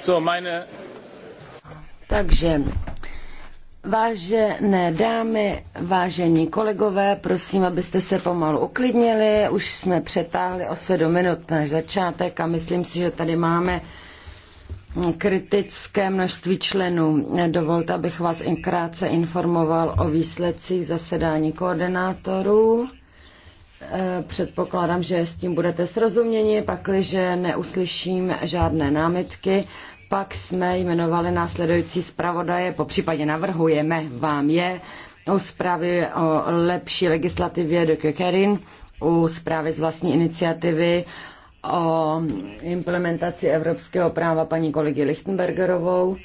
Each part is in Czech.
So, meine... Takže Vážené dámy, vážení kolegové, prosím, abyste se pomalu uklidnili. Už jsme přetáhli o sedm minut než začátek a myslím si, že tady máme kritické množství členů. Dovolte, abych vás krátce informoval o výsledcích zasedání koordinátorů. Eh, předpokládám, že s tím budete srozuměni, pakliže neuslyším žádné námitky. Pak jsme jmenovali následující zpravodaje, po případě navrhujeme vám je, u zprávy o lepší legislativě do Kökerin, u zprávy z vlastní iniciativy o implementaci evropského práva paní kolegy Lichtenbergerovou,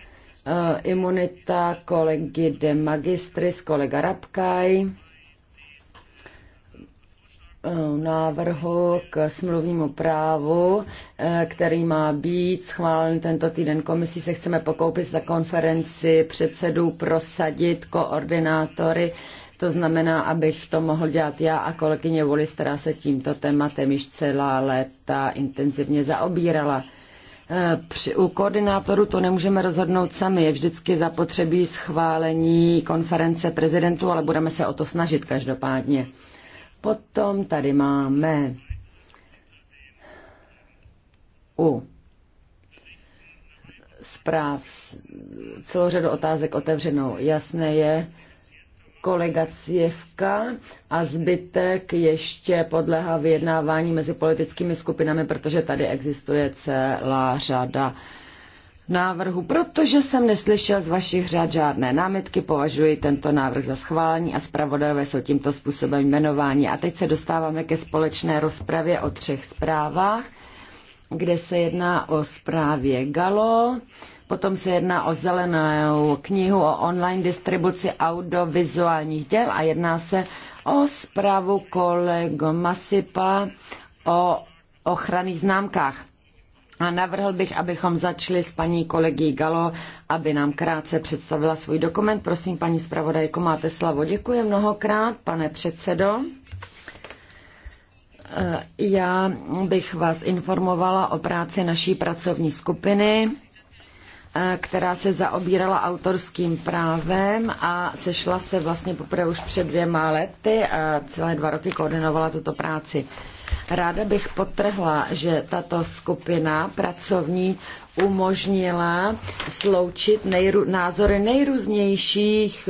eh, imunita kolegy de magistris kolega Rabkaj, Eh, návrhu k smluvnímu právu, eh, který má být schválen tento týden komisí, se chceme pokoupit za konferenci předsedů, prosadit koordinátory, to znamená, abych to mohl dělat já a kolegyně Volis, která se tímto tématem již celá léta intenzivně zaobírala. Eh, při, u koordinátoru to nemůžeme rozhodnout sami, je vždycky zapotřebí schválení konference prezidentů, ale budeme se o to snažit každopádně. Potom tady máme u zpráv celou řadu otázek otevřenou. Jasné je, kolega Cjevka a zbytek ještě podlehá vyjednávání mezi politickými skupinami, protože tady existuje celá řada návrhu, protože jsem neslyšel z vašich řad žádné námitky, považuji tento návrh za schválení a zpravodajové jsou tímto způsobem jmenováni. A teď se dostáváme ke společné rozpravě o třech zprávách, kde se jedná o zprávě Galo, potom se jedná o zelenou knihu o online distribuci audiovizuálních děl a jedná se o zprávu kolego Masipa o ochranných známkách. A navrhl bych, abychom začali s paní kolegy Galo, aby nám krátce představila svůj dokument. Prosím, paní zpravodajko, máte slavo. Děkuji mnohokrát, pane předsedo. Eh, já bych vás informovala o práci naší pracovní skupiny, eh, která se zaobírala autorským právem a sešla se vlastně poprvé už před dvěma lety a celé dva roky koordinovala tuto práci. Ráda bych potrhla, že tato skupina pracovní umožnila sloučit nejru, názory nejrůznějších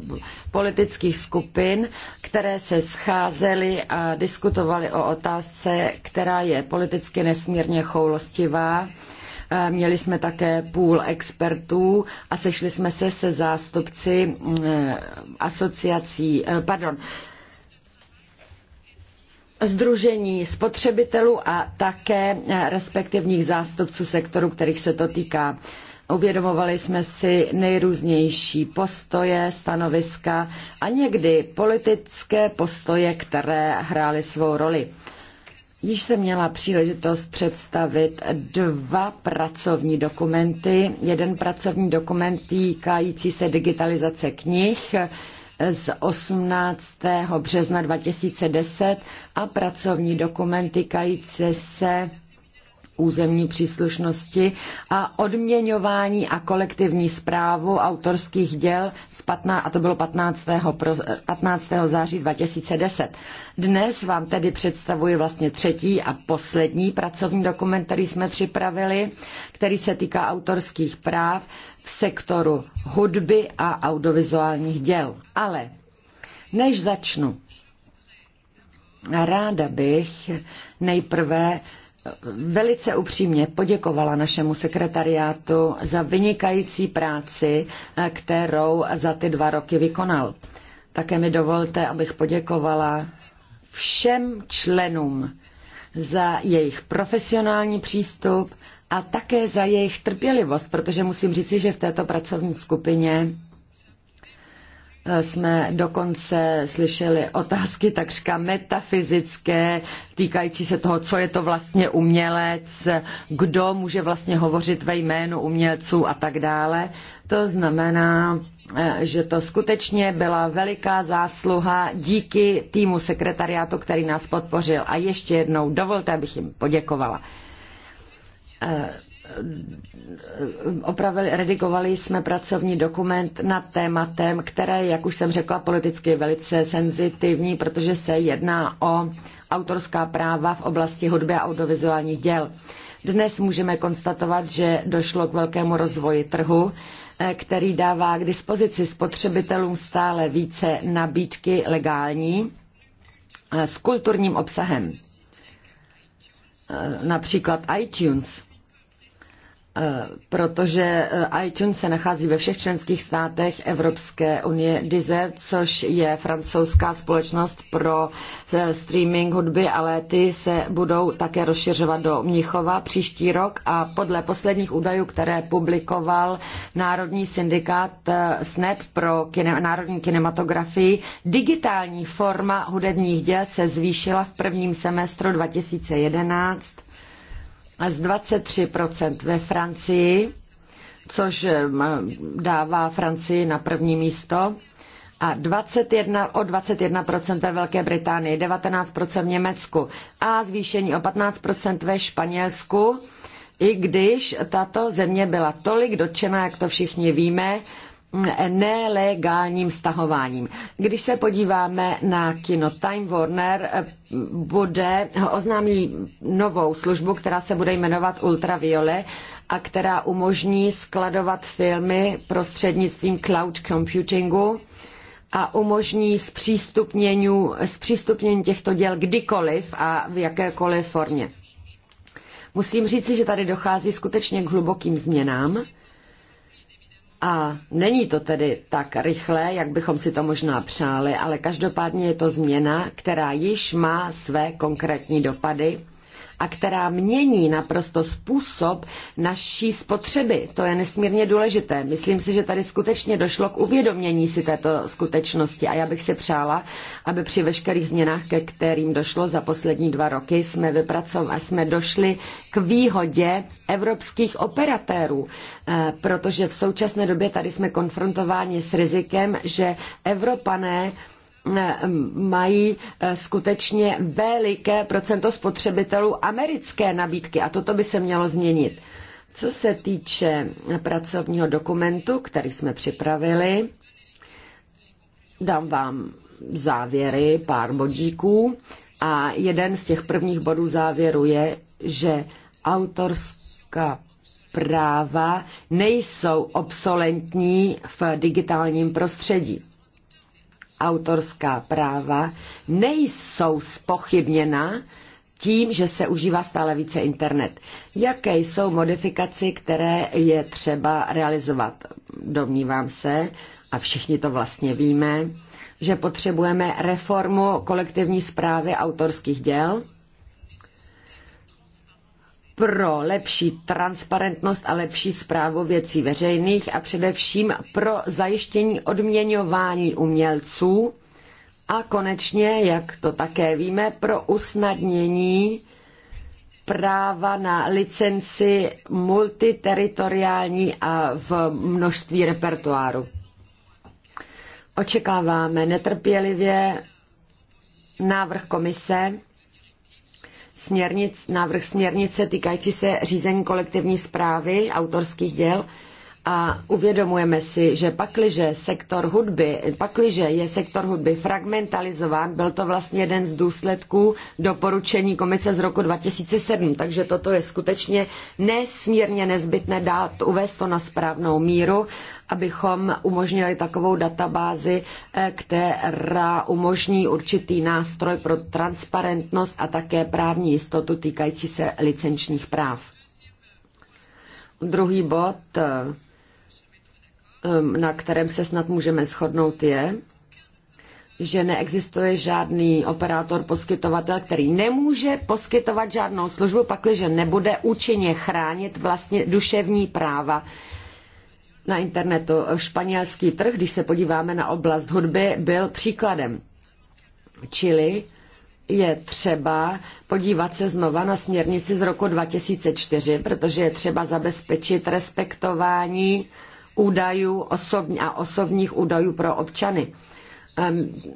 uh, politických skupin, které se scházely a diskutovaly o otázce, která je politicky nesmírně choulostivá. Eh, měli jsme také půl expertů a sešli jsme se se zástupci mm, eh, asociací, pardon, Združení spotřebitelů a také eh, respektivních zástupců sektoru, kterých se to týká. Uvědomovali jsme si nejrůznější postoje, stanoviska a někdy politické postoje, které hrály svou roli. Již jsem měla příležitost představit dva pracovní dokumenty. Jeden pracovní dokument týkající se digitalizace knih, z 18. března 2010 a pracovní dokument týkající se územní příslušnosti a odměňování a kolektivní zprávu autorských děl z 15, a to bylo 15. Pro, 15. září 2010. Dnes vám tedy představuji vlastně třetí a poslední pracovní dokument, který jsme připravili, který se týká autorských práv v sektoru hudby a audiovizuálních děl. Ale než začnu, ráda bych nejprve velice upřímně poděkovala našemu sekretariátu za vynikající práci, kterou za ty dva roky vykonal. Také mi dovolte, abych poděkovala všem členům za jejich profesionální přístup, a také za jejich trpělivost, protože musím říci, že v této pracovní skupině eh, jsme dokonce slyšeli otázky takřka metafyzické, týkající se toho, co je to vlastně umělec, kdo může vlastně hovořit ve jménu umělců a tak dále. To znamená, eh, že to skutečně byla veliká zásluha díky týmu sekretariátu, který nás podpořil. A ještě jednou dovolte, abych jim poděkovala. Eh, opravili, redigovali jsme pracovní dokument nad tématem, které, jak už jsem řekla, politicky je velice senzitivní, protože se jedná o autorská práva v oblasti hudby a audiovizuálních děl. Dnes můžeme konstatovat, že došlo k velkému rozvoji trhu, eh, který dává k dispozici spotřebitelům stále více nabídky legální eh, s kulturním obsahem, například iTunes Eh, protože eh, iTunes se nachází ve všech členských státech Evropské unie Deezer, což je francouzská společnost pro eh, streaming hudby, ale ty se budou také rozšiřovat do Mnichova příští rok a podle posledních údajů, které publikoval Národní syndikát SNEP pro kine, národní kinematografii, digitální forma hudebních děl se zvýšila v prvním semestru 2011 a z 23% ve Francii, což eh, dává Francii na první místo, a 21, o 21% ve Velké Británii, 19% v Německu a zvýšení o 15% ve Španělsku, i když tato země byla tolik dotčena, jak to všichni víme, nelegálním stahováním. Když se podíváme na kino Time Warner, bude, oznámí novou službu, která se bude jmenovat Ultraviole a která umožní skladovat filmy prostřednictvím cloud computingu a umožní zpřístupnění, zpřístupnění těchto děl kdykoliv a v jakékoliv formě. Musím říci, že tady dochází skutečně k hlubokým změnám a není to tedy tak rychle, jak bychom si to možná přáli, ale každopádně je to změna, která již má své konkrétní dopady a která mění naprosto způsob naší spotřeby. To je nesmírně důležité. Myslím si, že tady skutečně došlo k uvědomění si této skutečnosti a já bych si přála, aby při veškerých změnách, ke kterým došlo za poslední dva roky, jsme vypracovali a jsme došli k výhodě evropských operatérů, eh, protože v současné době tady jsme konfrontováni s rizikem, že Evropané mají eh, skutečně veliké procento spotřebitelů americké nabídky a toto by se mělo změnit. Co se týče pracovního dokumentu, který jsme připravili, dám vám závěry, pár bodíků a jeden z těch prvních bodů závěru je, že autorská práva nejsou obsolentní v digitálním prostředí autorská práva nejsou spochybněna tím, že se užívá stále více internet. Jaké jsou modifikaci, které je třeba realizovat? Domnívám se, a všichni to vlastně víme, že potřebujeme reformu kolektivní zprávy autorských děl, pro lepší transparentnost a lepší zprávu věcí veřejných a především pro zajištění odměňování umělců a konečně, jak to také víme, pro usnadnění práva na licenci multiteritoriální a v množství repertoáru. Očekáváme netrpělivě návrh komise směrnic, návrh směrnice týkající se řízení kolektivní zprávy autorských děl a uvědomujeme si, že pakliže sektor hudby, pakliže je sektor hudby fragmentalizován, byl to vlastně jeden z důsledků doporučení komise z roku 2007, takže toto je skutečně nesmírně nezbytné dát, uvést to na správnou míru, abychom umožnili takovou databázi, eh, která umožní určitý nástroj pro transparentnost a také právní jistotu týkající se licenčních práv. Druhý bod eh, na kterém se snad můžeme shodnout, je, že neexistuje žádný operátor, poskytovatel, který nemůže poskytovat žádnou službu, pakliže nebude účinně chránit vlastně duševní práva na internetu. Španělský trh, když se podíváme na oblast hudby, byl příkladem. Čili je třeba podívat se znova na směrnici z roku 2004, protože je třeba zabezpečit respektování údajů osobní a osobních údajů pro občany.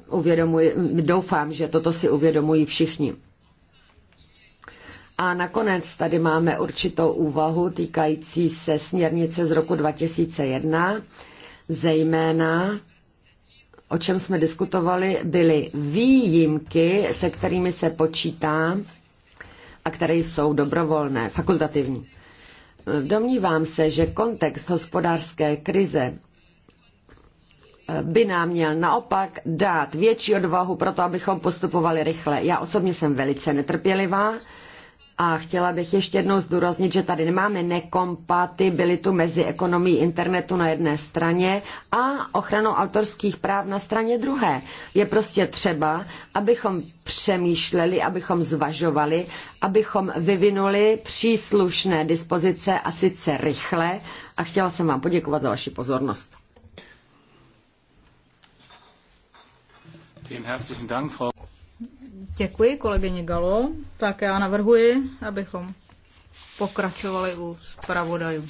Um, doufám, že toto si uvědomují všichni. A nakonec tady máme určitou úvahu týkající se směrnice z roku 2001, zejména o čem jsme diskutovali, byly výjimky, se kterými se počítá a které jsou dobrovolné, fakultativní. Domnívám se, že kontext hospodářské krize eh, by nám měl naopak dát větší odvahu pro to, abychom postupovali rychle. Já osobně jsem velice netrpělivá a chtěla bych ještě jednou zdůraznit, že tady nemáme nekompatibilitu mezi ekonomií internetu na jedné straně a ochranou autorských práv na straně druhé. Je prostě třeba, abychom přemýšleli, abychom zvažovali, abychom vyvinuli příslušné dispozice a sice rychle. A chtěla jsem vám poděkovat za vaši pozornost. Vielen herzlichen Dank, Frau Děkuji kolegyně Galo. Tak já navrhuji, abychom pokračovali u zpravodajů.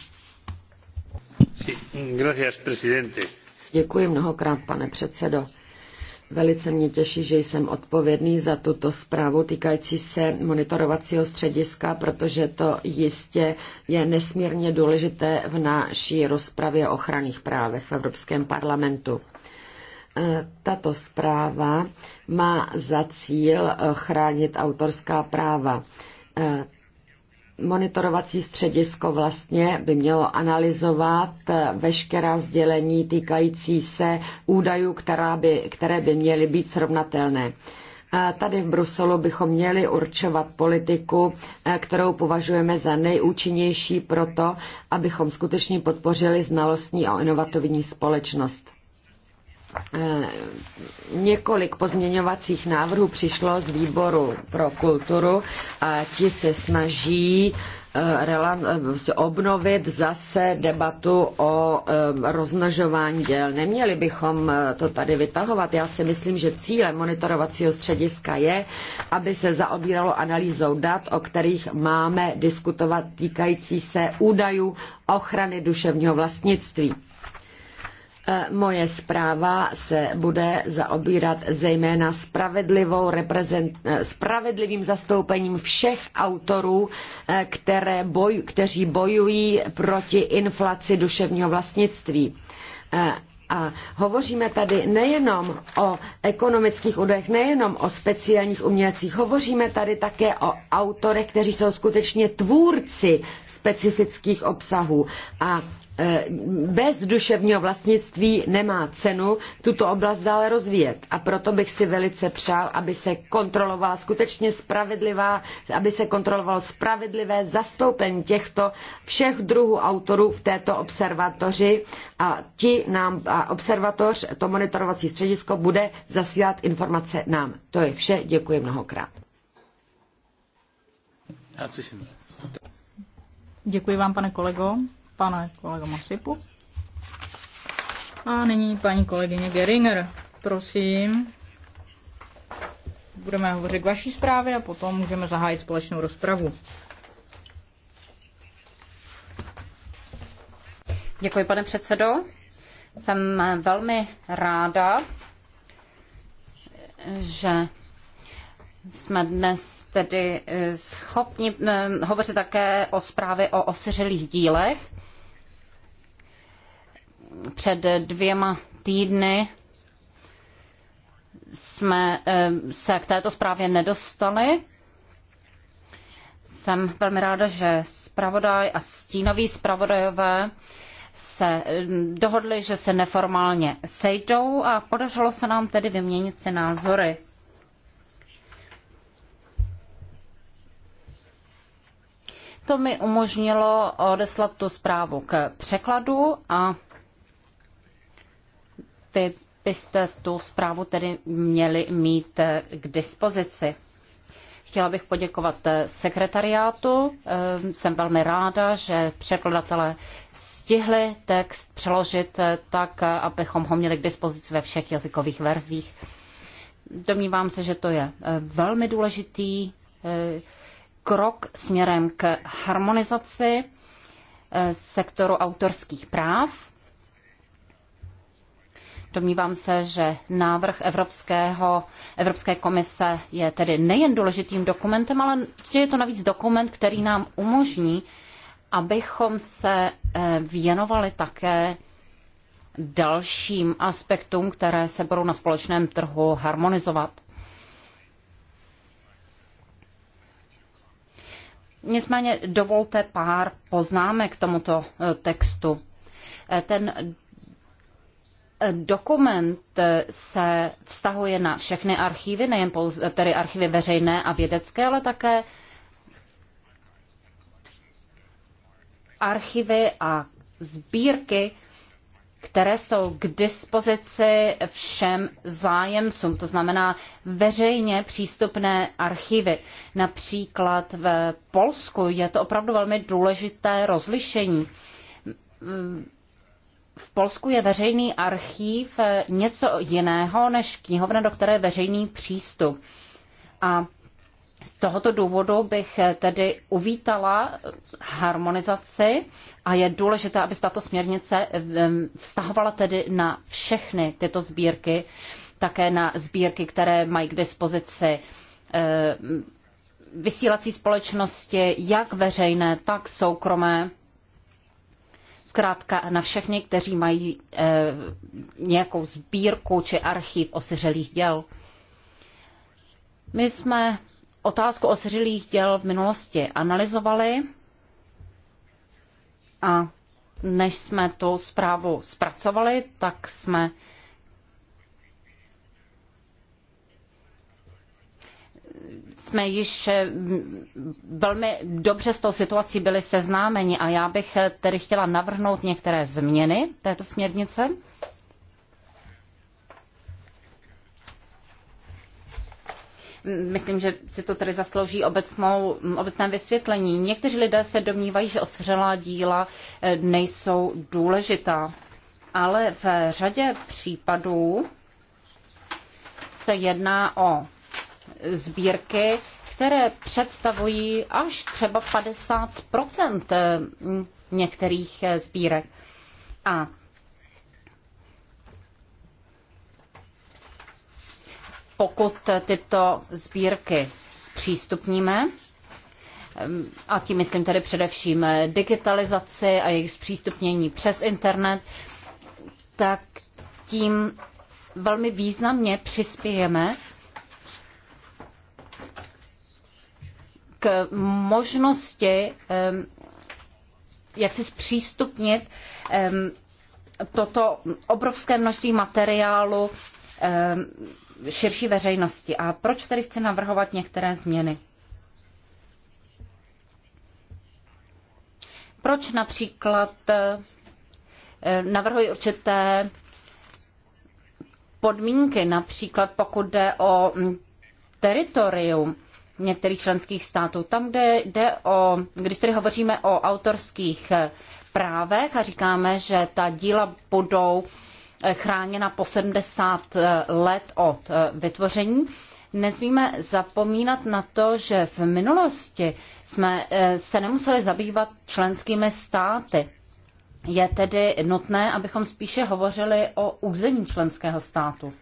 Děkuji mnohokrát, pane předsedo. Velice mě těší, že jsem odpovědný za tuto zprávu týkající se monitorovacího střediska, protože to jistě je nesmírně důležité v naší rozpravě o ochranných právech v Evropském parlamentu. E, tato zpráva má za cíl e, chránit autorská práva. E, monitorovací středisko vlastně by mělo analyzovat veškerá sdělení týkající se údajů, která by, které by měly být srovnatelné. Tady v Bruselu bychom měli určovat politiku, kterou považujeme za nejúčinnější proto, abychom skutečně podpořili znalostní a inovativní společnost. Eh, několik pozměňovacích návrhů přišlo z výboru pro kulturu a ti se snaží eh, eh, obnovit zase debatu o rozmnožování děl. Neměli bychom to tady vytahovat. Já si myslím, že cílem monitorovacího střediska je, aby se zaobíralo analýzou dat, o kterých máme diskutovat týkající se údajů ochrany duševního vlastnictví. E, moje zpráva se bude zaobírat zejména spravedlivou reprezent, e, spravedlivým zastoupením všech autorů, e, které boj, kteří bojují proti inflaci duševního vlastnictví. A hovoříme tady nejenom o ekonomických údajech, nejenom o speciálních umělcích, hovoříme tady také o autorech, kteří jsou skutečně tvůrci specifických obsahů. A Eh, bez duševního vlastnictví nemá cenu tuto oblast dále rozvíjet. A proto bych si velice přál, aby se kontrolovala skutečně spravedlivá, aby se kontrolovalo spravedlivé zastoupení těchto všech druhů autorů v této observatoři a ti nám, a observatoř, to monitorovací středisko bude zasílat informace nám. To je vše, děkuji mnohokrát. Děkuji vám, pane kolego pane kolego Masipu. A nyní paní kolegyně Geringer. Prosím. Budeme hovořit k vaší zprávě a potom můžeme zahájit společnou rozpravu. Děkuji, pane předsedo. Jsem velmi ráda, že jsme dnes tedy eh, schopni eh, hovořit také o zprávě o osiřelých dílech před dvěma týdny jsme eh, se k této zprávě nedostali. Jsem velmi ráda, že zpravodaj a stínoví zpravodajové se eh, dohodli, že se neformálně sejdou a podařilo se nám tedy vyměnit si názory. To mi umožnilo odeslat tu zprávu k překladu a vy byste tu zprávu tedy měli mít eh, k dispozici. Chtěla bych poděkovat eh, sekretariátu. Ehm, jsem velmi ráda, že překladatelé stihli text přeložit eh, tak, abychom ho měli k dispozici ve všech jazykových verzích. Domnívám se, že to je velmi důležitý krok směrem k harmonizaci sektoru autorských práv Domnívám se, že návrh Evropského, Evropské komise je tedy nejen důležitým dokumentem, ale že je to navíc dokument, který nám umožní, abychom se eh, věnovali také dalším aspektům, které se budou na společném trhu harmonizovat. Nicméně dovolte pár poznámek k tomuto eh, textu. Eh, ten dokument eh, se vztahuje na všechny archivy, nejen pouze, eh, tedy archivy veřejné a vědecké, ale také archivy a sbírky, které jsou k dispozici všem zájemcům, to znamená veřejně přístupné archivy. Například v Polsku je to opravdu velmi důležité rozlišení v Polsku je veřejný archív něco jiného než knihovna, do které je veřejný přístup. A z tohoto důvodu bych tedy uvítala harmonizaci a je důležité, aby se tato směrnice vztahovala tedy na všechny tyto sbírky, také na sbírky, které mají k dispozici vysílací společnosti, jak veřejné, tak soukromé zkrátka na všechny, kteří mají eh, nějakou sbírku či archiv osiřelých děl. My jsme otázku osiřelých děl v minulosti analyzovali a než jsme tu zprávu zpracovali, tak jsme jsme již eh, velmi dobře s tou situací byli seznámeni a já bych eh, tedy chtěla navrhnout některé změny této směrnice. Myslím, že si to tedy zaslouží obecnou, obecné vysvětlení. Někteří lidé se domnívají, že osiřelá díla eh, nejsou důležitá, ale v řadě případů se jedná o sbírky, které představují až třeba 50 eh, některých eh, sbírek. A pokud tyto sbírky zpřístupníme, eh, a tím myslím tedy především digitalizaci a jejich zpřístupnění přes internet, tak tím velmi významně přispějeme k možnosti jak si zpřístupnit toto obrovské množství materiálu širší veřejnosti. A proč tedy chci navrhovat některé změny? Proč například eh, navrhuji určité podmínky, například pokud jde o teritorium, některých členských států. Tam, kde jde o, když tedy hovoříme o autorských eh, právech a říkáme, že ta díla budou eh, chráněna po 70 eh, let od vytvoření, nezmíme zapomínat na to, že v minulosti jsme se nemuseli zabývat členskými státy. Je tedy nutné, abychom spíše hovořili o území členského státu.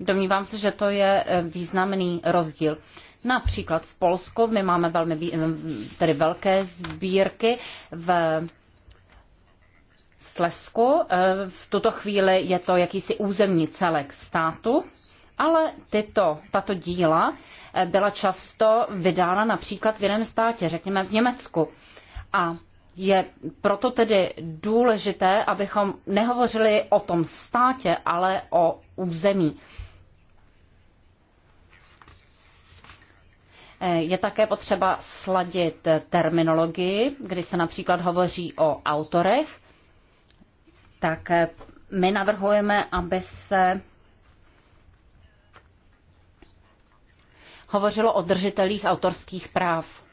Domnívám se, že to je eh, významný rozdíl. Například v Polsku my máme velmi tedy velké sbírky v Slesku. Eh, v tuto chvíli je to jakýsi územní celek státu, ale tyto, tato díla eh, byla často vydána například v jiném státě, řekněme v Německu. A je proto tedy důležité, abychom nehovořili o tom státě, ale o území. Eh, je také potřeba sladit terminologii, když se například hovoří o autorech, tak eh, my navrhujeme, aby se hovořilo o držitelích autorských práv.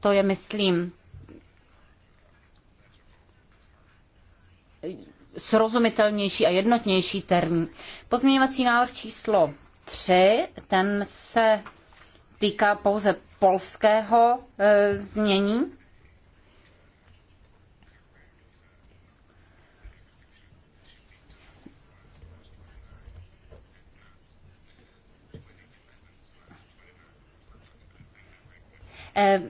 To je, myslím, srozumitelnější a jednotnější termín. Pozměňovací návrh číslo 3, ten se týká pouze polského e, znění. E,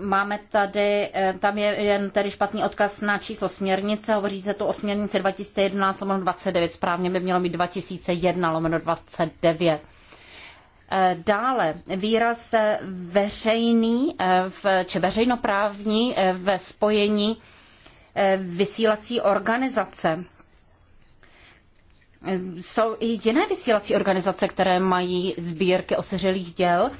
Máme tady, eh, tam je jen tedy špatný odkaz na číslo směrnice, hovoří se tu o směrnici 2011 lomeno 29, správně by mělo být 2001 lomeno 29. Eh, dále výraz eh, veřejný v, či veřejnoprávní ve spojení vysílací organizace. Jsou i jiné vysílací organizace, které mají sbírky osiřelých děl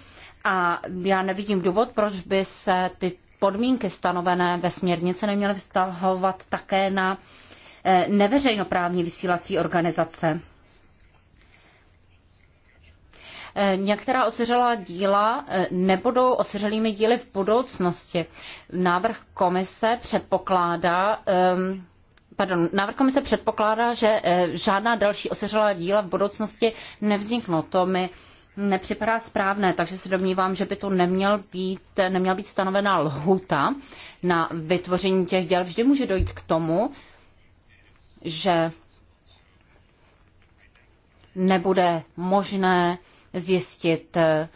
a já nevidím důvod, proč by se ty podmínky stanovené ve směrnici neměly vztahovat také na eh, neveřejnoprávní vysílací organizace. Eh, některá osiřelá díla eh, nebudou osiřelými díly v budoucnosti. Návrh komise předpokládá, ehm, pardon, návrh komise předpokládá, že žádná další osiřelá díla v budoucnosti nevzniknou. To mi nepřipadá správné, takže se domnívám, že by to neměl být, neměla být stanovená lhuta na vytvoření těch děl. Vždy může dojít k tomu, že nebude možné zjistit eh,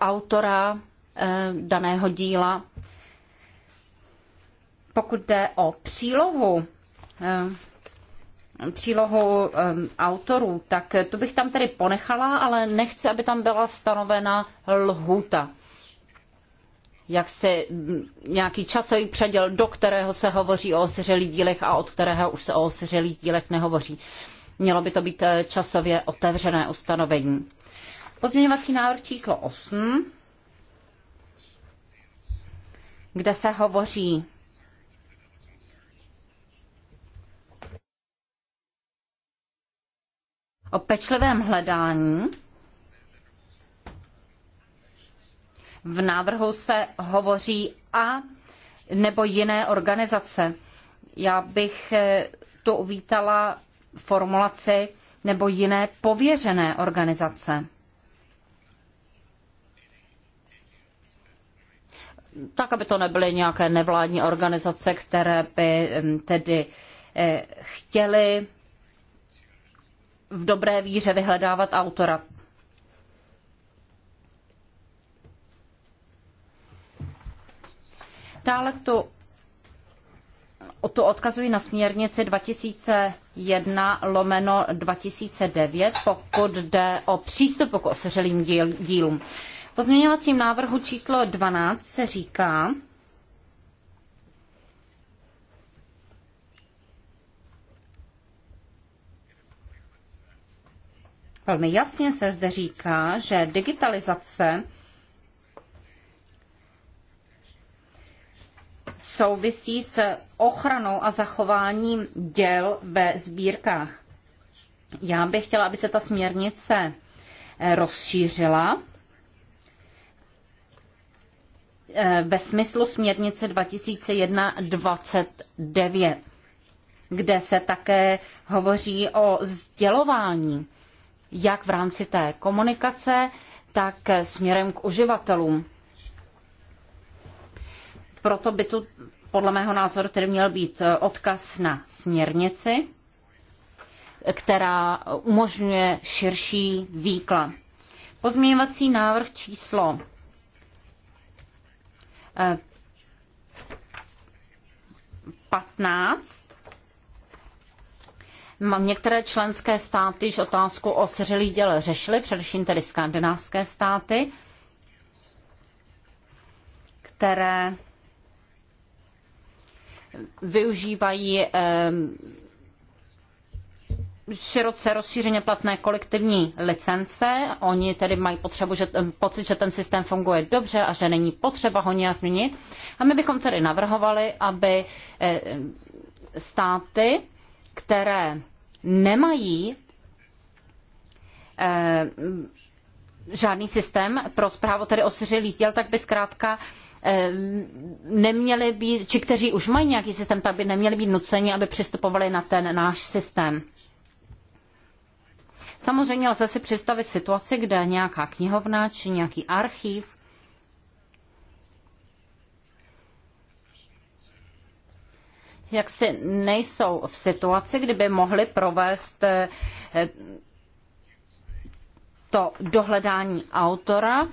autora eh, daného díla. Pokud jde o přílohu eh, Eh, přílohu eh, autorů, tak to bych tam tedy ponechala, ale nechci, aby tam byla stanovena lhuta jak se mm, nějaký časový předěl, do kterého se hovoří o osiřelých dílech a od kterého už se o osiřelých dílech nehovoří. Mělo by to být eh, časově otevřené ustanovení. Pozměňovací návrh číslo 8, kde se hovoří o pečlivém hledání. V návrhu se hovoří a nebo jiné organizace. Já bych eh, to uvítala formulaci nebo jiné pověřené organizace. Tak, aby to nebyly nějaké nevládní organizace, které by tedy eh, chtěly v dobré víře vyhledávat autora. Dále tu, tu odkazuji na směrnici 2001 lomeno 2009, pokud jde o přístup k osiřelým díl, dílům. V pozměňovacím návrhu číslo 12 se říká, Velmi jasně se zde říká, že digitalizace souvisí s ochranou a zachováním děl ve sbírkách. Já bych chtěla, aby se ta směrnice eh, rozšířila eh, ve smyslu směrnice 2001-29, kde se také hovoří o sdělování jak v rámci té komunikace, tak směrem k uživatelům. Proto by tu podle mého názoru tedy měl být eh, odkaz na směrnici, která umožňuje širší výklad. Pozměňovací návrh číslo 15 eh, Některé členské státy již otázku o seřelý děl řešily, především tedy skandinávské státy, které využívají ehm, široce rozšířeně platné kolektivní licence. Oni tedy mají potřebu, že, ehm, pocit, že ten systém funguje dobře a že není potřeba ho nějak změnit. A my bychom tedy navrhovali, aby ehm, státy, které nemají eh, žádný systém pro zprávu tedy osiřelých děl, tak by zkrátka eh, neměli být, či kteří už mají nějaký systém, tak by neměli být nuceni, aby přistupovali na ten náš systém. Samozřejmě lze si představit situaci, kde nějaká knihovna či nějaký archiv. jak si nejsou v situaci, kdyby mohli provést eh, to dohledání autora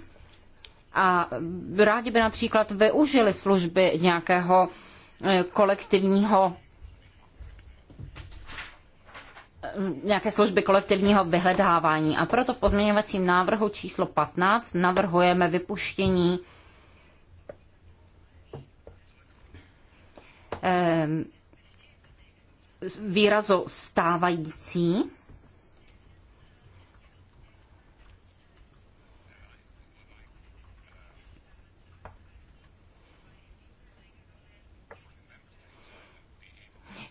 a rádi by například využili služby nějakého eh, kolektivního eh, nějaké služby kolektivního vyhledávání. A proto v pozměňovacím návrhu číslo 15 navrhujeme vypuštění Ehm, výrazu stávající.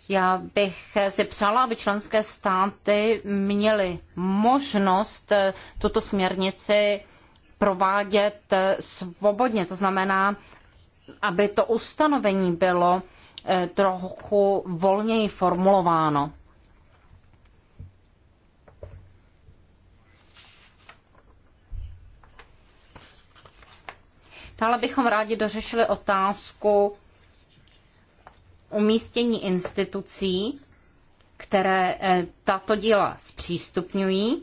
Já bych si přála, aby členské státy měly možnost eh, tuto směrnici provádět eh, svobodně. To znamená, aby to ustanovení bylo Eh, trochu volněji formulováno. Dále bychom rádi dořešili otázku umístění institucí, které eh, tato díla zpřístupňují.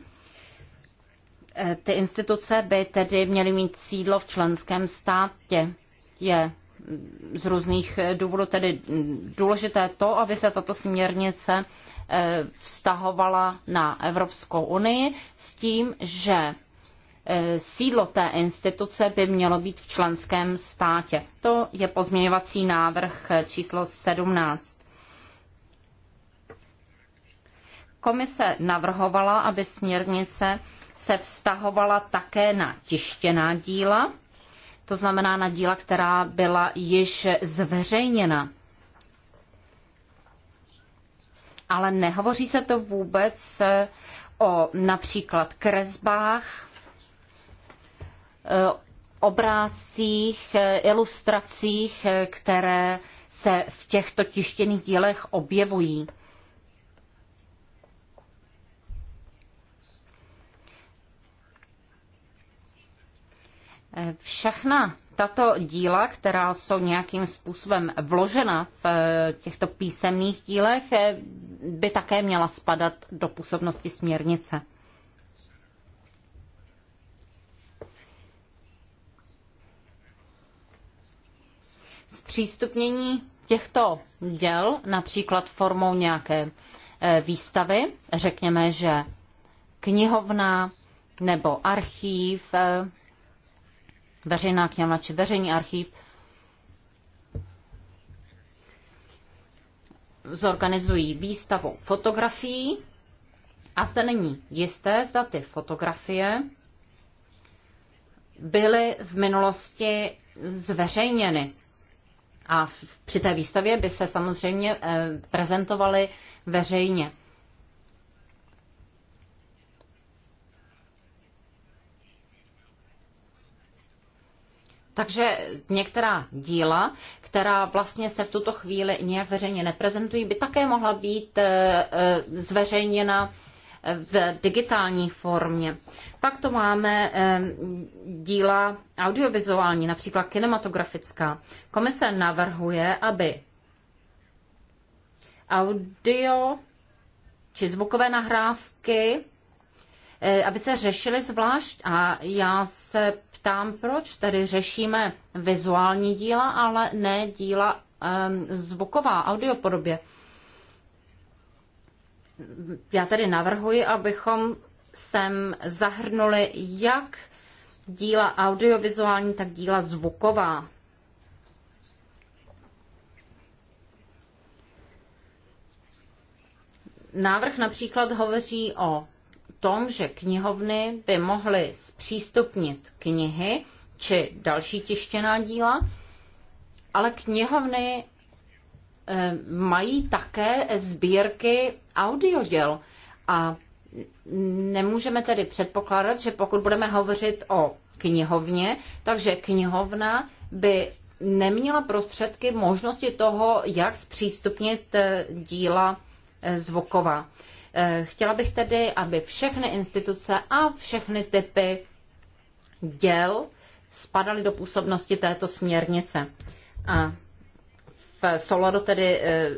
Eh, ty instituce by tedy měly mít sídlo v členském státě. Je z různých eh, důvodů tedy mm, důležité to, aby se tato směrnice eh, vztahovala na Evropskou unii s tím, že eh, sídlo té instituce by mělo být v členském státě. To je pozměňovací návrh číslo 17. Komise navrhovala, aby směrnice se vztahovala také na tištěná díla, to znamená na díla, která byla již zveřejněna. Ale nehovoří se to vůbec o například kresbách, e, obrázcích, e, ilustracích, e, které se v těchto tištěných dílech objevují. Všechna tato díla, která jsou nějakým způsobem vložena v eh, těchto písemných dílech, eh, by také měla spadat do působnosti směrnice. Zpřístupnění těchto děl, například formou nějaké eh, výstavy, řekněme, že knihovna nebo archív veřejná knihovna či veřejný archív zorganizují výstavu fotografií a zde není jisté, zda ty fotografie byly v minulosti zveřejněny. A při té výstavě by se samozřejmě eh, prezentovaly veřejně. Takže některá díla, která vlastně se v tuto chvíli nějak veřejně neprezentují, by také mohla být eh, eh, zveřejněna eh, v digitální formě. Pak to máme díla audiovizuální, například kinematografická. Komise navrhuje, aby audio či zvukové nahrávky, aby se řešily zvlášť. A já se ptám, proč tedy řešíme vizuální díla, ale ne díla um, zvuková, audiopodobě. Já tedy navrhuji, abychom sem zahrnuli jak díla audiovizuální, tak díla zvuková. Návrh například hovoří o tom, že knihovny by mohly zpřístupnit knihy či další tištěná díla, ale knihovny eh, mají také sbírky audioděl a nemůžeme tedy předpokládat, že pokud budeme hovořit o knihovně, takže knihovna by neměla prostředky možnosti toho, jak zpřístupnit eh, díla eh, zvuková. Eh, chtěla bych tedy, aby všechny instituce a všechny typy děl spadaly do působnosti této směrnice. A v souladu tedy eh,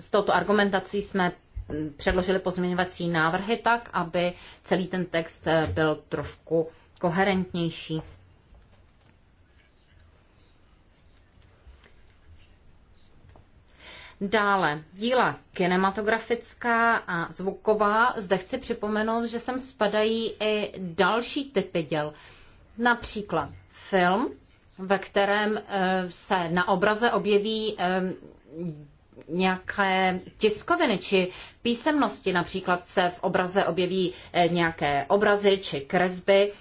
s touto argumentací jsme předložili pozměňovací návrhy tak, aby celý ten text eh, byl trošku koherentnější. Dále díla kinematografická a zvuková. Zde chci připomenout, že sem spadají i další typy děl. Například film, ve kterém eh, se na obraze objeví eh, nějaké tiskoviny či písemnosti. Například se v obraze objeví eh, nějaké obrazy či kresby,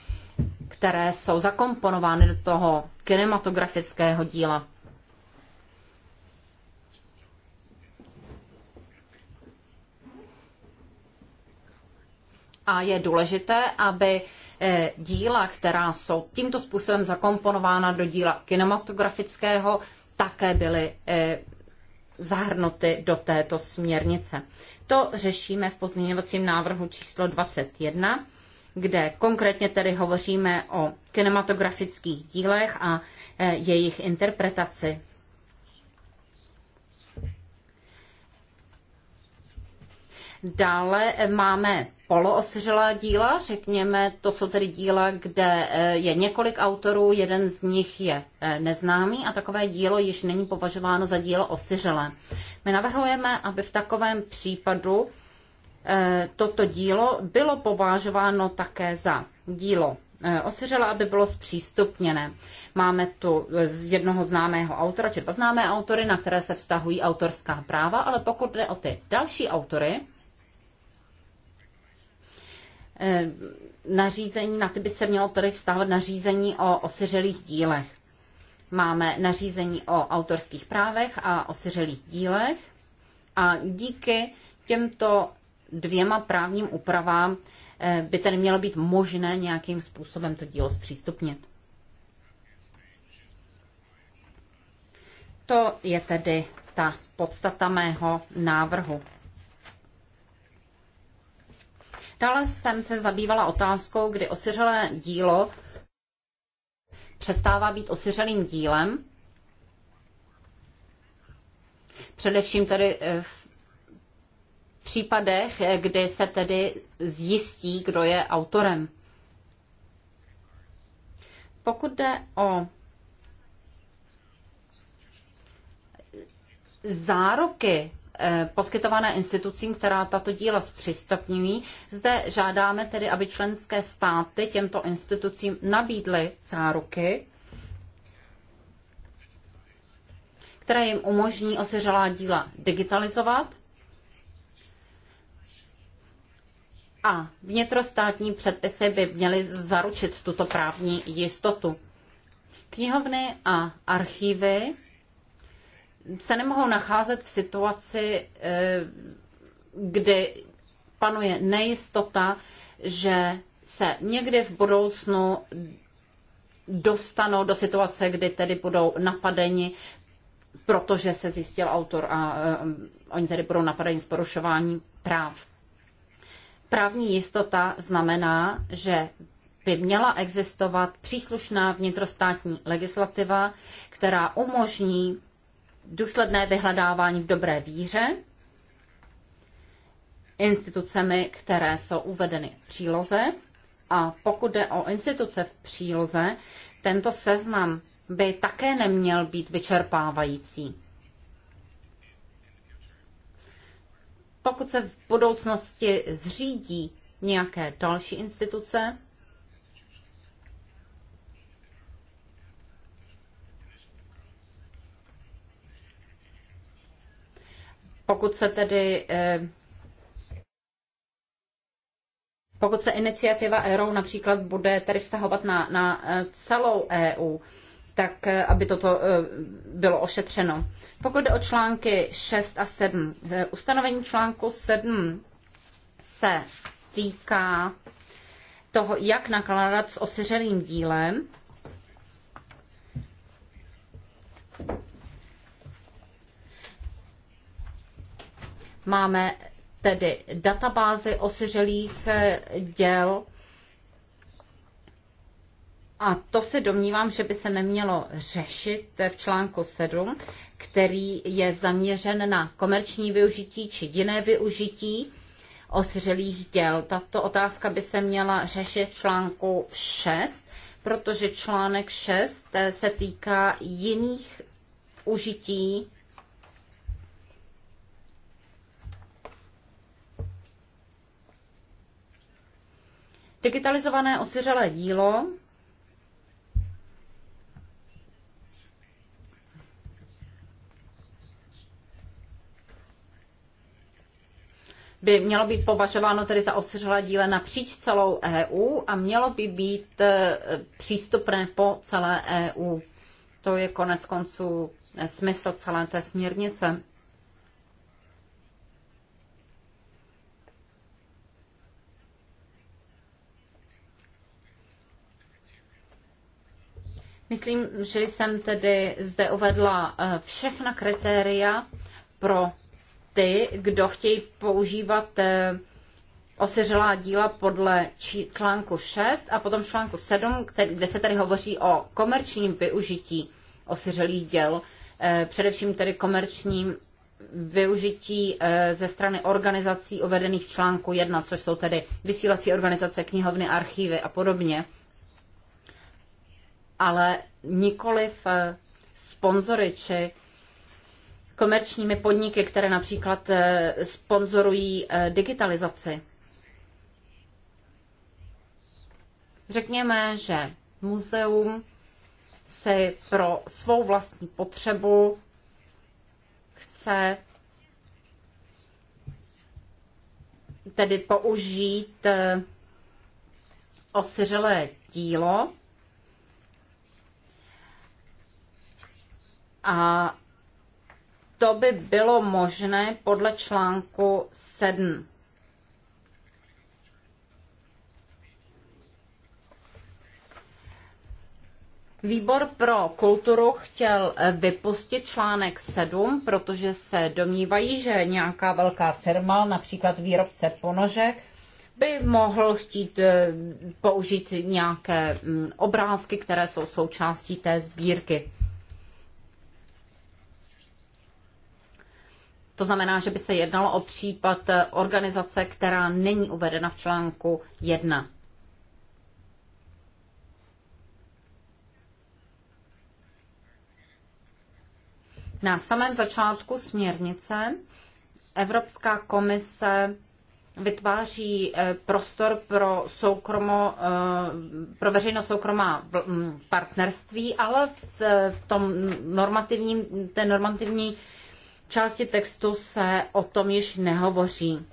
které jsou zakomponovány do toho kinematografického díla. a je důležité, aby eh, díla, která jsou tímto způsobem zakomponována do díla kinematografického, také byly eh, zahrnuty do této směrnice. To řešíme v pozměňovacím návrhu číslo 21, kde konkrétně tedy hovoříme o kinematografických dílech a eh, jejich interpretaci. Dále máme poloosřelá díla, řekněme, to jsou tedy díla, kde eh, je několik autorů, jeden z nich je eh, neznámý a takové dílo již není považováno za dílo osyřelé. My navrhujeme, aby v takovém případu eh, toto dílo bylo považováno také za dílo osiřela, aby bylo zpřístupněné. Máme tu z jednoho známého autora, či dva známé autory, na které se vztahují autorská práva, ale pokud jde o ty další autory, Eh, nařízení, na ty by se mělo tedy vztahovat nařízení o osiřelých dílech. Máme nařízení o autorských právech a osiřelých dílech a díky těmto dvěma právním úpravám eh, by tedy mělo být možné nějakým způsobem to dílo zpřístupnit. To je tedy ta podstata mého návrhu. Dále jsem se zabývala otázkou, kdy osiřelé dílo přestává být osiřelým dílem, především tedy eh, v případech, eh, kdy se tedy zjistí, kdo je autorem. Pokud jde o záruky Eh, poskytované institucím, která tato díla zpřístupňují. Zde žádáme tedy, aby členské státy těmto institucím nabídly záruky, které jim umožní osiřelá díla digitalizovat a vnitrostátní předpisy by měly zaručit tuto právní jistotu. Knihovny a archivy se nemohou nacházet v situaci, eh, kdy panuje nejistota, že se někdy v budoucnu dostanou do situace, kdy tedy budou napadeni, protože se zjistil autor a eh, oni tedy budou napadeni z porušování práv. Právní jistota znamená, že by měla existovat příslušná vnitrostátní legislativa, která umožní důsledné vyhledávání v dobré víře institucemi, které jsou uvedeny v příloze. A pokud jde o instituce v příloze, tento seznam by také neměl být vyčerpávající. Pokud se v budoucnosti zřídí nějaké další instituce, Pokud se tedy eh, pokud se iniciativa ERO například bude tedy vztahovat na, na eh, celou EU, tak eh, aby toto bylo ošetřeno. Pokud jde o články 6 a 7, ustanovení článku 7 se týká toho, jak nakládat s osiřelým dílem. Máme tedy databázy osiřelých eh, děl a to se domnívám, že by se nemělo řešit v článku 7, který je zaměřen na komerční využití či jiné využití osiřelých děl. Tato otázka by se měla řešit v článku 6, protože článek 6 eh, se týká jiných užití Digitalizované osiřelé dílo by mělo být považováno tedy za osiřelé díle napříč celou EU a mělo by být e, přístupné po celé EU. To je konec konců e, smysl celé té směrnice. Myslím, že jsem tedy zde uvedla eh, všechna kritéria pro ty, kdo chtějí používat eh, osiřelá díla podle článku 6 a potom článku 7, kde se tady hovoří o komerčním využití osiřelých děl, eh, především tedy komerčním využití ze strany organizací uvedených v článku 1, což jsou tedy vysílací organizace, knihovny, archívy a podobně ale nikoliv eh, sponzory či komerčními podniky, které například eh, sponzorují eh, digitalizaci. Řekněme, že muzeum si pro svou vlastní potřebu chce tedy použít osiřelé dílo, A to by bylo možné podle článku 7. Výbor pro kulturu chtěl eh, vypustit článek 7, protože se domnívají, že nějaká velká firma, například výrobce ponožek, by mohl chtít eh, použít nějaké mm, obrázky, které jsou součástí té sbírky. To znamená, že by se jednalo o případ eh, organizace, která není uvedena v článku 1. Na samém začátku směrnice Evropská komise vytváří eh, prostor pro, soukromo, eh, pro veřejno-soukromá mm, partnerství, ale v tom normativním, té normativní části textu se o tom již nehovoří.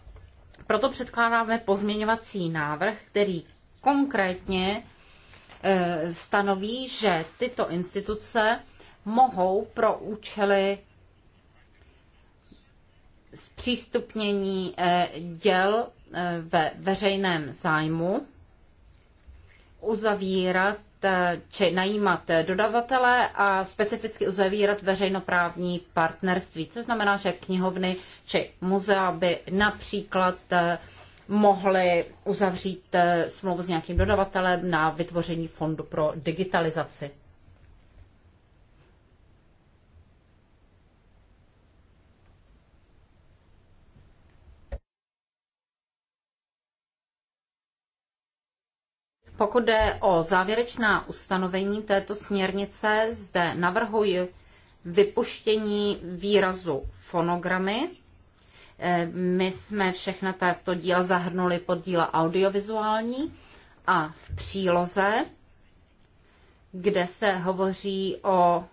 Proto předkládáme pozměňovací návrh, který konkrétně e, stanoví, že tyto instituce mohou pro účely zpřístupnění e, děl e, ve veřejném zájmu uzavírat Eh, či najímat dodavatele a specificky uzavírat veřejnoprávní partnerství, což znamená, že knihovny či muzea by například eh, mohly uzavřít eh, smlouvu s nějakým dodavatelem na vytvoření fondu pro digitalizaci. Pokud jde o závěrečná ustanovení této směrnice, zde navrhuji vypuštění výrazu fonogramy. Eh, my jsme všechna tato díla zahrnuli pod díla audiovizuální a v příloze, kde se hovoří o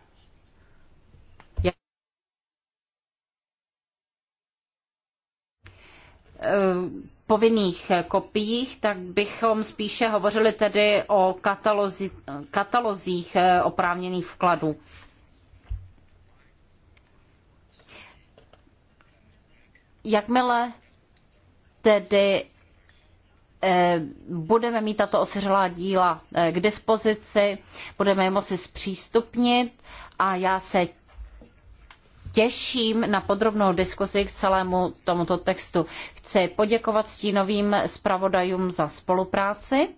povinných kopiích, tak bychom spíše hovořili tedy o katalozi, katalozích eh, oprávněných vkladů. Jakmile tedy eh, budeme mít tato osiřelá díla eh, k dispozici, budeme je moci zpřístupnit a já se těším na podrobnou diskusi k celému tomuto textu. Chci poděkovat stínovým zpravodajům za spolupráci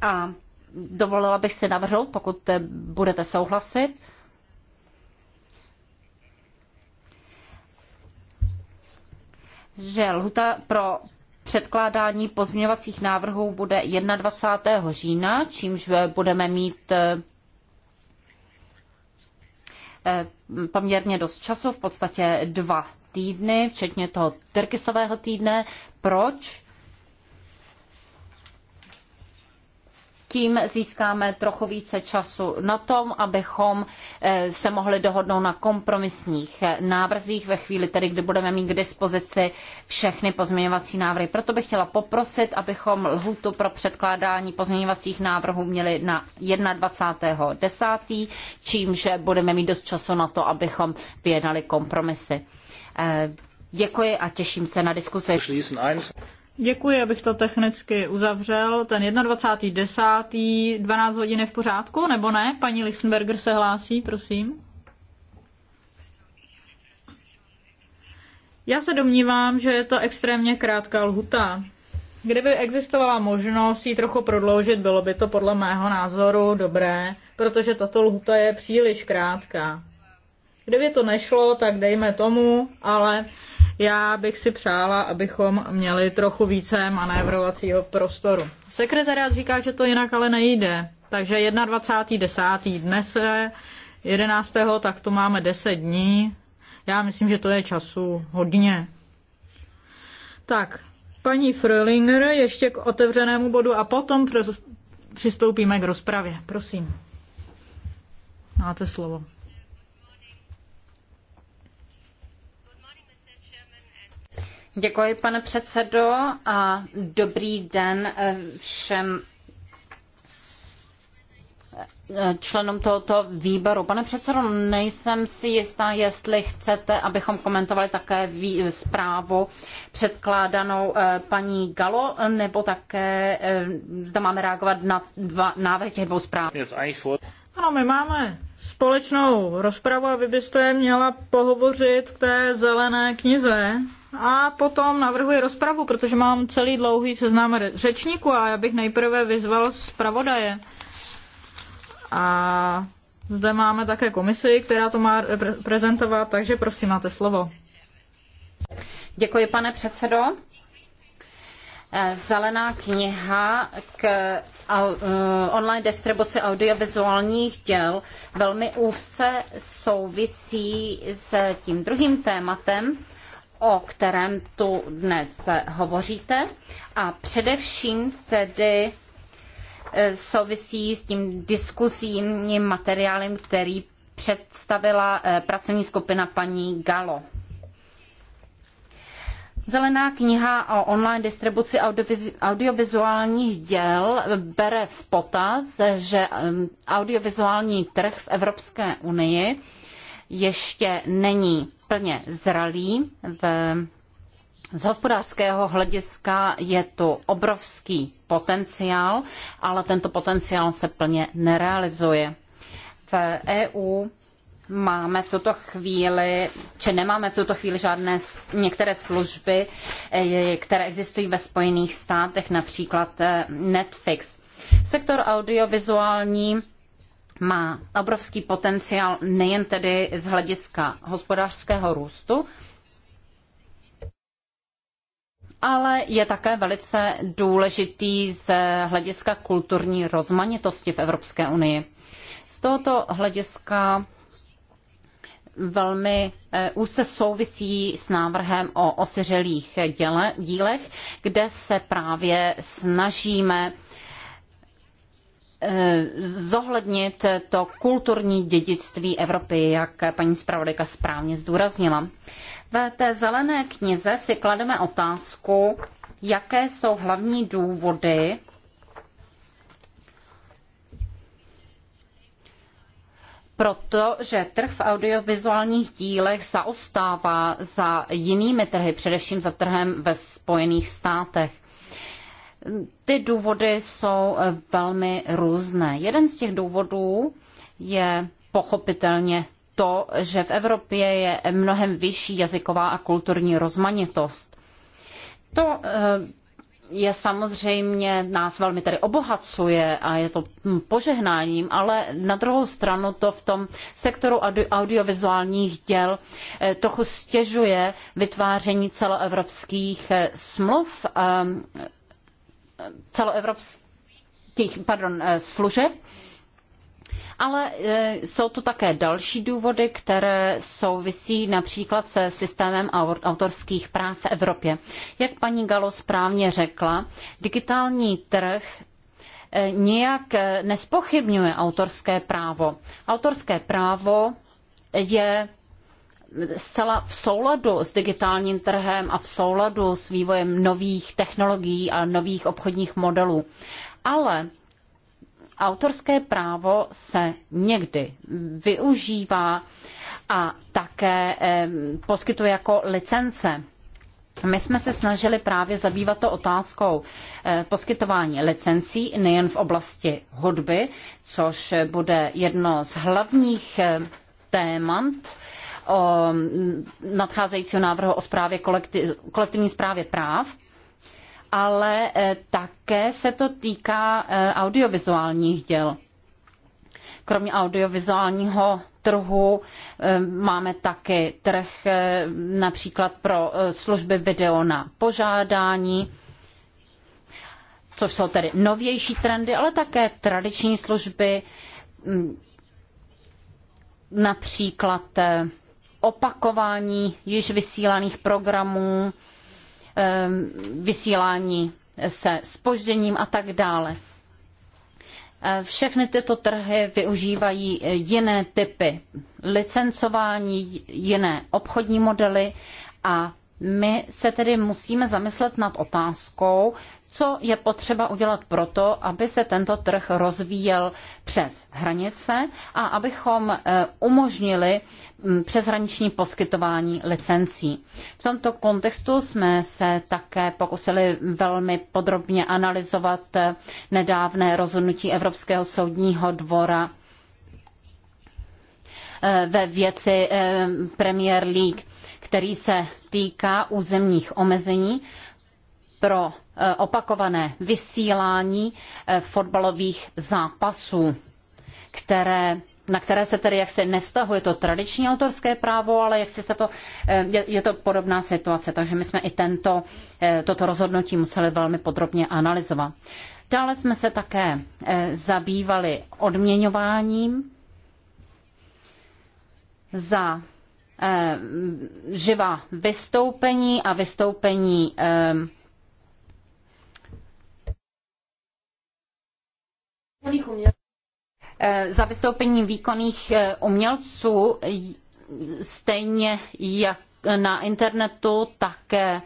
a dovolila bych si navrhnout, pokud budete souhlasit, že lhuta pro předkládání pozměňovacích návrhů bude 21. října, čímž budeme mít Eh, poměrně dost času, v podstatě dva týdny, včetně toho Tyrkisového týdne. Proč? tím získáme trochu více času na tom, abychom eh, se mohli dohodnout na kompromisních eh, návrzích ve chvíli tedy, kdy budeme mít k dispozici všechny pozměňovací návrhy. Proto bych chtěla poprosit, abychom lhutu pro předkládání pozměňovacích návrhů měli na 21.10., čímž budeme mít dost času na to, abychom vyjednali kompromisy. Eh, děkuji a těším se na diskusi. Děkuji, abych to technicky uzavřel. Ten 10. 12 hodin je v pořádku, nebo ne? Paní Lichtenberger se hlásí, prosím. Já se domnívám, že je to extrémně krátká lhuta. Kdyby existovala možnost ji trochu prodloužit, bylo by to podle mého názoru dobré, protože tato lhuta je příliš krátká. Kdyby to nešlo, tak dejme tomu, ale já bych si přála, abychom měli trochu více manévrovacího prostoru. Sekretariat říká, že to jinak ale nejde. Takže 21.10. dnes je 11. tak to máme 10 dní. Já myslím, že to je času hodně. Tak, paní Frölinger ještě k otevřenému bodu a potom přistoupíme k rozpravě. Prosím. Máte slovo. Děkuji, pane předsedo, a dobrý den eh, všem eh, členům tohoto výboru. Pane předsedo, nejsem si jistá, jestli chcete, abychom komentovali také zprávu předkládanou eh, paní Galo, nebo také zda máme reagovat na dva návrhy těch dvou zpráv. Ano, my máme společnou rozpravu a vy byste měla pohovořit k té zelené knize, a potom navrhuji rozpravu, protože mám celý dlouhý seznam řečníků a já bych nejprve vyzval zpravodaje. A zde máme také komisi, která to má prezentovat, takže prosím, máte slovo. Děkuji, pane předsedo. Eh, zelená kniha k eh, online distribuci audiovizuálních děl velmi úzce souvisí s tím druhým tématem, o kterém tu dnes hovoříte a především tedy e, souvisí s tím diskusijním materiálem, který představila e, pracovní skupina paní Galo. Zelená kniha o online distribuci audiovizuálních děl bere v potaz, že audiovizuální trh v Evropské unii ještě není plně zralý. V, z hospodářského hlediska je tu obrovský potenciál, ale tento potenciál se plně nerealizuje. V EU máme v tuto chvíli, či nemáme v tuto chvíli žádné některé služby, eh, které existují ve Spojených státech, například eh, Netflix. Sektor audiovizuální má obrovský potenciál nejen tedy z hlediska hospodářského růstu, ale je také velice důležitý z hlediska kulturní rozmanitosti v Evropské unii. Z tohoto hlediska velmi úzce eh, souvisí s návrhem o osiřelých dílech, kde se právě snažíme Eh, zohlednit to kulturní dědictví Evropy, jak paní zpravodajka správně zdůraznila. V té zelené knize si klademe otázku, jaké jsou hlavní důvody protože trh v audiovizuálních dílech zaostává za jinými trhy, především za trhem ve Spojených státech. Ty důvody jsou eh, velmi různé. Jeden z těch důvodů je pochopitelně to, že v Evropě je mnohem vyšší jazyková a kulturní rozmanitost. To eh, je samozřejmě, nás velmi tady obohacuje a je to hm, požehnáním, ale na druhou stranu to v tom sektoru audio, audiovizuálních děl eh, trochu stěžuje vytváření celoevropských smluv celoevropských pardon, eh, služeb. Ale eh, jsou tu také další důvody, které souvisí například se systémem autorských práv v Evropě. Jak paní Galo správně řekla, digitální trh eh, nijak nespochybňuje autorské právo. Autorské právo je zcela v souladu s digitálním trhem a v souladu s vývojem nových technologií a nových obchodních modelů. Ale autorské právo se někdy využívá a také poskytuje jako licence. My jsme se snažili právě zabývat to otázkou eh, poskytování licencí nejen v oblasti hudby, což bude jedno z hlavních eh, témat o nadcházejícího návrhu o správě kolektiv, kolektivní správě práv, ale e, také se to týká e, audiovizuálních děl. Kromě audiovizuálního trhu e, máme taky trh například pro služby video na požádání, což jsou tedy novější trendy, ale také tradiční služby, například opakování již vysílaných programů, vysílání se spožděním a tak dále. E, všechny tyto trhy využívají jiné typy licencování, jiné obchodní modely a my se tedy musíme zamyslet nad otázkou, co je potřeba udělat proto, aby se tento trh rozvíjel přes hranice a abychom eh, umožnili mm, přeshraniční poskytování licencí. V tomto kontextu jsme se také pokusili velmi podrobně analyzovat eh, nedávné rozhodnutí Evropského soudního dvora eh, ve věci Premier League, který se týká územních omezení pro Eh, opakované vysílání eh, fotbalových zápasů, které na které se tedy jaksi nevztahuje to tradiční autorské právo, ale jaksi se to, eh, je, je to podobná situace. Takže my jsme i tento, toto rozhodnutí museli velmi podrobně analyzovat. Dále jsme se také zabývali odměňováním za živá vystoupení a vystoupení Eh, za vystoupení výkonných eh, umělců stejně jak na internetu, také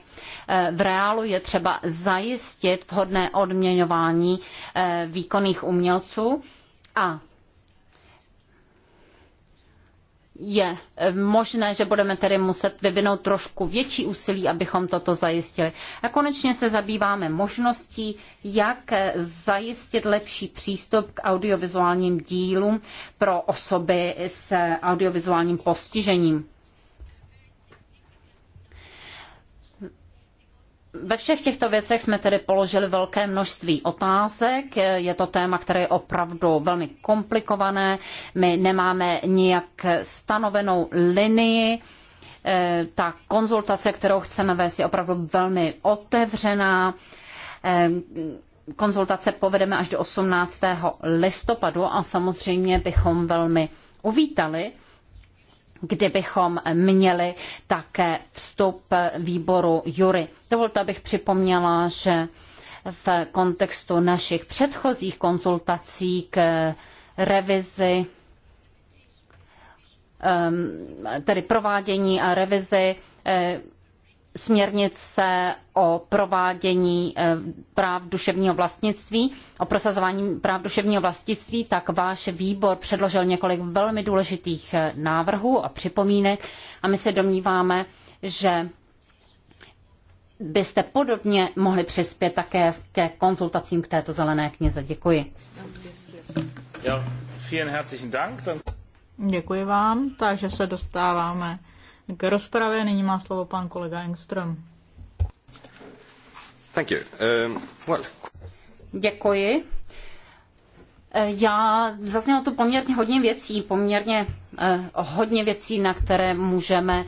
eh, v reálu je třeba zajistit vhodné odměňování výkonných umělců. A je eh, možné, že budeme tedy muset vyvinout trošku větší úsilí, abychom toto zajistili. A konečně se zabýváme možností, jak eh, zajistit lepší přístup k audiovizuálním dílům pro osoby s eh, audiovizuálním postižením. Ve všech těchto věcech jsme tedy položili velké množství otázek. Je to téma, které je opravdu velmi komplikované. My nemáme nijak stanovenou linii. E, ta konzultace, kterou chceme vést, je opravdu velmi otevřená. E, konzultace povedeme až do 18. listopadu a samozřejmě bychom velmi uvítali, kdybychom měli také vstup výboru Jury. Dovolte, abych připomněla, že v kontextu našich předchozích konzultací k revizi, ehm, tedy provádění a revizi eh, směrnice o provádění eh, práv duševního vlastnictví, o prosazování práv duševního vlastnictví, tak váš výbor předložil několik velmi důležitých eh, návrhů a připomínek a my se domníváme, že byste podobně mohli přispět také ke konzultacím k této zelené knize. Děkuji. Děkuji vám, takže se dostáváme k rozpravě. Nyní má slovo pan kolega Engström. Thank you. Um, well. Děkuji. Eh, já zaznělo tu poměrně hodně věcí, poměrně eh, hodně věcí, na které můžeme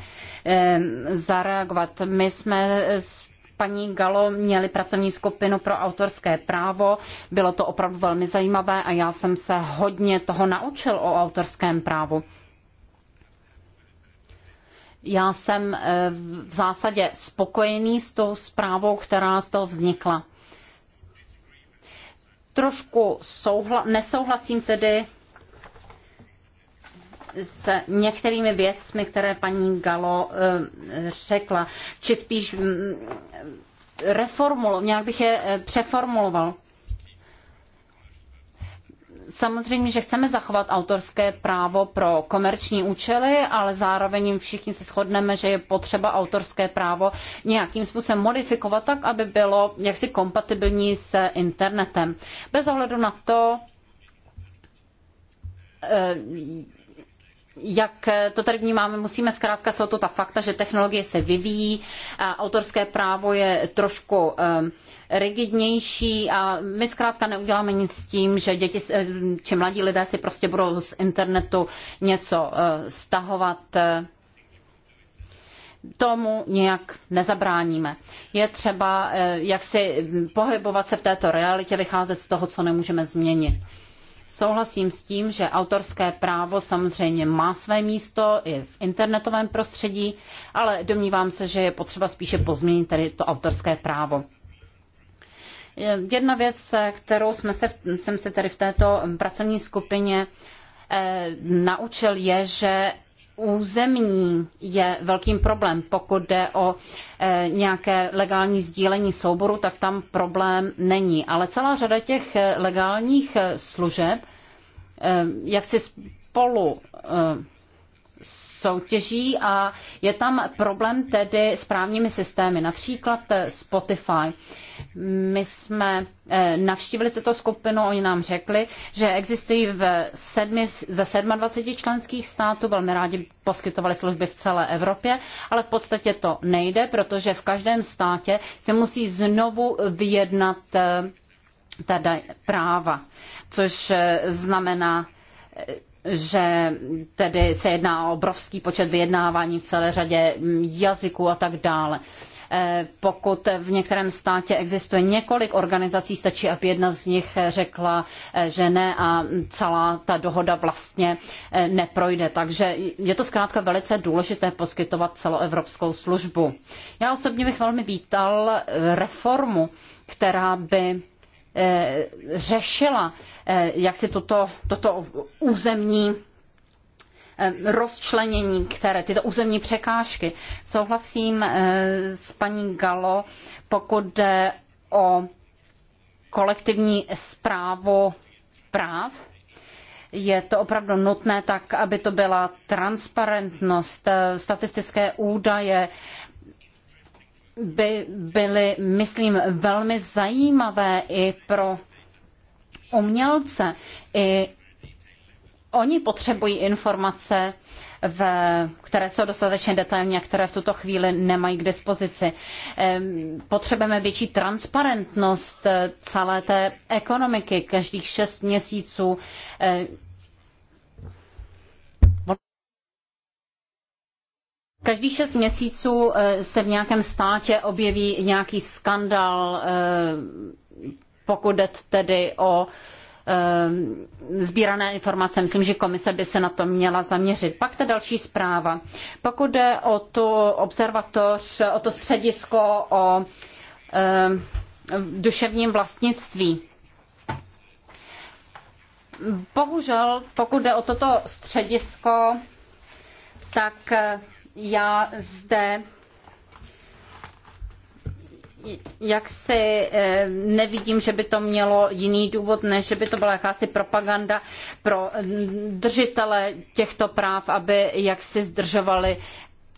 eh, zareagovat. My jsme s paní Galo měli pracovní skupinu pro autorské právo. Bylo to opravdu velmi zajímavé a já jsem se hodně toho naučil o autorském právu. Já jsem eh, v zásadě spokojený s tou zprávou, která z toho vznikla. Trošku souhla- nesouhlasím tedy s některými věcmi, které paní Galo eh, řekla, či spíš mm, reformulo, nějak bych je eh, přeformuloval. Samozřejmě, že chceme zachovat autorské právo pro komerční účely, ale zároveň všichni se shodneme, že je potřeba autorské právo nějakým způsobem modifikovat tak, aby bylo jaksi kompatibilní s internetem. Bez ohledu na to, eh, jak to tady vnímáme, musíme zkrátka, jsou to ta fakta, že technologie se vyvíjí, a autorské právo je trošku ehm, rigidnější a my zkrátka neuděláme nic s tím, že děti ehm, či mladí lidé si prostě budou z internetu něco eh, stahovat. Tomu nějak nezabráníme. Je třeba eh, jak si pohybovat se v této realitě, vycházet z toho, co nemůžeme změnit souhlasím s tím, že autorské právo samozřejmě má své místo i v internetovém prostředí, ale domnívám se, že je potřeba spíše pozměnit tedy to autorské právo. Jedna věc, kterou jsme se, jsem se tedy v této pracovní skupině eh, naučil, je, že územní je velkým problém. Pokud jde o eh, nějaké legální sdílení souboru, tak tam problém není. Ale celá řada těch eh, legálních eh, služeb, jak si spolu soutěží a je tam problém tedy s právními systémy, například eh, Spotify. My jsme eh, navštívili tuto skupinu, oni nám řekli, že existují v sedmi, ze 27 členských států, velmi rádi poskytovali služby v celé Evropě, ale v podstatě to nejde, protože v každém státě se musí znovu vyjednat eh, teda práva, což znamená že tedy se jedná o obrovský počet vyjednávání v celé řadě jazyků a tak dále. Eh, pokud v některém státě existuje několik organizací, stačí, aby jedna z nich řekla, eh, že ne a celá ta dohoda vlastně eh, neprojde. Takže je to zkrátka velice důležité poskytovat celoevropskou službu. Já osobně bych velmi vítal reformu, která by Eh, řešila eh, jak si toto, toto územní eh, rozčlenění, které tyto územní překážky. Souhlasím s paní Galo, pokud jde o kolektivní zprávu práv. Je to opravdu nutné tak, aby to byla transparentnost, statistické údaje, by byly, myslím, velmi zajímavé i pro umělce. I oni potřebují informace, v, které jsou dostatečně detailní a které v tuto chvíli nemají k dispozici. Potřebujeme větší transparentnost eh, celé té ekonomiky. Každých šest měsíců eh, Každých šest měsíců eh, se v nějakém státě objeví nějaký skandal, eh, pokud jde tedy o eh, sbírané informace. Myslím, že komise by se na to měla zaměřit. Pak ta další zpráva. Pokud jde o tu observatoř, o to středisko, o duševním vlastnictví. Bohužel, pokud jde o toto středisko, tak já zde jak si eh, nevidím, že by to mělo jiný důvod, než že by to byla jakási propaganda pro eh, držitele těchto práv, aby jak si zdržovali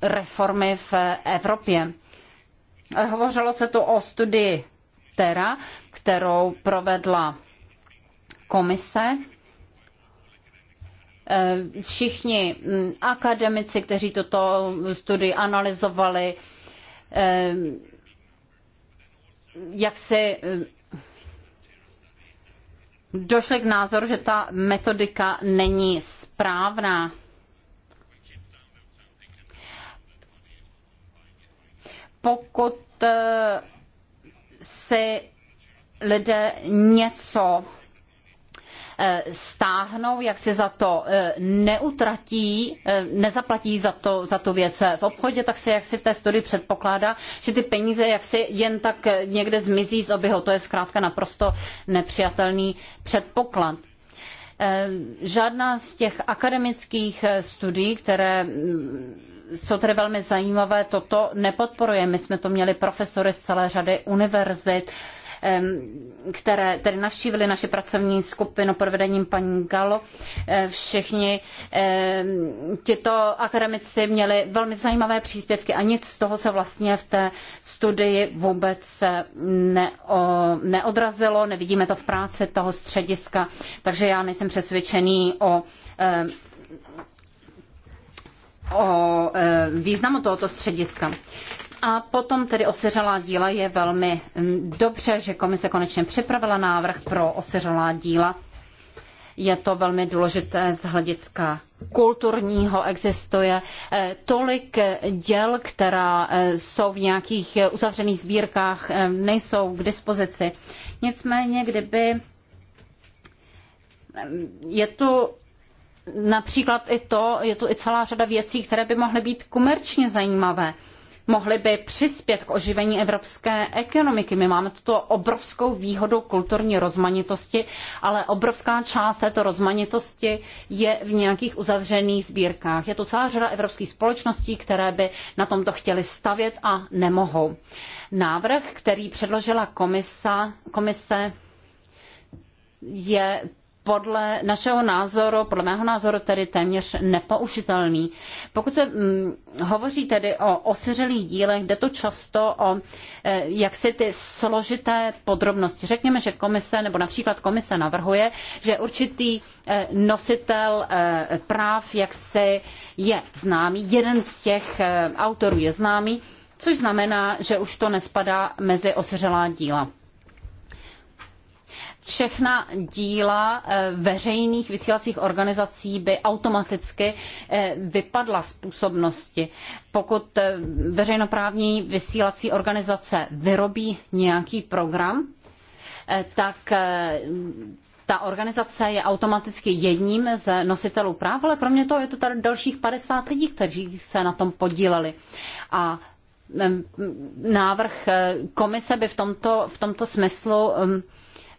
reformy v Evropě. Hovořilo se tu o studii TERA, kterou provedla komise Eh, všichni mm, akademici, kteří toto studii analyzovali, eh, jak si eh, došli k názoru, že ta metodika není správná. Pokud si lidé něco Eh, stáhnou, jak si za to eh, neutratí, eh, nezaplatí za, to, za tu věc v obchodě, tak se jak si v té studii předpokládá, že ty peníze jak si jen tak někde zmizí z obyho. To je zkrátka naprosto nepřijatelný předpoklad. Žádná z těch akademických studií, které mm, jsou tedy velmi zajímavé, toto nepodporuje. My jsme to měli profesory z celé řady univerzit, které tedy navštívili naši pracovní skupinu pod vedením paní Galo. E, všichni tito akademici měli velmi zajímavé příspěvky a nic z toho se vlastně v té studii vůbec neodrazilo. Nevidíme to v práci toho střediska, takže já nejsem přesvědčený o o významu tohoto střediska. A potom tedy osiřelá díla je velmi mm, dobře, že komise konečně připravila návrh pro osiřelá díla. Je to velmi důležité z hlediska kulturního existuje eh, tolik děl, která eh, jsou v nějakých eh, uzavřených sbírkách, nejsou k dispozici. Nicméně, kdyby je tu například i to, je tu i celá řada věcí, které by mohly být komerčně zajímavé mohly by přispět k oživení evropské ekonomiky. My máme tuto obrovskou výhodu kulturní rozmanitosti, ale obrovská část této rozmanitosti je v nějakých uzavřených sbírkách. Je tu celá řada evropských společností, které by na tomto chtěly stavět a nemohou. Návrh, který předložila komisa, komise, je podle našeho názoru, podle mého názoru tedy téměř nepoužitelný. Pokud se hm, hovoří tedy o osiřelých dílech, jde to často o eh, jaksi ty složité podrobnosti. Řekněme, že komise, nebo například komise navrhuje, že určitý eh, nositel eh, práv jaksi je známý, jeden z těch eh, autorů je známý, což znamená, že už to nespadá mezi osiřelá díla všechna díla eh, veřejných vysílacích organizací by automaticky eh, vypadla z působnosti. Pokud eh, veřejnoprávní vysílací organizace vyrobí nějaký program, tak ta organizace je automaticky jedním z nositelů práv, ale kromě toho je tu tady dalších 50 lidí, kteří se na tom podíleli. A návrh komise by v tomto, v tomto smyslu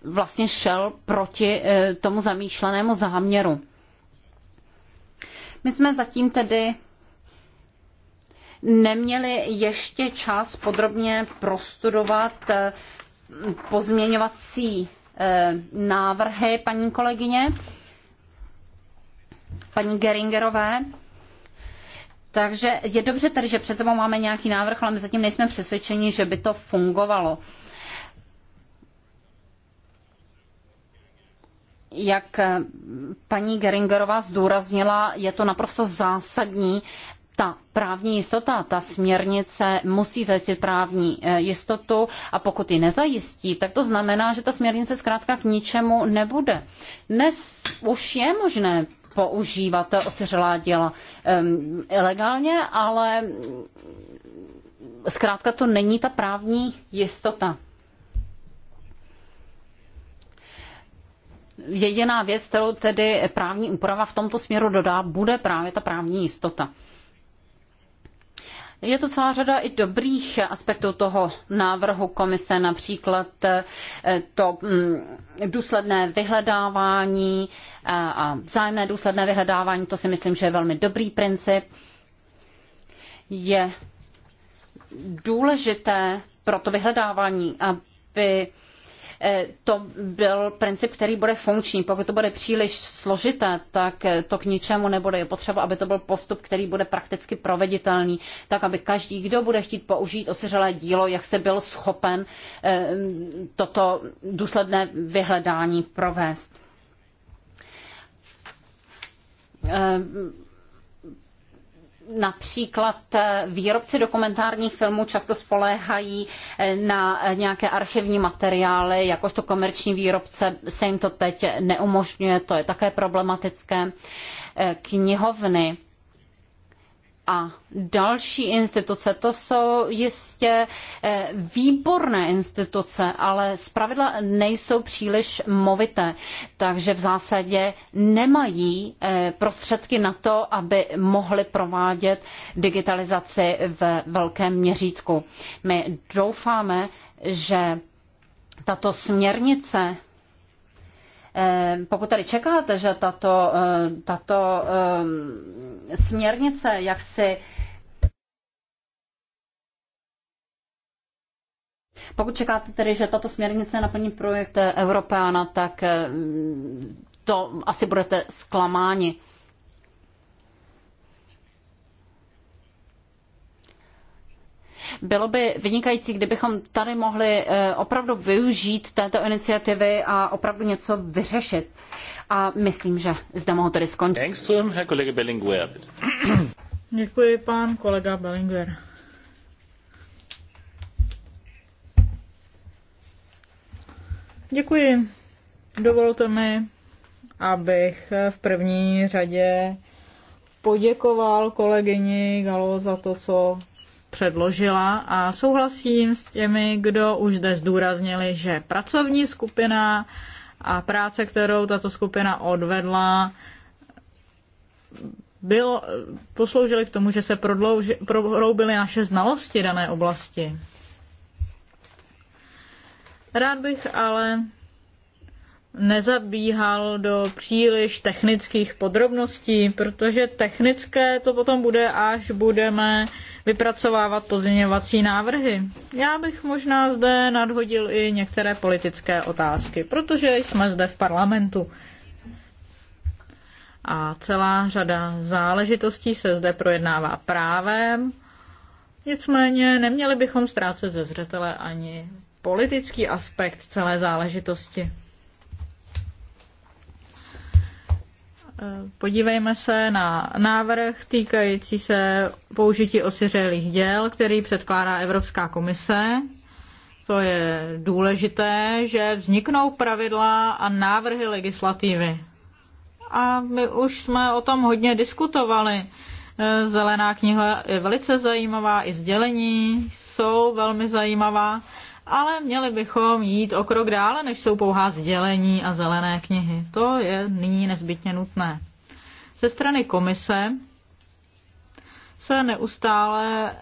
vlastně šel proti eh, tomu zamýšlenému záměru. My jsme zatím tedy neměli ještě čas podrobně prostudovat eh, pozměňovací eh, návrhy paní kolegyně, paní Geringerové. Takže je dobře tedy, že před sebou máme nějaký návrh, ale my zatím nejsme přesvědčeni, že by to fungovalo. jak paní Geringerová zdůraznila, je to naprosto zásadní. Ta právní jistota, ta směrnice musí zajistit právní eh, jistotu a pokud ji nezajistí, tak to znamená, že ta směrnice zkrátka k ničemu nebude. Dnes už je možné používat osiřelá děla um, ilegálně, ale zkrátka to není ta právní jistota. jediná věc, kterou tedy právní úprava v tomto směru dodá, bude právě ta právní jistota. Je to celá řada i dobrých aspektů toho návrhu komise, například eh, to mm, důsledné vyhledávání eh, a vzájemné důsledné vyhledávání, to si myslím, že je velmi dobrý princip. Je důležité pro to vyhledávání, aby Eh, to byl princip, který bude funkční. Pokud to bude příliš složité, tak eh, to k ničemu nebude. Je potřeba, aby to byl postup, který bude prakticky proveditelný, tak aby každý, kdo bude chtít použít osiřelé dílo, jak se byl schopen eh, toto důsledné vyhledání provést Například eh, výrobci dokumentárních filmů často spoléhají eh, na eh, nějaké archivní materiály, jakožto komerční výrobce se jim to teď neumožňuje, to je také problematické. Knihovny a další instituce. To jsou jistě eh, výborné instituce, ale zpravidla nejsou příliš movité, takže v zásadě nemají eh, prostředky na to, aby mohly provádět digitalizaci v velkém měřítku. My doufáme, že tato směrnice Ehm, pokud tady čekáte, že tato, ehm, tato ehm, směrnice jak si Pokud čekáte tedy, že tato směrnice naplní projekt Europeana, tak to asi budete zklamáni. Bylo by vynikající, kdybychom tady mohli eh, opravdu využít této iniciativy a opravdu něco vyřešit. A myslím, že zde mohu tedy skončit. Děkuji, pán kolega Bellinger. Děkuji. Dovolte mi, abych v první řadě poděkoval kolegyni Galo za to, co předložila a souhlasím s těmi, kdo už zde zdůraznili, že pracovní skupina a práce, kterou tato skupina odvedla, bylo, posloužily k tomu, že se prodlouži, prohloubily naše znalosti dané oblasti. Rád bych ale nezabíhal do příliš technických podrobností, protože technické to potom bude, až budeme vypracovávat pozměňovací návrhy. Já bych možná zde nadhodil i některé politické otázky, protože jsme zde v parlamentu. A celá řada záležitostí se zde projednává právem. Nicméně neměli bychom ztrácet ze zřetele ani politický aspekt celé záležitosti. Podívejme se na návrh týkající se použití osiřelých děl, který předkládá Evropská komise. To je důležité, že vzniknou pravidla a návrhy legislativy. A my už jsme o tom hodně diskutovali. Zelená kniha je velice zajímavá, i sdělení jsou velmi zajímavá ale měli bychom jít o krok dále, než jsou pouhá sdělení a zelené knihy. To je nyní nezbytně nutné. Ze strany komise se neustále e,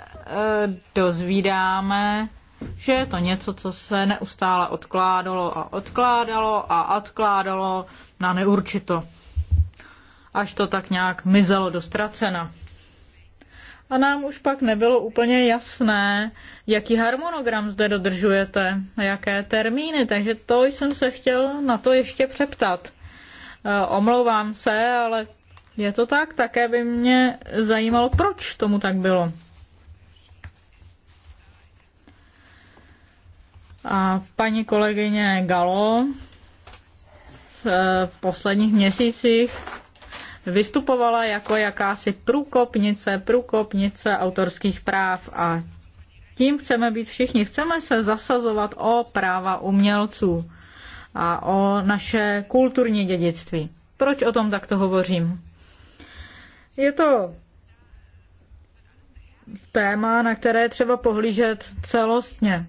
dozvídáme, že je to něco, co se neustále odkládalo a odkládalo a odkládalo na neurčito. Až to tak nějak mizelo do ztracena a nám už pak nebylo úplně jasné, jaký harmonogram zde dodržujete, jaké termíny, takže to jsem se chtěl na to ještě přeptat. E, omlouvám se, ale je to tak, také by mě zajímalo, proč tomu tak bylo. A paní kolegyně Galo v e, posledních měsících vystupovala jako jakási průkopnice, průkopnice autorských práv a tím chceme být všichni. Chceme se zasazovat o práva umělců a o naše kulturní dědictví. Proč o tom takto hovořím? Je to téma, na které je třeba pohlížet celostně.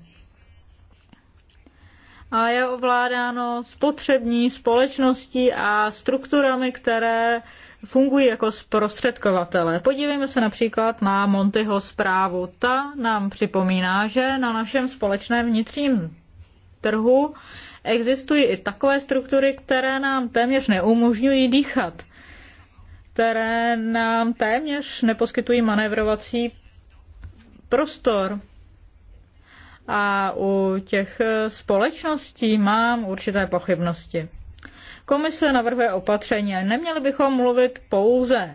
A je ovládáno spotřební společností a strukturami, které fungují jako zprostředkovatele. Podívejme se například na Montyho zprávu. Ta nám připomíná, že na našem společném vnitřním trhu existují i takové struktury, které nám téměř neumožňují dýchat, které nám téměř neposkytují manévrovací prostor. A u těch společností mám určité pochybnosti. Komise navrhuje opatření. Neměli bychom mluvit pouze e,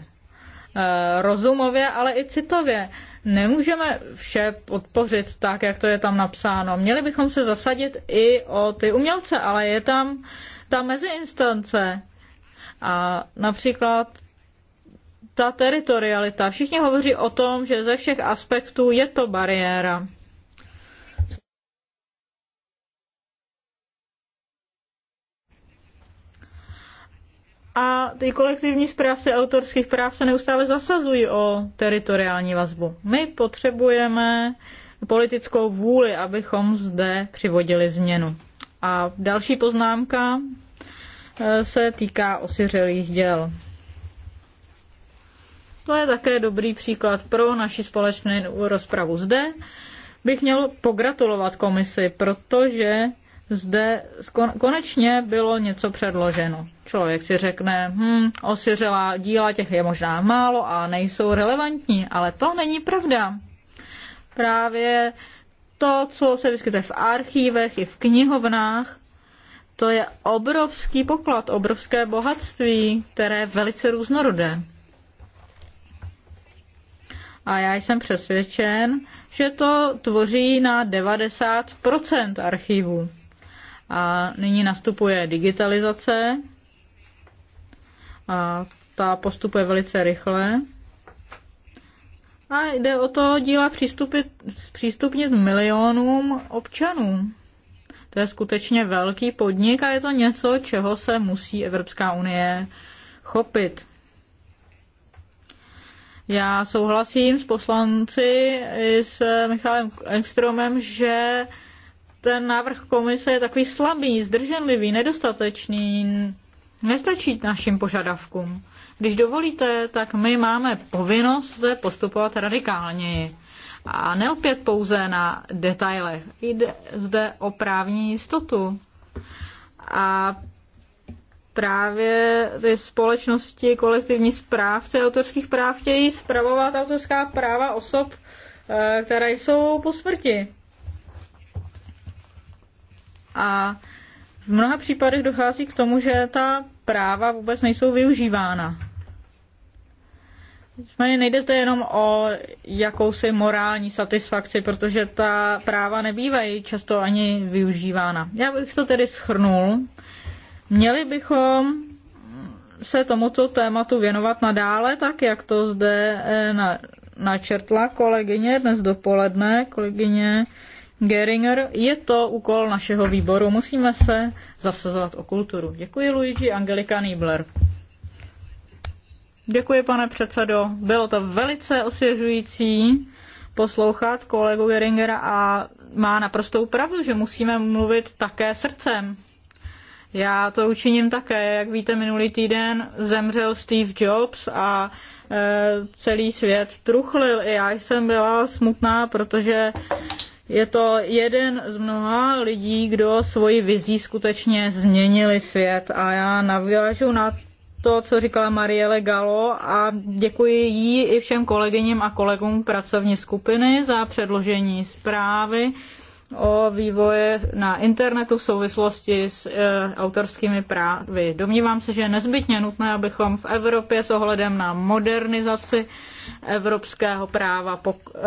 rozumově, ale i citově. Nemůžeme vše podpořit tak, jak to je tam napsáno. Měli bychom se zasadit i o ty umělce, ale je tam ta meziinstance. A například ta teritorialita. Všichni hovoří o tom, že ze všech aspektů je to bariéra. a ty kolektivní zprávce autorských práv se neustále zasazují o teritoriální vazbu. My potřebujeme politickou vůli, abychom zde přivodili změnu. A další poznámka eh, se týká osiřelých děl. To je také dobrý příklad pro naši společnou rozpravu zde. Bych měl pogratulovat komisi, protože zde konečně bylo něco předloženo. Člověk si řekne, hm, osiřelá díla těch je možná málo a nejsou relevantní, ale to není pravda. Právě to, co se vyskytuje v archívech i v knihovnách, to je obrovský poklad, obrovské bohatství, které je velice různorodé. A já jsem přesvědčen, že to tvoří na 90% archivů. A nyní nastupuje digitalizace. A ta postupuje velice rychle. A jde o to díla přístupnit milionům občanů. To je skutečně velký podnik a je to něco, čeho se musí Evropská unie chopit. Já souhlasím s poslanci i s Michalem Engstromem, že ten návrh komise je takový slabý, zdrženlivý, nedostatečný, nestačí našim požadavkům. Když dovolíte, tak my máme povinnost postupovat radikálněji. A nelpět pouze na detailech. Jde zde o právní jistotu. A právě ty společnosti, kolektivní správce autorských práv chtějí spravovat autorská práva osob, eh, které jsou po smrti a v mnoha případech dochází k tomu, že ta práva vůbec nejsou využívána. Nicméně nejde zde jenom o jakousi morální satisfakci, protože ta práva nebývají často ani využívána. Já bych to tedy schrnul. Měli bychom se tomuto tématu věnovat nadále, tak jak to zde eh, načrtla kolegyně dnes dopoledne, kolegyně Geringer, je to úkol našeho výboru. Musíme se zasazovat o kulturu. Děkuji Luigi Angelika Niebler. Děkuji, pane předsedo. Bylo to velice osvěžující poslouchat kolegu Geringera a má naprostou pravdu, že musíme mluvit také srdcem. Já to učiním také. Jak víte, minulý týden zemřel Steve Jobs a e, celý svět truchlil. I já jsem byla smutná, protože je to jeden z mnoha lidí, kdo svoji vizí skutečně změnili svět a já navážu na to, co říkala Marielle Galo a děkuji jí i všem kolegyním a kolegům pracovní skupiny za předložení zprávy o vývoje na internetu v souvislosti s e, autorskými právy. Domnívám se, že je nezbytně nutné, abychom v Evropě s ohledem na modernizaci evropského práva pok, e,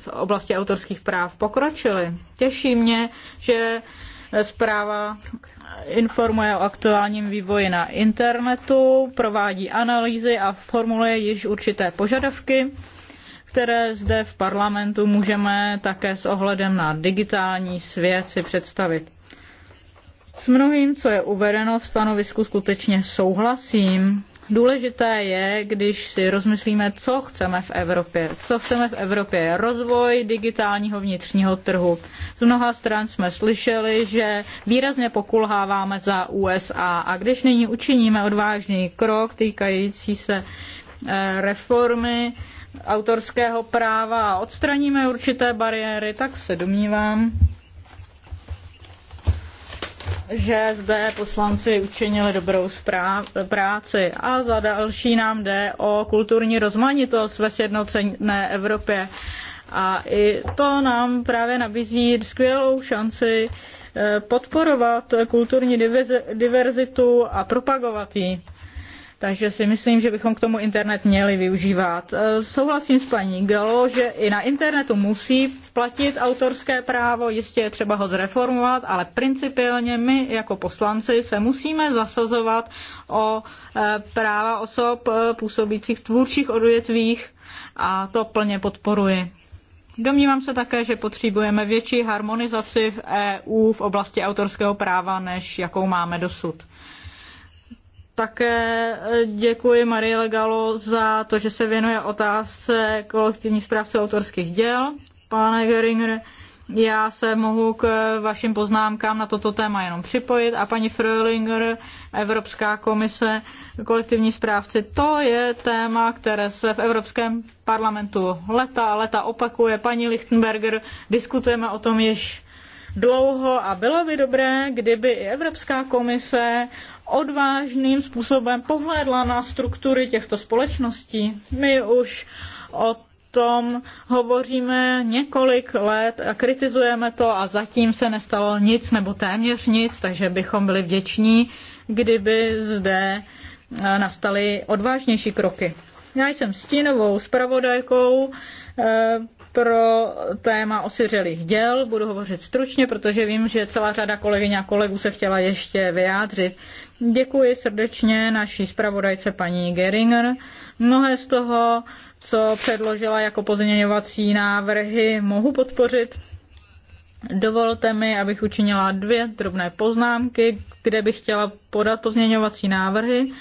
v oblasti autorských práv pokročili. Těší mě, že zpráva informuje o aktuálním vývoji na internetu, provádí analýzy a formuluje již určité požadavky které zde v parlamentu můžeme také s ohledem na digitální svět si představit. S mnohým, co je uvedeno v stanovisku, skutečně souhlasím. Důležité je, když si rozmyslíme, co chceme v Evropě. Co chceme v Evropě? Rozvoj digitálního vnitřního trhu. Z mnoha stran jsme slyšeli, že výrazně pokulháváme za USA a když nyní učiníme odvážný krok týkající se eh, reformy, autorského práva a odstraníme určité bariéry, tak se domnívám, že zde poslanci učinili dobrou práci a za další nám jde o kulturní rozmanitost ve sjednocené Evropě. A i to nám právě nabízí skvělou šanci eh, podporovat kulturní diverzitu a propagovat ji. Takže si myslím, že bychom k tomu internet měli využívat. E, souhlasím s paní Galo, že i na internetu musí platit autorské právo, jistě je třeba ho zreformovat, ale principiálně my jako poslanci se musíme zasazovat o e, práva osob e, působících v tvůrčích odvětvích a to plně podporuji. Domnívám se také, že potřebujeme větší harmonizaci v EU v oblasti autorského práva, než jakou máme dosud. Také eh, děkuji Marie Legalo za to, že se věnuje otázce kolektivní zprávce autorských děl. Pane Geringer, já se mohu k vašim poznámkám na toto téma jenom připojit a paní Fröhlinger, Evropská komise, kolektivní zprávci, to je téma, které se v Evropském parlamentu leta a leta opakuje. Paní Lichtenberger, diskutujeme o tom již dlouho a bylo by dobré, kdyby i Evropská komise odvážným způsobem pohlédla na struktury těchto společností. My už o tom hovoříme několik let a kritizujeme to a zatím se nestalo nic nebo téměř nic, takže bychom byli vděční, kdyby zde eh, nastaly odvážnější kroky. Já jsem stínovou zpravodajkou eh, pro téma osiřelých děl. Budu hovořit stručně, protože vím, že celá řada kolegyň a kolegů se chtěla ještě vyjádřit. Děkuji srdečně naší zpravodajce paní Geringer. Mnohé z toho, co předložila jako pozměňovací návrhy, mohu podpořit. Dovolte mi, abych učinila dvě drobné poznámky, kde bych chtěla podat pozměňovací návrhy.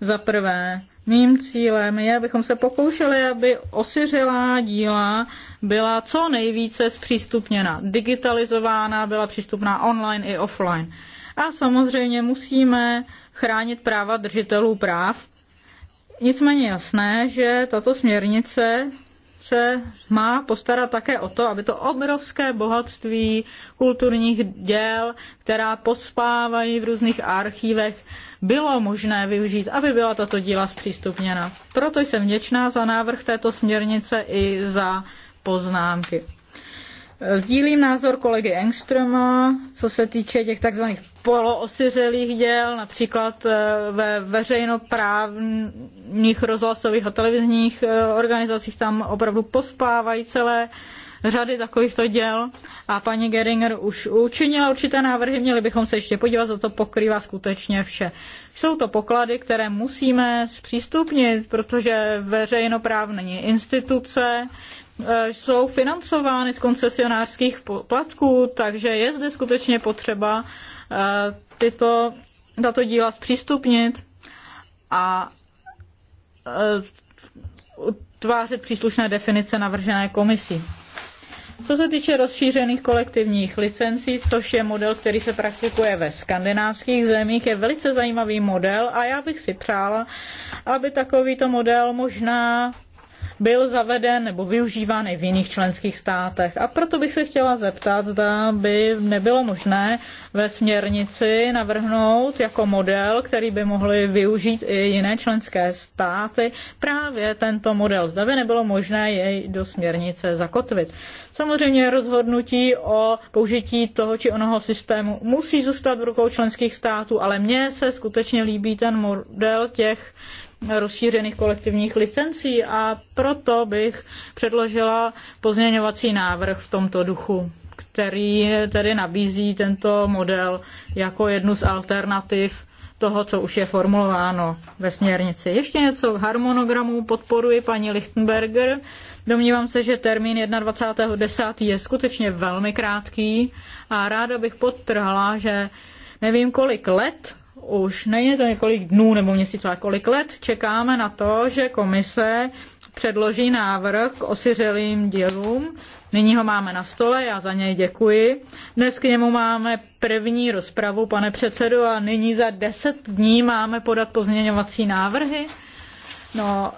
Za prvé, Mým cílem je, abychom se pokoušeli, aby osiřelá díla byla co nejvíce zpřístupněna, digitalizována, byla přístupná online i offline. A samozřejmě musíme chránit práva držitelů práv. Nicméně jasné, že tato směrnice se má postarat také o to, aby to obrovské bohatství kulturních děl, která pospávají v různých archívech, bylo možné využít, aby byla tato díla zpřístupněna. Proto jsem vděčná za návrh této směrnice i za poznámky. Sdílím názor kolegy Engströma, co se týče těch tzv. poloosiřelých děl, například eh, ve veřejnoprávních rozhlasových a televizních eh, organizacích tam opravdu pospávají celé řady takovýchto děl a paní Geringer už učinila určité návrhy, měli bychom se ještě podívat, za to pokrývá skutečně vše. Jsou to poklady, které musíme zpřístupnit, protože veřejnoprávní instituce eh, jsou financovány z koncesionářských platků, takže je zde skutečně potřeba eh, tyto, tato díla zpřístupnit a eh, utvářet příslušné definice navržené komisí. Co se týče rozšířených kolektivních licencí, což je model, který se praktikuje ve skandinávských zemích, je velice zajímavý model a já bych si přála, aby takovýto model možná byl zaveden nebo využíván i v jiných členských státech. A proto bych se chtěla zeptat, zda by nebylo možné ve směrnici navrhnout jako model, který by mohly využít i jiné členské státy, právě tento model. Zda by nebylo možné jej do směrnice zakotvit. Samozřejmě rozhodnutí o použití toho či onoho systému musí zůstat v rukou členských států, ale mně se skutečně líbí ten model těch rozšířených kolektivních licencí a proto bych předložila pozměňovací návrh v tomto duchu, který tedy nabízí tento model jako jednu z alternativ toho, co už je formulováno ve směrnici. Ještě něco k harmonogramu podporuje paní Lichtenberger. Domnívám se, že termín 21.10. je skutečně velmi krátký a ráda bych podtrhla, že nevím kolik let už není to několik dnů nebo měsíců, ale kolik let čekáme na to, že komise předloží návrh k osiřelým dílům. Nyní ho máme na stole, já za něj děkuji. Dnes k němu máme první rozpravu, pane předsedo, a nyní za deset dní máme podat pozměňovací návrhy. No,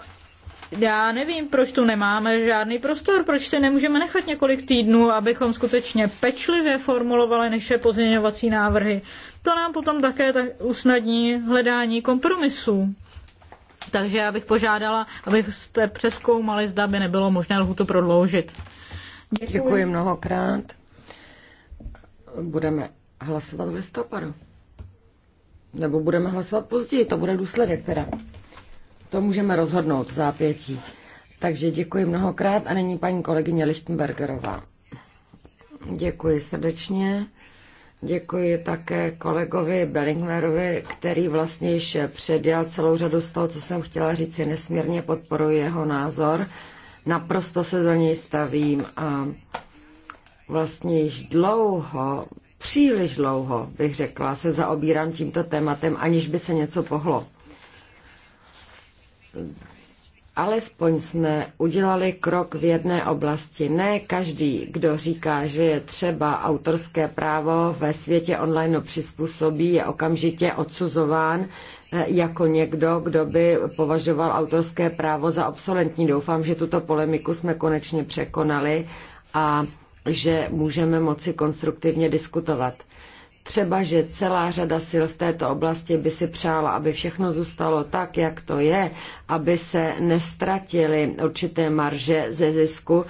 já nevím, proč tu nemáme žádný prostor, proč se nemůžeme nechat několik týdnů, abychom skutečně pečlivě formulovali naše pozměňovací návrhy. To nám potom také tak usnadní hledání kompromisů. Takže já bych požádala, abyste přeskoumali, zda by nebylo možné lhutu prodloužit. Děkuji, Děkuji mnohokrát. Budeme hlasovat v listopadu. Nebo budeme hlasovat později, to bude důsledek teda. To můžeme rozhodnout v zápětí. Takže děkuji mnohokrát a není paní kolegyně Lichtenbergerová. Děkuji srdečně. Děkuji také kolegovi Bellingwerovi, který vlastně již předjel celou řadu z toho, co jsem chtěla říct. Nesmírně podporuji jeho názor. Naprosto se za něj stavím a vlastně již dlouho, příliš dlouho, bych řekla, se zaobírám tímto tématem, aniž by se něco pohlo alespoň jsme udělali krok v jedné oblasti. Ne každý, kdo říká, že je třeba autorské právo ve světě online přizpůsobí, je okamžitě odsuzován eh, jako někdo, kdo by považoval autorské právo za obsolentní. Doufám, že tuto polemiku jsme konečně překonali a že můžeme moci konstruktivně diskutovat. Třeba, že celá řada sil v této oblasti by si přála, aby všechno zůstalo tak, jak to je, aby se nestratily určité marže ze zisku.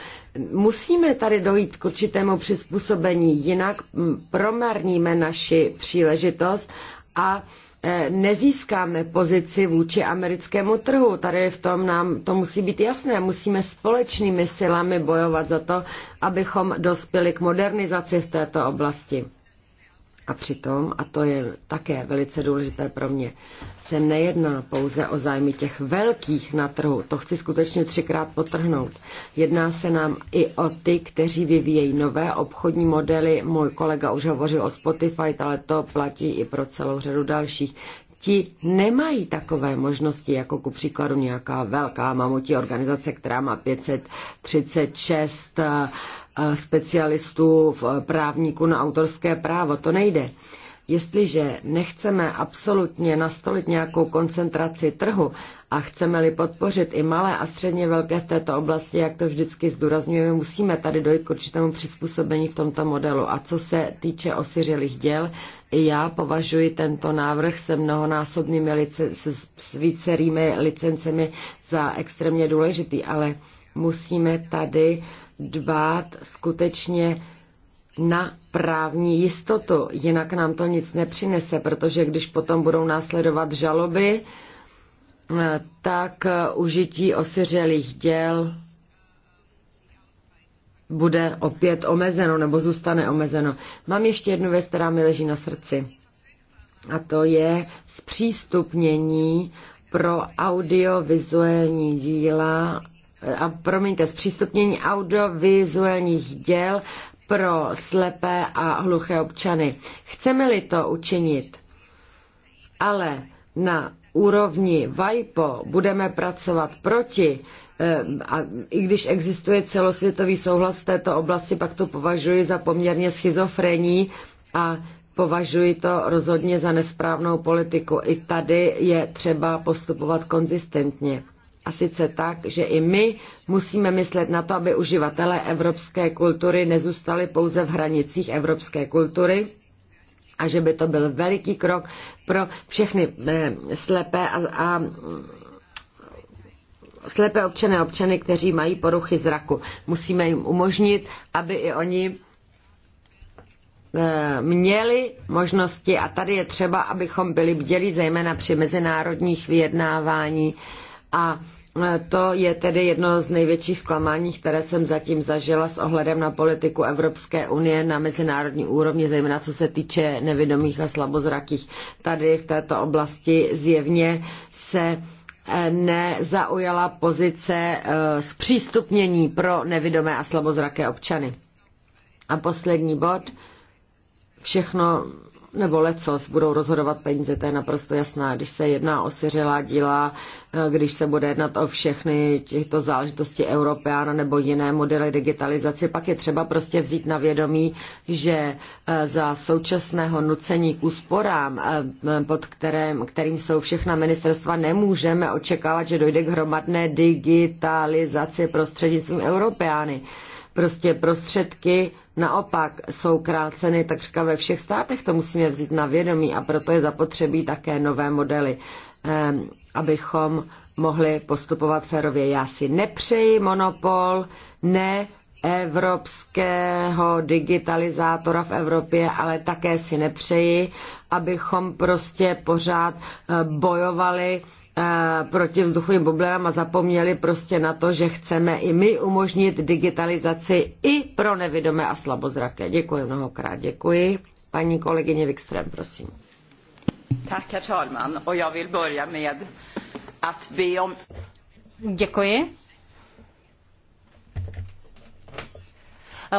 Musíme tady dojít k určitému přizpůsobení, jinak promarníme naši příležitost a eh, nezískáme pozici vůči americkému trhu. Tady v tom nám to musí být jasné. Musíme společnými silami bojovat za to, abychom dospěli k modernizaci v této oblasti. A přitom, a to je také velice důležité pro mě, se nejedná pouze o zájmy těch velkých na trhu, to chci skutečně třikrát potrhnout. Jedná se nám i o ty, kteří vyvíjejí nové obchodní modely. Můj kolega už hovořil o Spotify, ale to platí i pro celou řadu dalších. Ti nemají takové možnosti, jako ku příkladu nějaká velká mamutí organizace, která má 536 specialistů v právníků na autorské právo. To nejde. Jestliže nechceme absolutně nastolit nějakou koncentraci trhu a chceme-li podpořit i malé a středně velké v této oblasti, jak to vždycky zdůrazňujeme, musíme tady dojít k určitému přizpůsobení v tomto modelu. A co se týče osiřelých děl, i já považuji tento návrh se mnohonásobnými licen- s vícerými licencemi za extrémně důležitý, ale musíme tady uh, dbát skutečně na právní jistotu, jinak nám to nic nepřinese, protože když potom budou následovat žaloby, eh, tak eh, užití osiřelých děl bude opět omezeno nebo zůstane omezeno. Mám ještě jednu věc, která mi leží na srdci. A to je zpřístupnění pro audiovizuální díla a promiňte, zpřístupnění audiovizuálních děl pro slepé a hluché občany. Chceme-li to učinit, ale na úrovni VIPO budeme pracovat proti, eh, a i když existuje celosvětový souhlas v této oblasti, pak to považuji za poměrně schizofrení a Považuji to rozhodně za nesprávnou politiku. I tady je třeba postupovat konzistentně. A sice tak, že i my musíme myslet na to, aby uživatelé evropské kultury nezůstali pouze v hranicích evropské kultury, a že by to byl veliký krok pro všechny eh, slepé a, a slepé občany a občany, kteří mají poruchy zraku. Musíme jim umožnit, aby i oni eh, měli možnosti a tady je třeba, abychom byli bdělí zejména při mezinárodních vyjednávání a to je tedy jedno z největších zklamání, které jsem zatím zažila s ohledem na politiku Evropské unie na mezinárodní úrovni, zejména co se týče nevidomých a slabozrakých. Tady v této oblasti zjevně se eh, nezaujala pozice eh, zpřístupnění pro nevidomé a slabozraké občany. A poslední bod. Všechno nebo lecos budou rozhodovat peníze, to je naprosto jasná. Když se jedná o seřelá díla, eh, když se bude jednat o všechny těchto záležitosti Europeana nebo jiné modely digitalizace, pak je třeba prostě vzít na vědomí, že eh, za současného nucení k úsporám, eh, pod kterým, kterým jsou všechna ministerstva, nemůžeme očekávat, že dojde k hromadné digitalizaci prostřednictvím Europeány. Prostě prostředky naopak jsou kráceny takřka ve všech státech, to musíme vzít na vědomí a proto je zapotřebí také nové modely, ehm, abychom mohli postupovat férově. Já si nepřeji monopol, ne evropského digitalizátora v Evropě, ale také si nepřeji, abychom prostě pořád eh, bojovali proti vzduchovým bublinám a zapomněli prostě na to, že chceme i my umožnit digitalizaci i pro nevidomé a slabozraké. Děkuji mnohokrát, děkuji. Paní kolegyně Wikström, prosím. Tak, herr talman, och jag vill börja med att be om... Děkuji.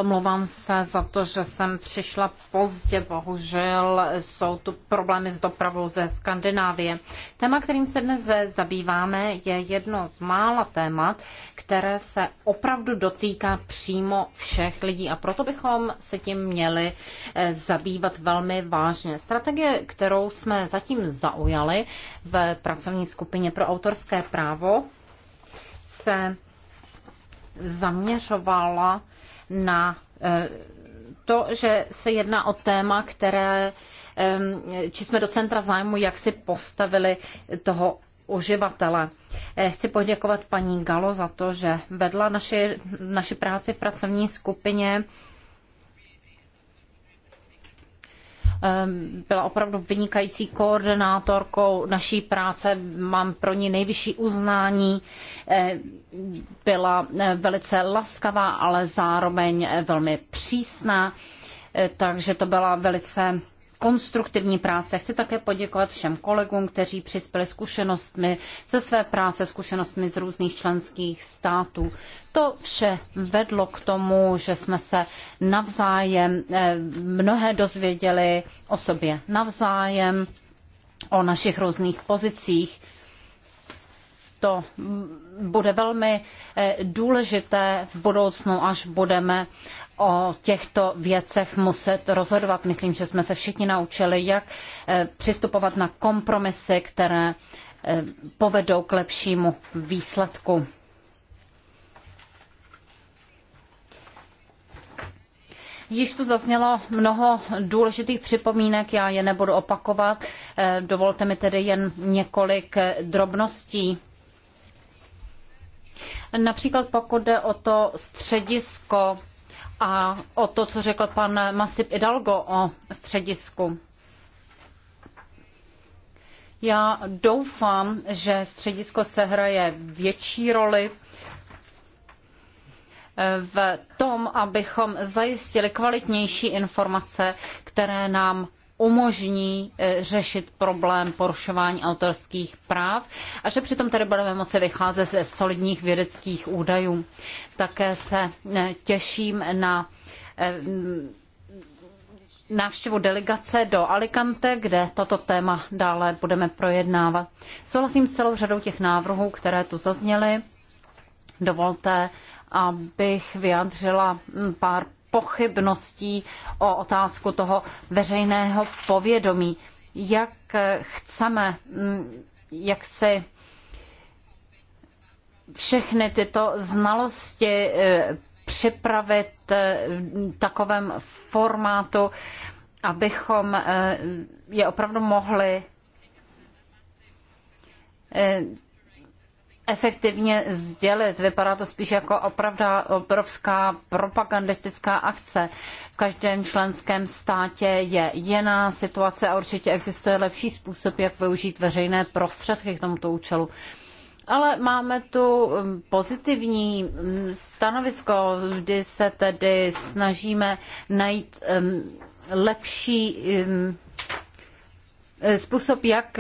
Mluvám se za to, že jsem přišla pozdě, bohužel jsou tu problémy s dopravou ze Skandinávie. Téma, kterým se dnes zabýváme, je jedno z mála témat, které se opravdu dotýká přímo všech lidí a proto bychom se tím měli eh, zabývat velmi vážně. Strategie, kterou jsme zatím zaujali v pracovní skupině pro autorské právo, se zaměřovala na eh, to, že se jedná o téma, které, eh, či jsme do centra zájmu, jak si postavili toho uživatele. Eh, chci poděkovat paní Galo za to, že vedla naši, naši práci v pracovní skupině Ehm, byla opravdu vynikající koordinátorkou naší práce, mám pro ní nejvyšší uznání, ehm, byla eh, velice laskavá, ale zároveň eh, velmi přísná, eh, takže to byla velice konstruktivní práce. Chci také poděkovat všem kolegům, kteří přispěli zkušenostmi ze své práce, zkušenostmi z různých členských států. To vše vedlo k tomu, že jsme se navzájem eh, mnohé dozvěděli o sobě navzájem, o našich různých pozicích. To bude velmi eh, důležité v budoucnu, až budeme o těchto věcech muset rozhodovat. Myslím, že jsme se všichni naučili, jak eh, přistupovat na kompromisy, které eh, povedou k lepšímu výsledku. Již tu zaznělo mnoho důležitých připomínek, já je nebudu opakovat. Eh, dovolte mi tedy jen několik drobností. Například pokud jde o to středisko a o to, co řekl pan Masip Hidalgo o středisku. Já doufám, že středisko sehraje větší roli v tom, abychom zajistili kvalitnější informace, které nám umožní eh, řešit problém porušování autorských práv a že přitom tady budeme moci vycházet ze solidních vědeckých údajů. Také se eh, těším na eh, návštěvu delegace do Alicante, kde toto téma dále budeme projednávat. Souhlasím s celou řadou těch návrhů, které tu zazněly. Dovolte, abych vyjádřila hm, pár pochybností o otázku toho veřejného povědomí. Jak chceme, mm, jak si všechny tyto znalosti eh, připravit eh, v takovém formátu, abychom eh, je opravdu mohli efektivně sdělit. Vypadá to spíš jako opravdu obrovská propagandistická akce. V každém členském státě je jiná situace a určitě existuje lepší způsob, jak využít veřejné prostředky k tomuto účelu. Ale máme tu um, pozitivní um, stanovisko, kdy se tedy snažíme najít um, lepší způsob, jak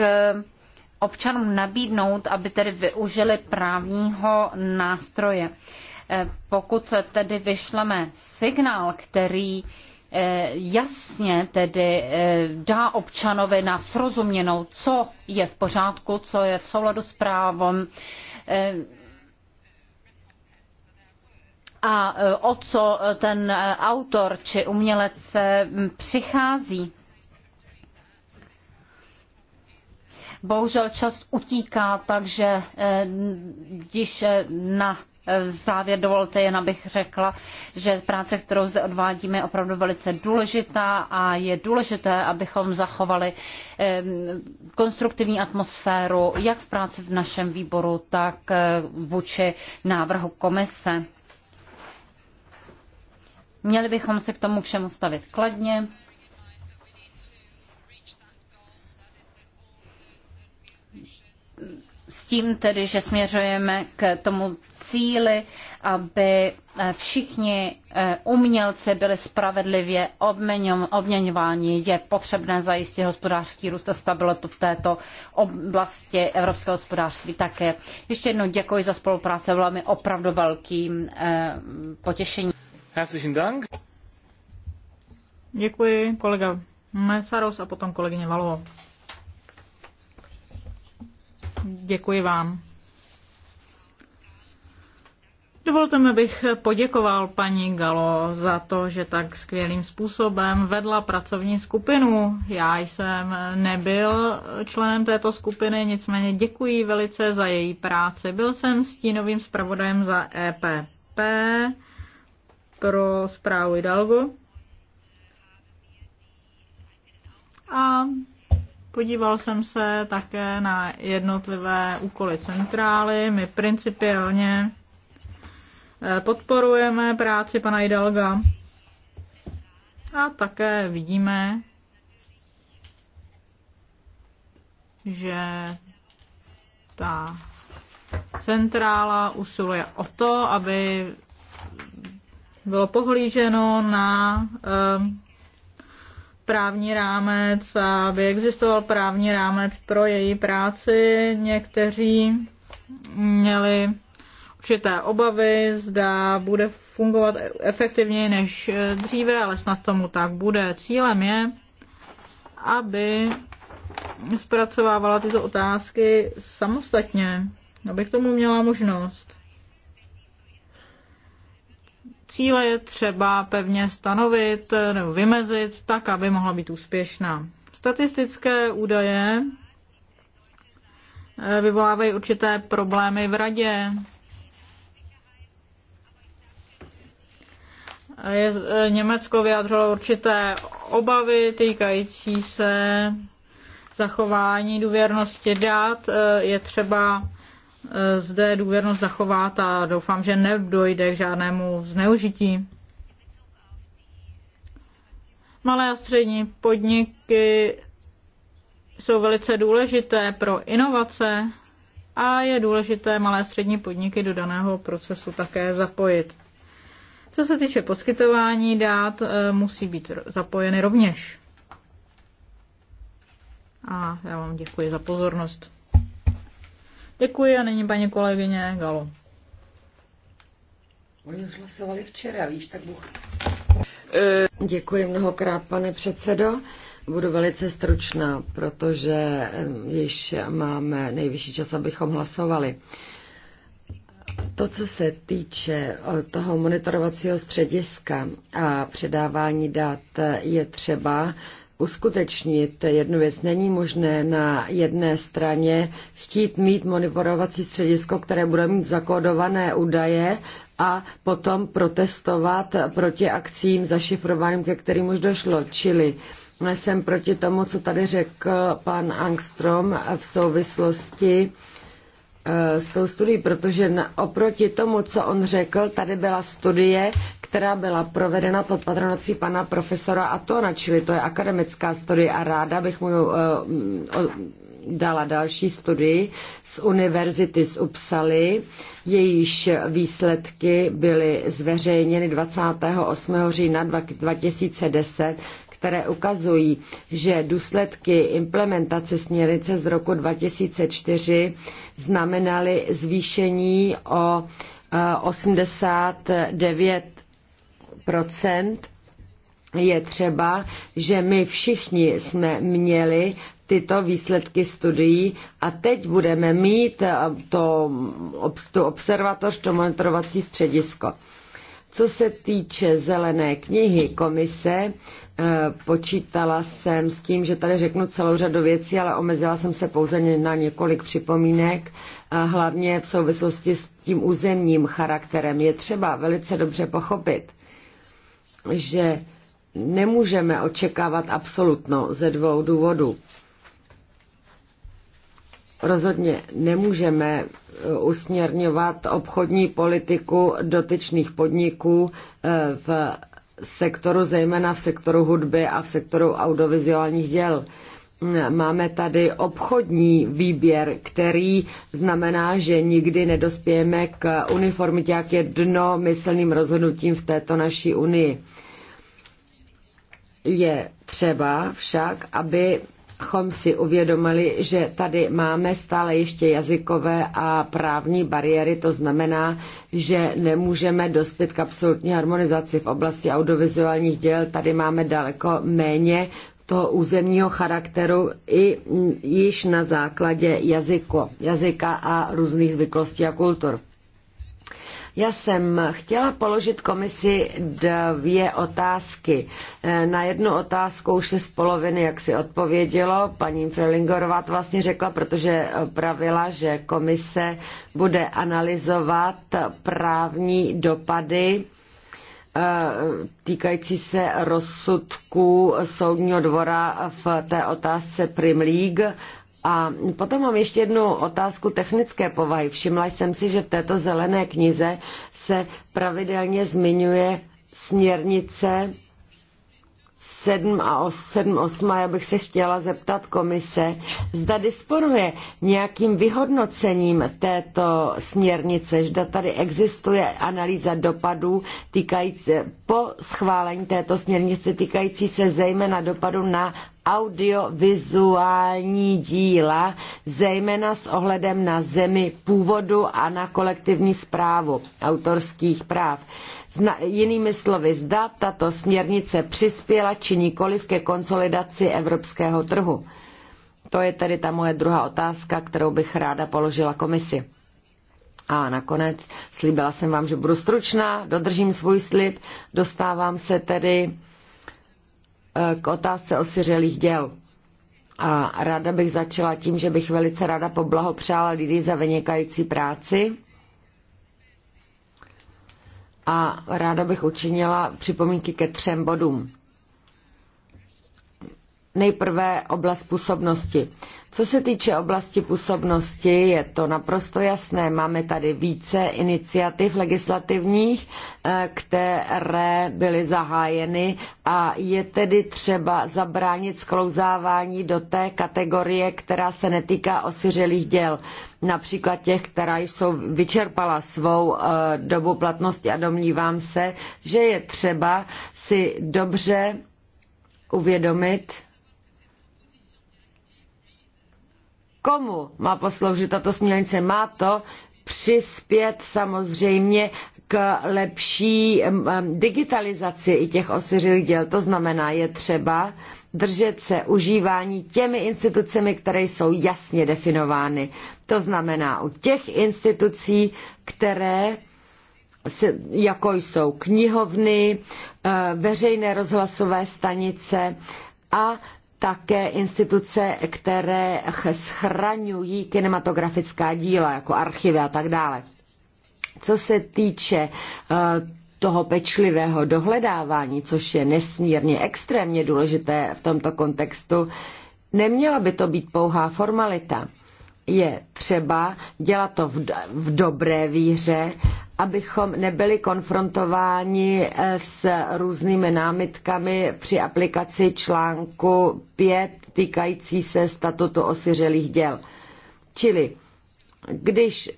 občanům nabídnout, aby tedy využili právního nástroje. Eh, pokud tedy vyšleme signál, který eh, jasně tedy eh, dá občanovi na srozuměnou, co je v pořádku, co je v souladu s právem a o co ten autor či umělec přichází. Bohužel čas utíká, takže když eh, eh, na eh, závěr dovolte jen, abych řekla, že práce, kterou zde odvádíme, je opravdu velice důležitá a je důležité, abychom zachovali ehm, konstruktivní atmosféru jak v práci v našem výboru, tak vůči návrhu komise. Měli bychom se k tomu všemu stavit kladně. tím tedy, že směřujeme k tomu cíli, aby eh, všichni eh, umělci byli spravedlivě obměňováni. Je potřebné zajistit hospodářský růst a stabilitu v této oblasti evropského hospodářství také. Ještě jednou děkuji za spolupráci, byla mi opravdu velkým eh, potěšením. Herzlichen Dank. Děkuji kolega Mesaros a potom kolegyně Valová. Děkuji vám. Dovolte mi, abych poděkoval paní Galo za to, že tak skvělým způsobem vedla pracovní skupinu. Já jsem nebyl členem této skupiny, nicméně děkuji velice za její práci. Byl jsem stínovým zpravodajem za EPP pro zprávu Hidalgo. A Podíval jsem se také na jednotlivé úkoly centrály. My principiálně eh, podporujeme práci pana Idalga a také vidíme, že ta centrála usiluje o to, aby bylo pohlíženo na eh, právní rámec, aby existoval právní rámec pro její práci. Někteří měli určité obavy, zda bude fungovat efektivněji než dříve, ale snad tomu tak bude. Cílem je, aby zpracovávala tyto otázky samostatně, abych tomu měla možnost cíle je třeba pevně stanovit eh, nebo vymezit tak, aby mohla být úspěšná. Statistické údaje eh, vyvolávají určité problémy v radě. Je, eh, Německo vyjádřilo určité obavy týkající se zachování důvěrnosti dát. Je třeba Eh, zde důvěrnost zachovat a doufám, že nedojde k žádnému zneužití. Malé a střední podniky jsou velice důležité pro inovace a je důležité malé a střední podniky do daného procesu také zapojit. Co se týče poskytování dát, eh, musí být zapojeny rovněž. A já vám děkuji za pozornost. Děkuji a nyní paní kolegyně Galo. Oni už hlasovali včera, víš, tak Bůh. E, děkuji mnohokrát, pane předsedo. Budu velice stručná, protože již máme nejvyšší čas, abychom hlasovali. To, co se týče toho monitorovacího střediska a předávání dat, je třeba uskutečnit jednu věc. Není možné na jedné straně chtít mít monitorovací středisko, které bude mít zakódované údaje a potom protestovat proti akcím zašifrovaným, ke kterým už došlo. Čili jsem proti tomu, co tady řekl pan Angstrom v souvislosti eh, s tou studií, protože oproti tomu, co on řekl, tady byla studie, která byla provedena pod patronací pana profesora Atona, čili to je akademická studie a ráda bych mu eh, dala další studii z univerzity z Upsaly. Jejíž výsledky byly zveřejněny 28. října 2010 které ukazují, že důsledky implementace směrnice z roku 2004 znamenaly zvýšení o 89 eh, je třeba, že my všichni jsme měli tyto výsledky studií a teď budeme mít eh, to, tu observatoř, to monitorovací středisko. Co se týče zelené knihy komise, eh, počítala jsem s tím, že tady řeknu celou řadu věcí, ale omezila jsem se pouze na několik připomínek, hlavně v souvislosti s tím územním charakterem. Je třeba velice dobře pochopit, že nemůžeme očekávat absolutno ze dvou důvodů. Rozhodně nemůžeme e, usměrňovat obchodní politiku dotyčných podniků e, v sektoru, zejména v sektoru hudby a v sektoru audiovizuálních děl. Máme tady obchodní výběr, který znamená, že nikdy nedospějeme k uniformitě, jak myslným rozhodnutím v této naší unii. Je třeba však, aby abychom si uvědomili, že tady máme stále ještě jazykové a právní bariéry, to znamená, že nemůžeme dospět k absolutní harmonizaci v oblasti audiovizuálních děl. Tady máme daleko méně toho územního charakteru i již na základě jazyko, jazyka a různých zvyklostí a kultur. Já jsem chtěla položit komisi dvě otázky. Eh, na jednu otázku už se z poloviny jak si odpovědělo. Paní Frelingorová to vlastně řekla, protože pravila, že komise bude analyzovat právní dopady Eh, týkající se rozsudku soudního dvora v té otázce Prim League. A potom mám ještě jednu otázku technické povahy. Všimla jsem si, že v této zelené knize se pravidelně zmiňuje směrnice 7 a 7, 8, já bych se chtěla zeptat komise, zda disponuje nějakým vyhodnocením této směrnice, zda tady existuje analýza dopadů týkající, po schválení této směrnice týkající se zejména dopadu na audiovizuální díla, zejména s ohledem na zemi původu a na kolektivní zprávu autorských práv. Zna, jinými slovy, zda tato směrnice přispěla či nikoliv ke konsolidaci evropského trhu. To je tedy ta moje druhá otázka, kterou bych ráda položila komisi. A nakonec slíbila jsem vám, že budu stručná, dodržím svůj slib, dostávám se tedy k otázce osiřelých děl. A ráda bych začala tím, že bych velice ráda poblahopřála lidi za vynikající práci. A ráda bych učinila připomínky ke třem bodům. Nejprve oblast působnosti. Co se týče oblasti působnosti, je to naprosto jasné. Máme tady více iniciativ legislativních, eh, které byly zahájeny a je tedy třeba zabránit sklouzávání do té kategorie, která se netýká osiřelých děl, například těch, která jsou vyčerpala svou eh, dobu platnosti a domnívám se, že je třeba si dobře uvědomit, komu má posloužit tato směrnice? Má to přispět samozřejmě k lepší digitalizaci i těch osiřelých děl. To znamená, je třeba držet se užívání těmi institucemi, které jsou jasně definovány. To znamená u těch institucí, které jako jsou knihovny, eh, veřejné rozhlasové stanice a také instituce, které schraňují kinematografická díla, jako archivy a tak dále. Co se týče eh, toho pečlivého dohledávání, což je nesmírně extrémně důležité v tomto kontextu, neměla by to být pouhá formalita je třeba dělat to v, v dobré víře, abychom nebyli konfrontováni eh, s různými námitkami při aplikaci článku 5 týkající se statutu osiřelých děl. Čili když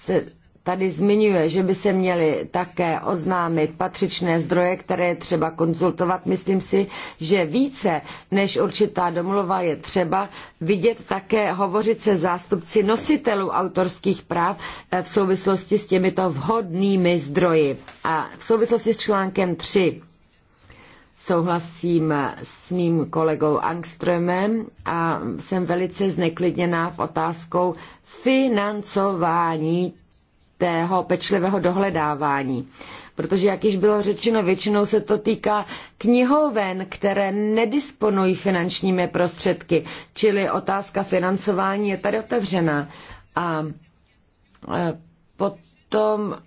se tady zmiňuje, že by se měly také oznámit patřičné zdroje, které je třeba konzultovat. Myslím si, že více než určitá domluva je třeba vidět také, hovořit se zástupci nositelů autorských práv eh, v souvislosti s těmito vhodnými zdroji. A v souvislosti s článkem 3 souhlasím s mým kolegou Angströmem a jsem velice zneklidněná v otázkou financování tého pečlivého dohledávání. Protože, jak již bylo řečeno, většinou se to týká knihoven, které nedisponují finančními prostředky, čili otázka financování je tady otevřená. A e, potom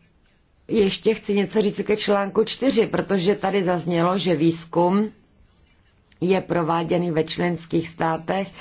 ještě chci něco říct ke článku 4, protože tady zaznělo, že výzkum je prováděný ve členských státech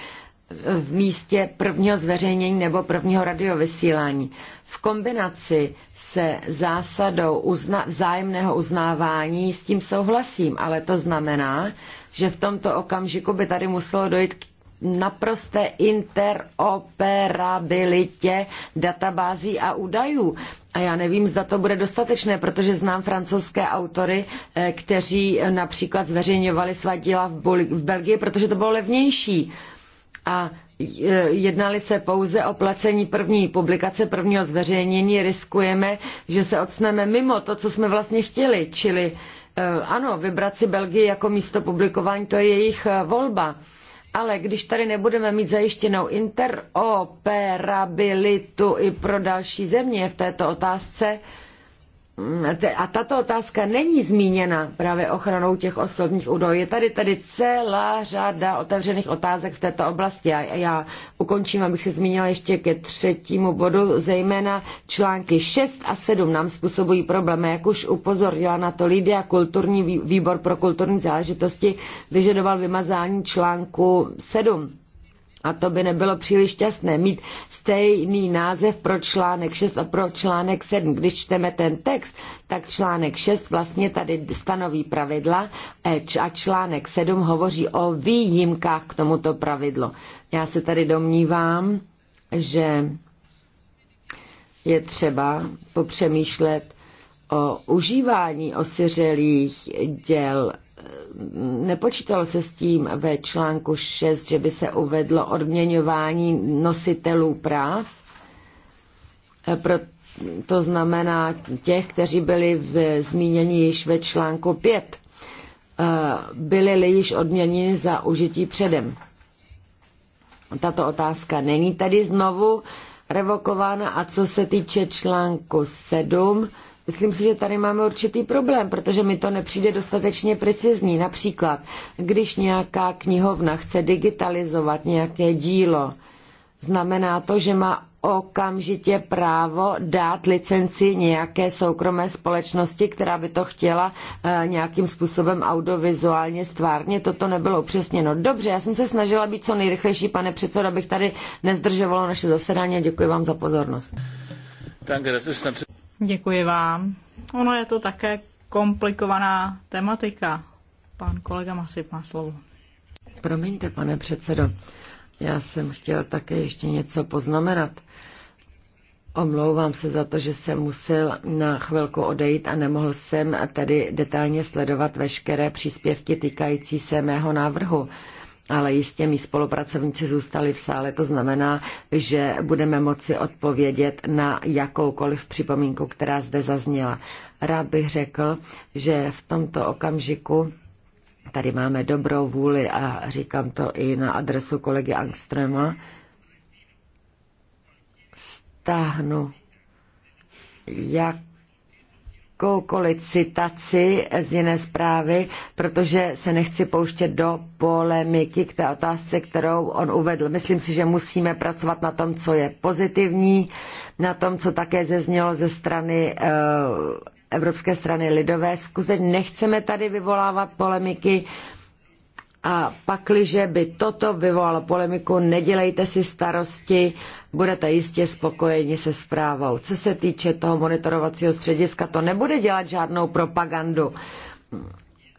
v místě prvního zveřejnění nebo prvního radiovysílání. V kombinaci se zásadou uzna- vzájemného uznávání s tím souhlasím, ale to znamená, že v tomto okamžiku by tady muselo dojít k naprosté interoperabilitě databází a údajů. A já nevím, zda to bude dostatečné, protože znám francouzské autory, eh, kteří například zveřejňovali svá díla v, Belgii, protože to bylo levnější a e, jednali se pouze o placení první publikace, prvního zveřejnění, riskujeme, že se odsneme mimo to, co jsme vlastně chtěli, čili e, ano, vybrat si Belgii jako místo publikování, to je jejich e, volba. Ale když tady nebudeme mít zajištěnou interoperabilitu i pro další země v této otázce, a tato otázka není zmíněna právě ochranou těch osobních údajů. Je tady tady celá řada otevřených otázek v této oblasti a já ukončím, abych se zmínila ještě ke třetímu bodu, zejména články 6 a 7 nám způsobují problémy, jak už upozornila na to Lidia, kulturní výbor pro kulturní záležitosti vyžadoval vymazání článku 7 a to by nebylo příliš šťastné mít stejný název pro článek 6 a pro článek 7. Když čteme ten text, tak článek 6 vlastně tady stanoví pravidla e, a článek 7 hovoří o výjimkách k tomuto pravidlu. Já se tady domnívám, že je třeba popřemýšlet o užívání osiřelých děl nepočítalo se s tím ve článku 6, že by se uvedlo odměňování nositelů práv, e, pro, to znamená těch, kteří byli v, zmíněni již ve článku 5, e, byli-li již odměněni za užití předem. Tato otázka není tady znovu revokována a co se týče článku 7, Myslím si, že tady máme určitý problém, protože mi to nepřijde dostatečně precizní. Například, když nějaká knihovna chce digitalizovat nějaké dílo, znamená to, že má okamžitě právo dát licenci nějaké soukromé společnosti, která by to chtěla eh, nějakým způsobem audiovizuálně stvárně. Toto nebylo upřesněno. Dobře, já jsem se snažila být co nejrychlejší, pane předsedo, abych tady nezdržovala naše zasedání a děkuji vám za pozornost. Danke, Děkuji vám. Ono je to také komplikovaná tematika. Pan kolega Masip má slovo. Promiňte, pane předsedo, já jsem chtěl také ještě něco poznamenat. Omlouvám se za to, že jsem musel na chvilku odejít a nemohl jsem tady detailně sledovat veškeré příspěvky týkající se mého návrhu ale jistě mi spolupracovníci zůstali v sále. To znamená, že budeme moci odpovědět na jakoukoliv připomínku, která zde zazněla. Rád bych řekl, že v tomto okamžiku tady máme dobrou vůli a říkám to i na adresu kolegy Angströma, stáhnu jak jakoukoliv citaci z jiné zprávy, protože se nechci pouštět do polemiky k té otázce, kterou on uvedl. Myslím si, že musíme pracovat na tom, co je pozitivní, na tom, co také zeznělo ze strany eh, Evropské strany lidové. Skutečně nechceme tady vyvolávat polemiky, a pakliže by toto vyvolalo polemiku, nedělejte si starosti, budete jistě spokojeni se zprávou. Co se týče toho monitorovacího střediska, to nebude dělat žádnou propagandu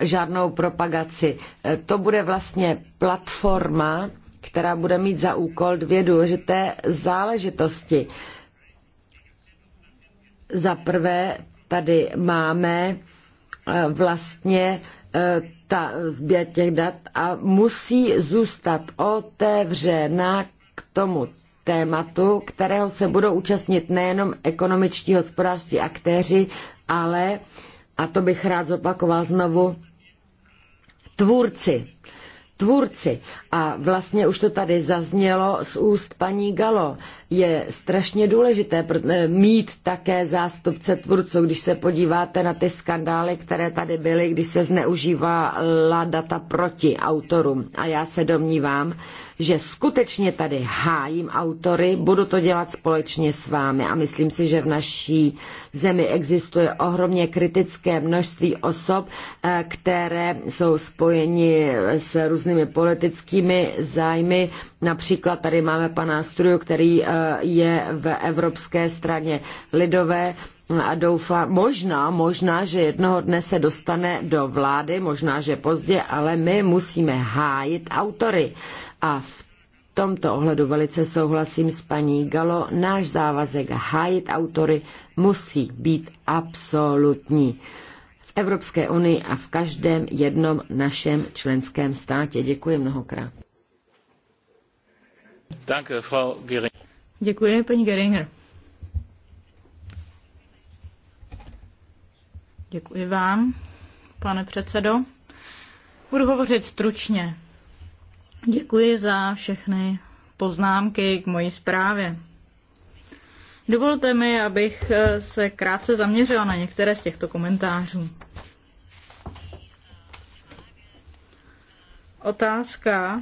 žádnou propagaci. To bude vlastně platforma, která bude mít za úkol dvě důležité záležitosti. Za prvé tady máme eh, vlastně eh, ta sběr těch dat a musí zůstat otevřena k tomu tématu, kterého se budou účastnit nejenom ekonomičtí hospodářští aktéři, ale, a to bych rád zopakoval znovu, tvůrci. Tvůrci. A vlastně už to tady zaznělo z úst paní Galo je strašně důležité eh, mít také zástupce tvůrců. Když se podíváte na ty skandály, které tady byly, když se zneužívala data proti autorům. A já se domnívám, že skutečně tady hájím autory, budu to dělat společně s vámi a myslím si, že v naší zemi existuje ohromně kritické množství osob, eh, které jsou spojeni s různými politickými zájmy. Například tady máme pana Struju, který eh, je v evropské straně lidové a doufám, možná, možná, že jednoho dne se dostane do vlády, možná, že pozdě, ale my musíme hájit autory. A v tomto ohledu velice souhlasím s paní Galo, náš závazek hájit autory musí být absolutní. V Evropské unii a v každém jednom našem členském státě. Děkuji mnohokrát. Danke, Frau Gering. Děkuji, paní Geringer. Děkuji vám, pane předsedo. Budu hovořit stručně. Děkuji za všechny poznámky k mojí zprávě. Dovolte mi, abych eh, se krátce zaměřila na některé z těchto komentářů. Otázka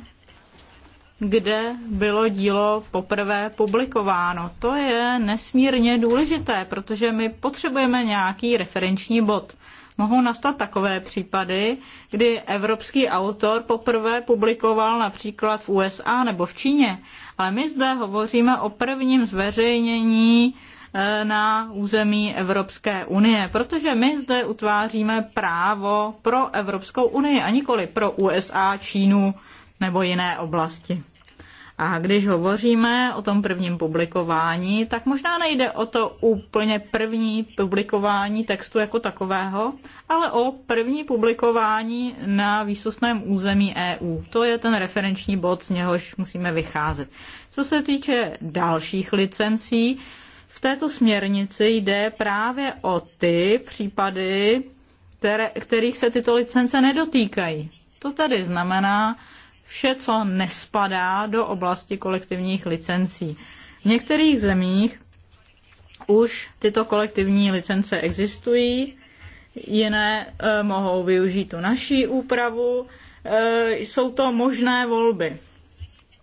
kde bylo dílo poprvé publikováno. To je nesmírně důležité, protože my potřebujeme nějaký referenční bod. Mohou nastat takové případy, kdy evropský autor poprvé publikoval například v USA nebo v Číně, ale my zde hovoříme o prvním zveřejnění eh, na území Evropské unie, protože my zde utváříme právo pro Evropskou unii a nikoli pro USA, Čínu nebo jiné oblasti. A když hovoříme o tom prvním publikování, tak možná nejde o to úplně první publikování textu jako takového, ale o první publikování na výsostném území EU. To je ten referenční bod, z něhož musíme vycházet. Co se týče dalších licencí, v této směrnici jde právě o ty případy, které, kterých se tyto licence nedotýkají. To tedy znamená, vše, co nespadá do oblasti kolektivních licencí. V některých zemích už tyto kolektivní licence existují, jiné e, mohou využít tu naší úpravu, e, jsou to možné volby.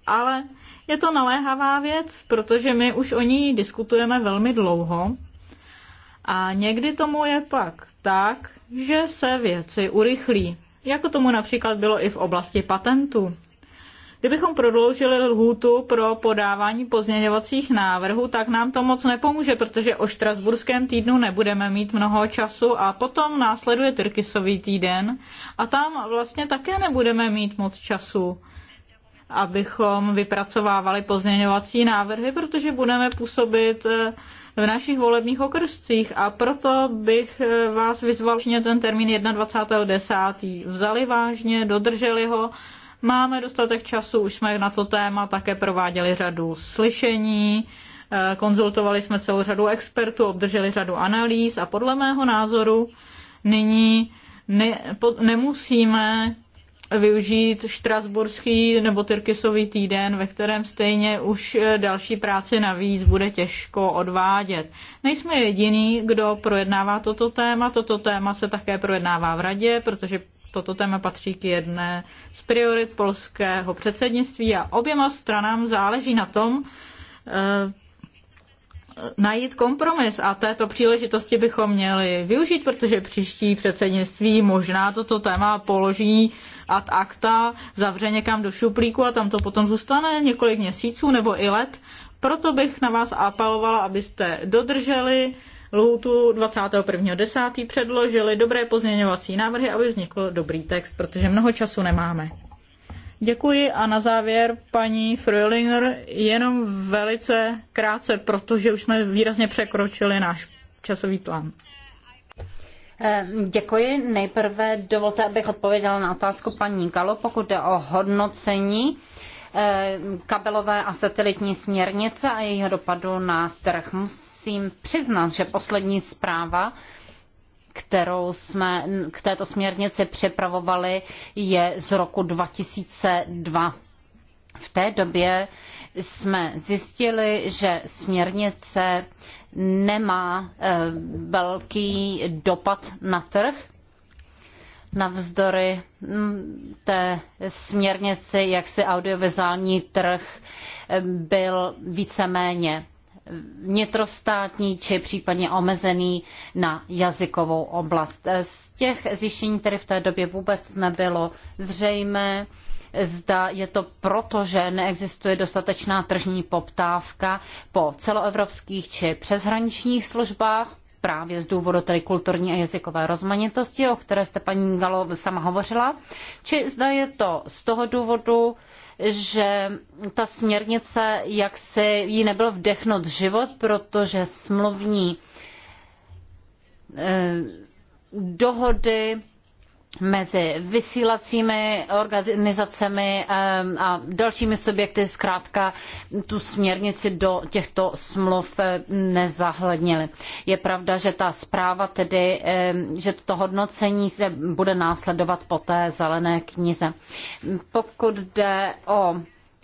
Ale je to naléhavá věc, protože my už o ní diskutujeme velmi dlouho a někdy tomu je pak tak, že se věci urychlí jako tomu například bylo i v oblasti patentů. Kdybychom prodloužili lhůtu pro podávání pozměňovacích návrhů, tak nám to moc nepomůže, protože o štrasburském týdnu nebudeme mít mnoho času a potom následuje Tyrkisový týden a tam vlastně také nebudeme mít moc času abychom vypracovávali pozměňovací návrhy, protože budeme působit eh, v našich volebních okrscích a proto bych eh, vás vyzval, že ten termín 21.10. vzali vážně, dodrželi ho. Máme dostatek času, už jsme na to téma také prováděli řadu slyšení, eh, konzultovali jsme celou řadu expertů, obdrželi řadu analýz a podle mého názoru nyní ne, po, nemusíme využít štrasburský nebo tyrkisový týden, ve kterém stejně už eh, další práci navíc bude těžko odvádět. Nejsme jediný, kdo projednává toto téma. Toto téma se také projednává v radě, protože toto téma patří k jedné z priorit polského předsednictví a oběma stranám záleží na tom, eh, najít kompromis a této příležitosti bychom měli využít, protože příští předsednictví možná toto téma položí ad acta, zavře někam do šuplíku a tam to potom zůstane několik měsíců nebo i let. Proto bych na vás apelovala, abyste dodrželi lhůtu 21.10. předložili dobré pozměňovací návrhy, aby vznikl dobrý text, protože mnoho času nemáme. Děkuji a na závěr paní Fröhlinger jenom velice krátce, protože už jsme výrazně překročili náš časový plán. Eh, děkuji. Nejprve dovolte, abych odpověděla na otázku paní Galo, pokud jde o hodnocení eh, kabelové a satelitní směrnice a jejího dopadu na trh. Musím přiznat, že poslední zpráva kterou jsme k této směrnici připravovali, je z roku 2002. V té době jsme zjistili, že směrnice nemá eh, velký dopad na trh, navzdory mm, té směrnici, jak si audiovizuální trh eh, byl víceméně vnitrostátní či případně omezený na jazykovou oblast. Z těch zjištění, které v té době vůbec nebylo zřejmé, zda je to proto, že neexistuje dostatečná tržní poptávka po celoevropských či přeshraničních službách, právě z důvodu tedy kulturní a jazykové rozmanitosti, o které jste paní Galo sama hovořila, či zda je to z toho důvodu, že ta směrnice, jak se jí nebyl vdechnut život, protože smluvní eh, dohody mezi vysílacími organizacemi a dalšími subjekty zkrátka tu směrnici do těchto smluv eh, nezahlednili. Je pravda, že ta zpráva tedy, že to hodnocení se bude následovat po té zelené knize. Pokud jde o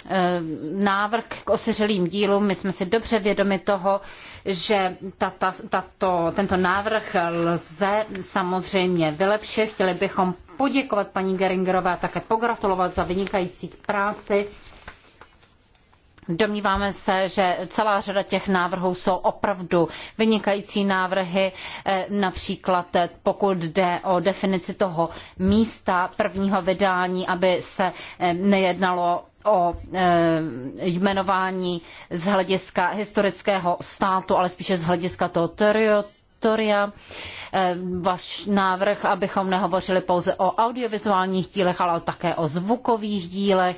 Eh, návrh k osiřelým dílům. My jsme si dobře vědomi toho, že tata, tato, tento návrh lze samozřejmě vylepšit. Chtěli bychom poděkovat paní Geringerové a také pogratulovat za vynikající práci. Domníváme se, že celá řada těch návrhů jsou opravdu vynikající návrhy, eh, například eh, pokud jde o definici toho místa prvního vydání, aby se nejednalo o e, jmenování z hlediska historického státu, ale spíše z hlediska toho Victoria. Eh, Váš návrh, abychom nehovořili pouze o audiovizuálních dílech, ale také o zvukových dílech.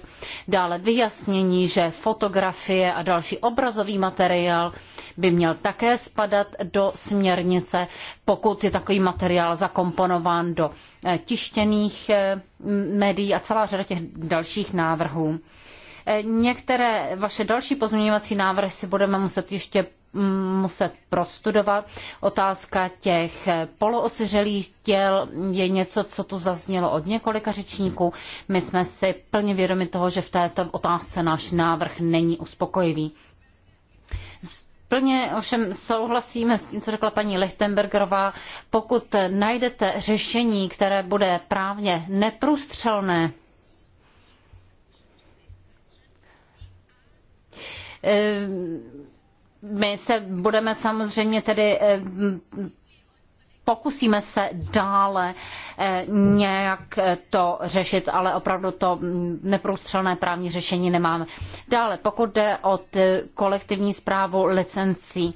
Dále vyjasnění, že fotografie a další obrazový materiál by měl také spadat do směrnice, pokud je takový materiál zakomponován do eh, tištěných eh, médií a celá řada těch dalších návrhů. Některé vaše další pozměňovací návrhy si budeme muset ještě muset prostudovat. Otázka těch poloosyřelých těl je něco, co tu zaznělo od několika řečníků. My jsme si plně vědomi toho, že v této otázce náš návrh není uspokojivý. Plně ovšem souhlasíme s tím, co řekla paní Lichtenbergerová. Pokud najdete řešení, které bude právně neprůstřelné, Um my se budeme samozřejmě tedy eh, pokusíme se dále eh, nějak eh, to řešit, ale opravdu to mm, neprůstřelné právní řešení nemáme. Dále, pokud jde o kolektivní zprávu licencí,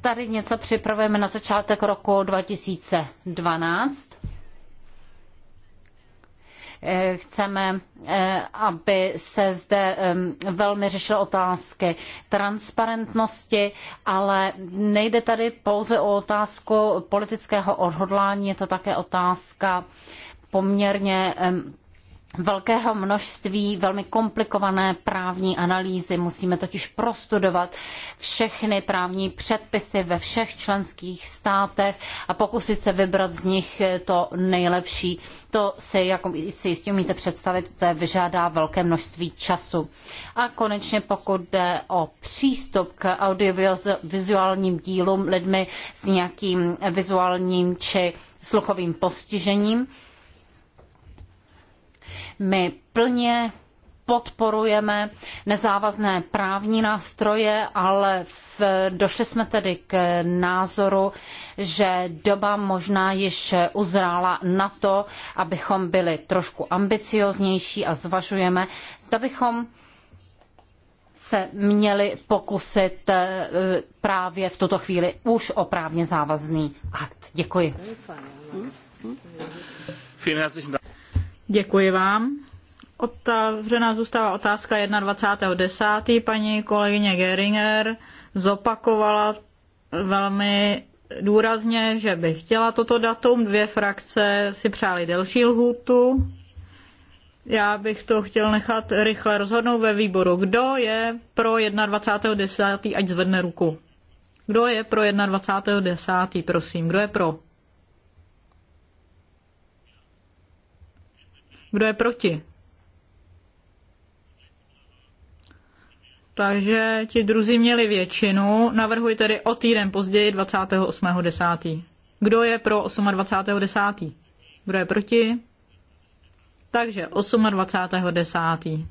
tady něco připravujeme na začátek roku 2012 Eh, chceme, eh, aby se zde velmi řešily otázky transparentnosti, ale nejde tady pouze o otázku politického odhodlání, je to také otázka poměrně velkého množství velmi komplikované právní analýzy. Musíme totiž prostudovat všechny právní předpisy ve všech členských státech a pokusit se vybrat z nich to nejlepší. To si, jako si jistě umíte představit, to je vyžádá velké množství času. A konečně pokud jde o přístup k audiovizuálním dílům lidmi s nějakým vizuálním či sluchovým postižením, my plně podporujeme nezávazné právní nástroje, ale v, došli jsme tedy k názoru, že doba možná již uzrála na to, abychom byli trošku ambicioznější a zvažujeme, zda bychom se měli pokusit eh, právě v tuto chvíli už o právně závazný akt. Děkuji. Hm? Hm? Děkuji vám. Otevřená zůstává otázka 21.10. Paní kolegyně Geringer zopakovala velmi důrazně, že by chtěla toto datum. Dvě frakce si přáli delší lhůtu. Já bych to chtěl nechat rychle rozhodnout ve výboru. Kdo je pro 21.10. ať zvedne ruku. Kdo je pro 21.10. prosím, kdo je pro? Kdo je proti? Takže ti druzí měli většinu. Navrhuji tedy o týden později 28.10. Kdo je pro 28.10.? Kdo je proti? Takže 28.10.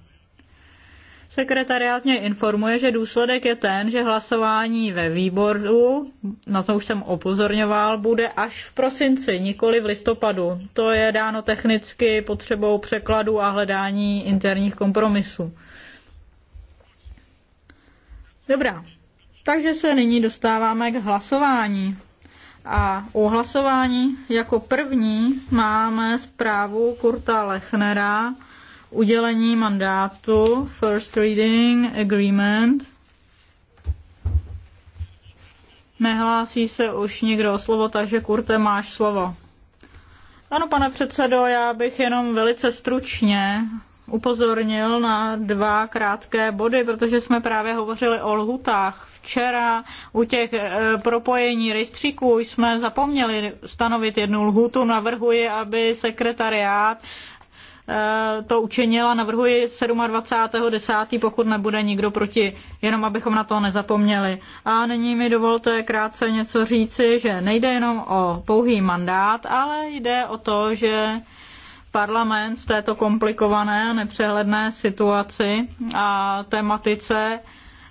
Sekretariát mě informuje, že důsledek je ten, že hlasování ve výboru, na to už jsem opozorňoval, bude až v prosinci, nikoli v listopadu. To je dáno technicky potřebou překladu a hledání interních kompromisů. Dobrá, takže se nyní dostáváme k hlasování. A u hlasování jako první máme zprávu Kurta Lechnera udělení mandátu, first reading agreement. Nehlásí se už nikdo o slovo, takže Kurte, máš slovo. Ano, pane předsedo, já bych jenom velice stručně upozornil na dva krátké body, protože jsme právě hovořili o lhutách. Včera u těch e, propojení rejstříků jsme zapomněli stanovit jednu lhutu. Navrhuji, aby sekretariát Eh, to učinila. Navrhuji 27.10., pokud nebude nikdo proti, jenom abychom na to nezapomněli. A nyní mi dovolte krátce něco říci, že nejde jenom o pouhý mandát, ale jde o to, že parlament v této komplikované a nepřehledné situaci a tematice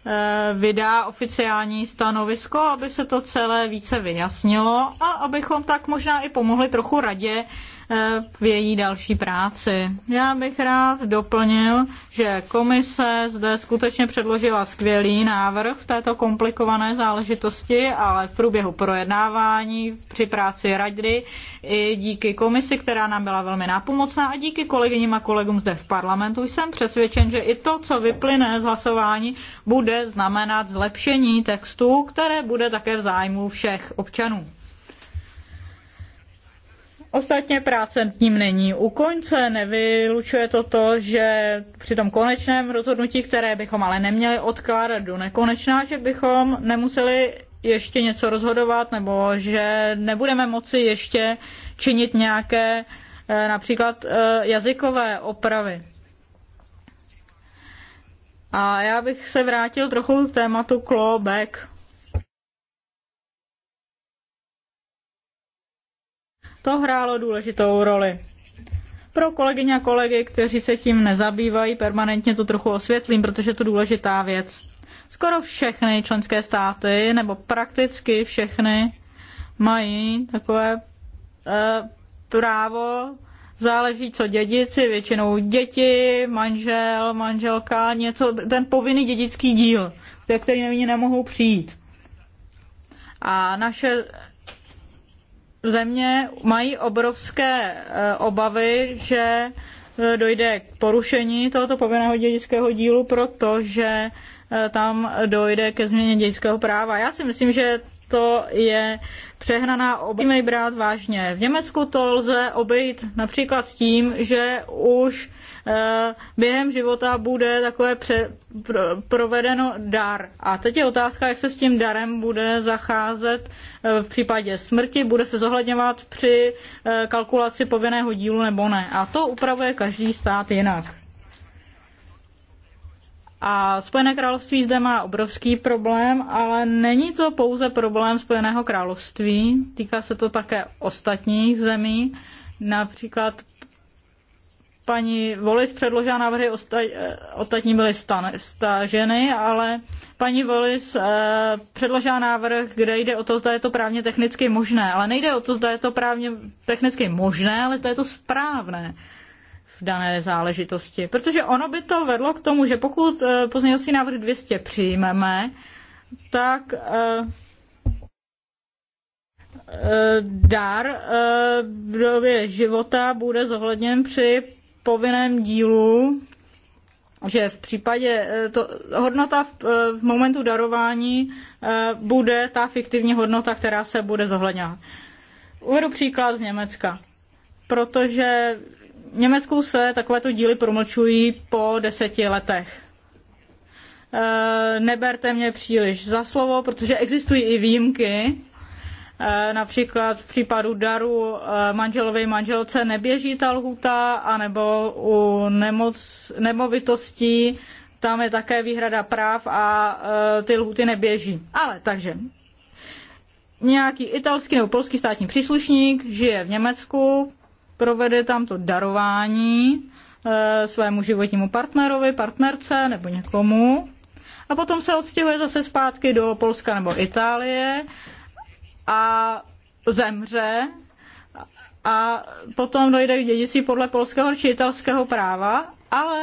Eh, vydá oficiální stanovisko, aby se to celé více vyjasnilo a abychom tak možná i pomohli trochu radě eh, v její další práci. Já bych rád doplnil, že komise zde skutečně předložila skvělý návrh v této komplikované záležitosti, ale v průběhu projednávání při práci rady i díky komisi, která nám byla velmi nápomocná a díky kolegyním a kolegům zde v parlamentu jsem přesvědčen, že i to, co vyplyne z hlasování, bude může znamenat zlepšení textu, které bude také v zájmu všech občanů. Ostatně práce tím není u konce, nevylučuje to to, že při tom konečném rozhodnutí, které bychom ale neměli odkládat do nekonečná, že bychom nemuseli ještě něco rozhodovat nebo že nebudeme moci ještě činit nějaké eh, například eh, jazykové opravy. A já bych se vrátil trochu k tématu clawback. To hrálo důležitou roli. Pro kolegyně a kolegy, kteří se tím nezabývají, permanentně to trochu osvětlím, protože je to důležitá věc. Skoro všechny členské státy, nebo prakticky všechny, mají takové e, právo záleží, co dědici, většinou děti, manžel, manželka, něco, ten povinný dědický díl, který oni nemohou přijít. A naše země mají obrovské eh, obavy, že eh, dojde k porušení tohoto povinného dědického dílu, protože eh, tam dojde ke změně dědického práva. Já si myslím, že to je přehnaná objímej brát vážně. V Německu to lze obejít například tím, že už eh, během života bude takové pře, pro, provedeno dar. A teď je otázka, jak se s tím darem bude zacházet eh, v případě smrti, bude se zohledňovat při eh, kalkulaci povinného dílu nebo ne. A to upravuje každý stát jinak. A Spojené království zde má obrovský problém, ale není to pouze problém Spojeného království, týká se to také ostatních zemí. Například paní Volis předložila návrhy, eh, ostatní byly staženy, ale paní Volis eh, předložila návrh, kde jde o to, zda je to právně technicky možné. Ale nejde o to, zda je to právně technicky možné, ale zda je to správné v dané záležitosti. Protože ono by to vedlo k tomu, že pokud eh, pozměňovací návrh 200 přijmeme, tak eh, eh, dar v době života bude zohledněn při povinném dílu, že v případě to, hodnota v, v momentu darování bude ta fiktivní hodnota, která se bude zohledňovat. Uvedu příklad z Německa protože Německu se takovéto díly promlčují po deseti letech. E, neberte mě příliš za slovo, protože existují i výjimky. E, například v případu daru e, manželovi manželce neběží ta lhuta, anebo u nemoc, nemovitostí tam je také výhrada práv a ty lhuty neběží. Ale takže nějaký italský nebo polský státní příslušník žije v Německu, provede tam to darování e, svému životnímu partnerovi, partnerce nebo někomu. A potom se odstěhuje zase zpátky do Polska nebo Itálie a zemře a potom dojde k dědictví podle polského či italského práva, ale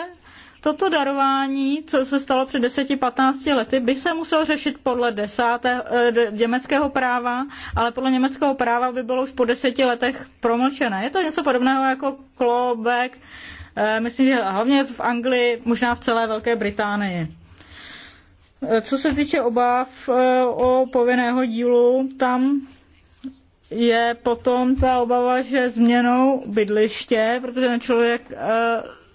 Toto darování, co se stalo před 10-15 lety, by se musel řešit podle desáté, eh, německého práva, ale podle německého práva by bylo už po deseti letech promlčené. Je to něco podobného jako klobek, eh, myslím, že hlavně v Anglii, možná v celé Velké Británii. Eh, co se týče obav o povinného dílu, tam je potom ta obava, že změnou bydliště, protože ten člověk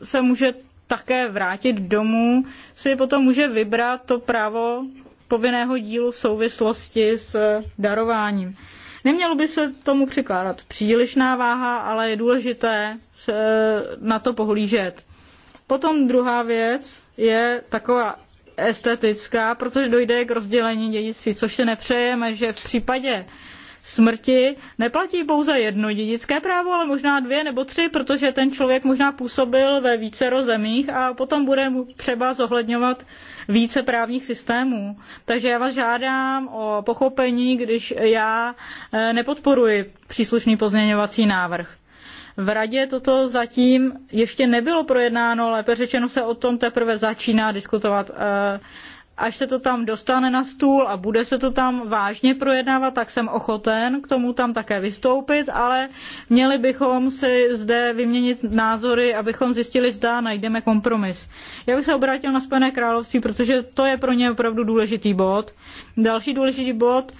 se může také vrátit domů, si potom může vybrat to právo povinného dílu v souvislosti s darováním. Nemělo by se tomu přikládat přílišná váha, ale je důležité se na to pohlížet. Potom druhá věc je taková estetická, protože dojde k rozdělení dědictví, což se nepřejeme, že v případě smrti neplatí pouze jedno dědické právo, ale možná dvě nebo tři, protože ten člověk možná působil ve více zemích a potom bude mu třeba zohledňovat více právních systémů. Takže já vás žádám o pochopení, když já eh, nepodporuji příslušný pozměňovací návrh. V radě toto zatím ještě nebylo projednáno, lépe řečeno se o tom teprve začíná diskutovat. Eh, až se to tam dostane na stůl a bude se to tam vážně projednávat, tak jsem ochoten k tomu tam také vystoupit, ale měli bychom si zde vyměnit názory, abychom zjistili, zda najdeme kompromis. Já bych se obrátil na Spojené království, protože to je pro ně opravdu důležitý bod. Další důležitý bod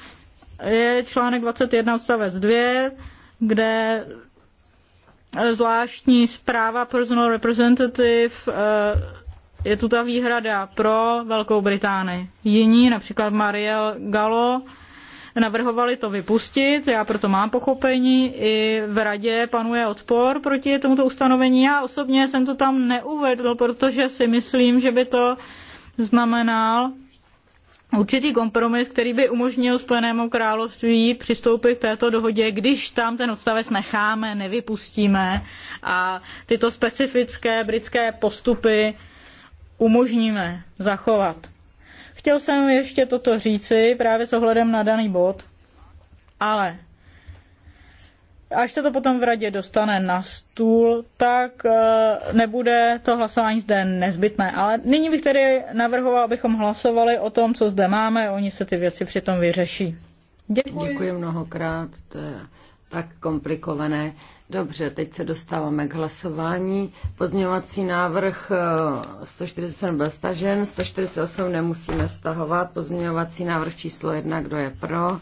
je článek 21 odstavec 2, kde zvláštní zpráva Personal Representative eh, je tu ta výhrada pro Velkou Británii. Jiní, například Mariel Galo, navrhovali to vypustit, já proto mám pochopení, i v radě panuje odpor proti tomuto ustanovení. Já osobně jsem to tam neuvedl, protože si myslím, že by to znamenal určitý kompromis, který by umožnil Spojenému království přistoupit k této dohodě, když tam ten odstavec necháme, nevypustíme a tyto specifické britské postupy umožníme zachovat. Chtěl jsem ještě toto říci právě s ohledem na daný bod, ale až se to potom v radě dostane na stůl, tak eh, nebude to hlasování zde nezbytné. Ale nyní bych tedy navrhoval, abychom hlasovali o tom, co zde máme, oni se ty věci přitom vyřeší. Děkuji. Děkuji mnohokrát. To je tak komplikované. Dobře, teď se dostáváme k hlasování. Pozměňovací návrh 147 eh, byl stažen, 148 nemusíme stahovat. Pozměňovací návrh číslo 1, kdo je pro?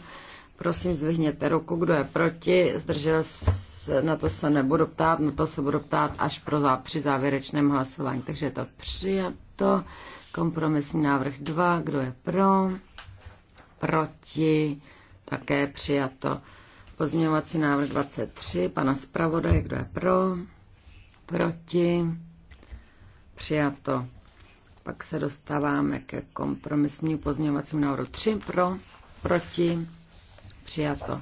Prosím, zvihněte ruku, kdo je proti. Zdržel se, na to se nebudu ptát, na to se budu ptát až pro, při závěrečném hlasování. Takže je to přijato. Kompromisní návrh 2, kdo je pro? Proti, také přijato. Pozměňovací návrh 23 pana zpravodaje, kdo je pro, proti, přijato. Pak se dostáváme ke kompromisnímu pozměňovacímu návrhu 3 pro, proti, přijato.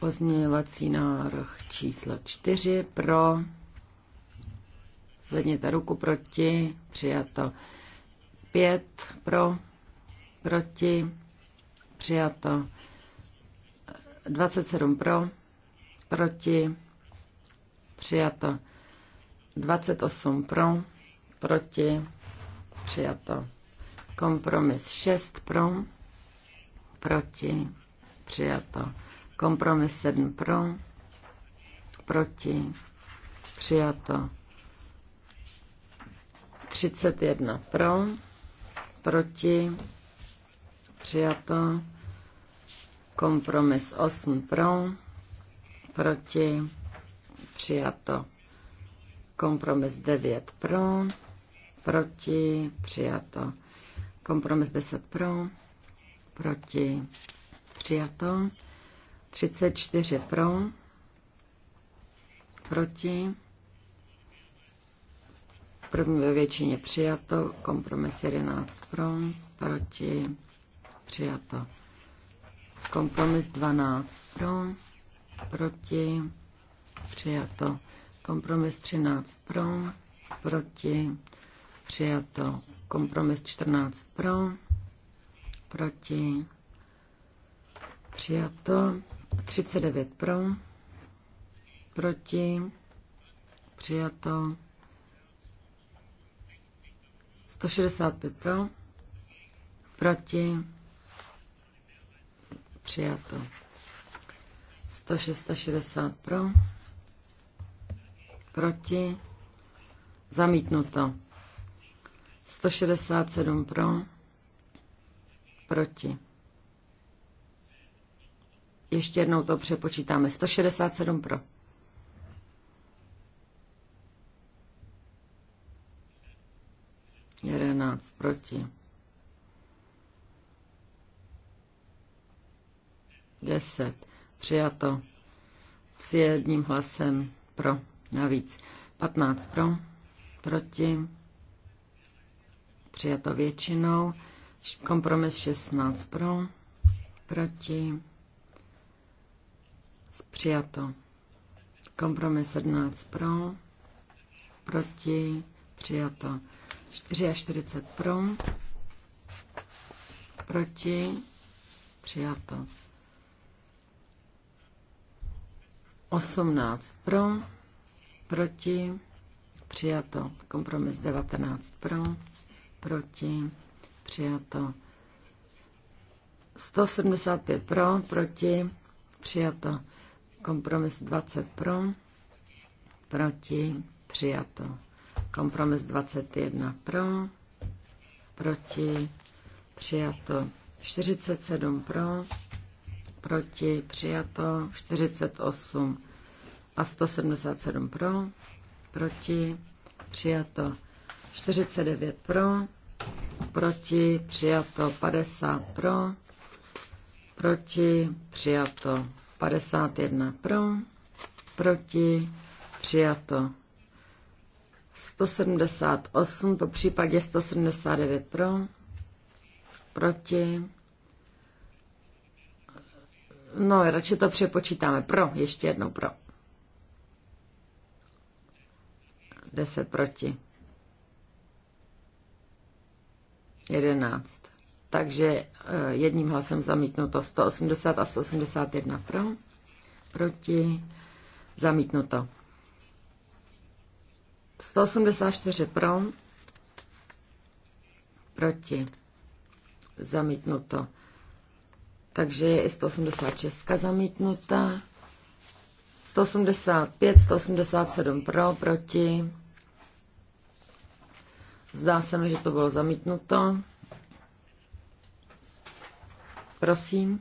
Pozměňovací návrh číslo 4 pro, zvedněte ruku proti, přijato. 5 pro, proti, přijato. 27 pro, proti, přijato. 28 pro, proti, přijato. Kompromis 6 pro, proti, přijato. Kompromis 7 pro, proti, přijato. 31 pro, proti, přijato. Kompromis 8 pro, proti, přijato. Kompromis 9 pro, proti, přijato. Kompromis 10 pro, proti, přijato. 34 pro, proti, první ve většině přijato, kompromis 11 pro, proti, přijato. Kompromis 12 pro, proti, přijato. Kompromis 13 pro, proti, přijato. Kompromis 14 pro, proti, přijato. 39 pro, proti, přijato. 165 pro, proti, Přijato. 160 pro. Proti. Zamítnuto. 167 pro. Proti. Ještě jednou to přepočítáme. 167 pro. Jedenáct proti. 10. Přijato s jedním hlasem pro navíc. 15 pro, proti, přijato většinou. Kompromis 16 pro, proti, přijato. Kompromis 17 pro, proti, přijato. 44 pro, proti, přijato. 18 pro, proti, přijato. Kompromis 19 pro, proti, přijato. 175 pro, proti, přijato. Kompromis 20 pro, proti, přijato. Kompromis 21 pro, proti, přijato. 47 pro, proti, přijato 48 a 177 pro, proti, přijato 49 pro, proti, přijato 50 pro, proti, přijato 51 pro, proti, přijato 178, po případě 179 pro, proti, No, radši to přepočítáme. Pro, ještě jednou pro. 10 proti. 11. Takže eh, jedním hlasem zamítnuto 180 a 181 pro, proti, zamítnuto. 184 pro, proti, zamítnuto takže je i 186 zamítnuta. 185, 187 pro, proti. Zdá se mi, že to bylo zamítnuto. Prosím.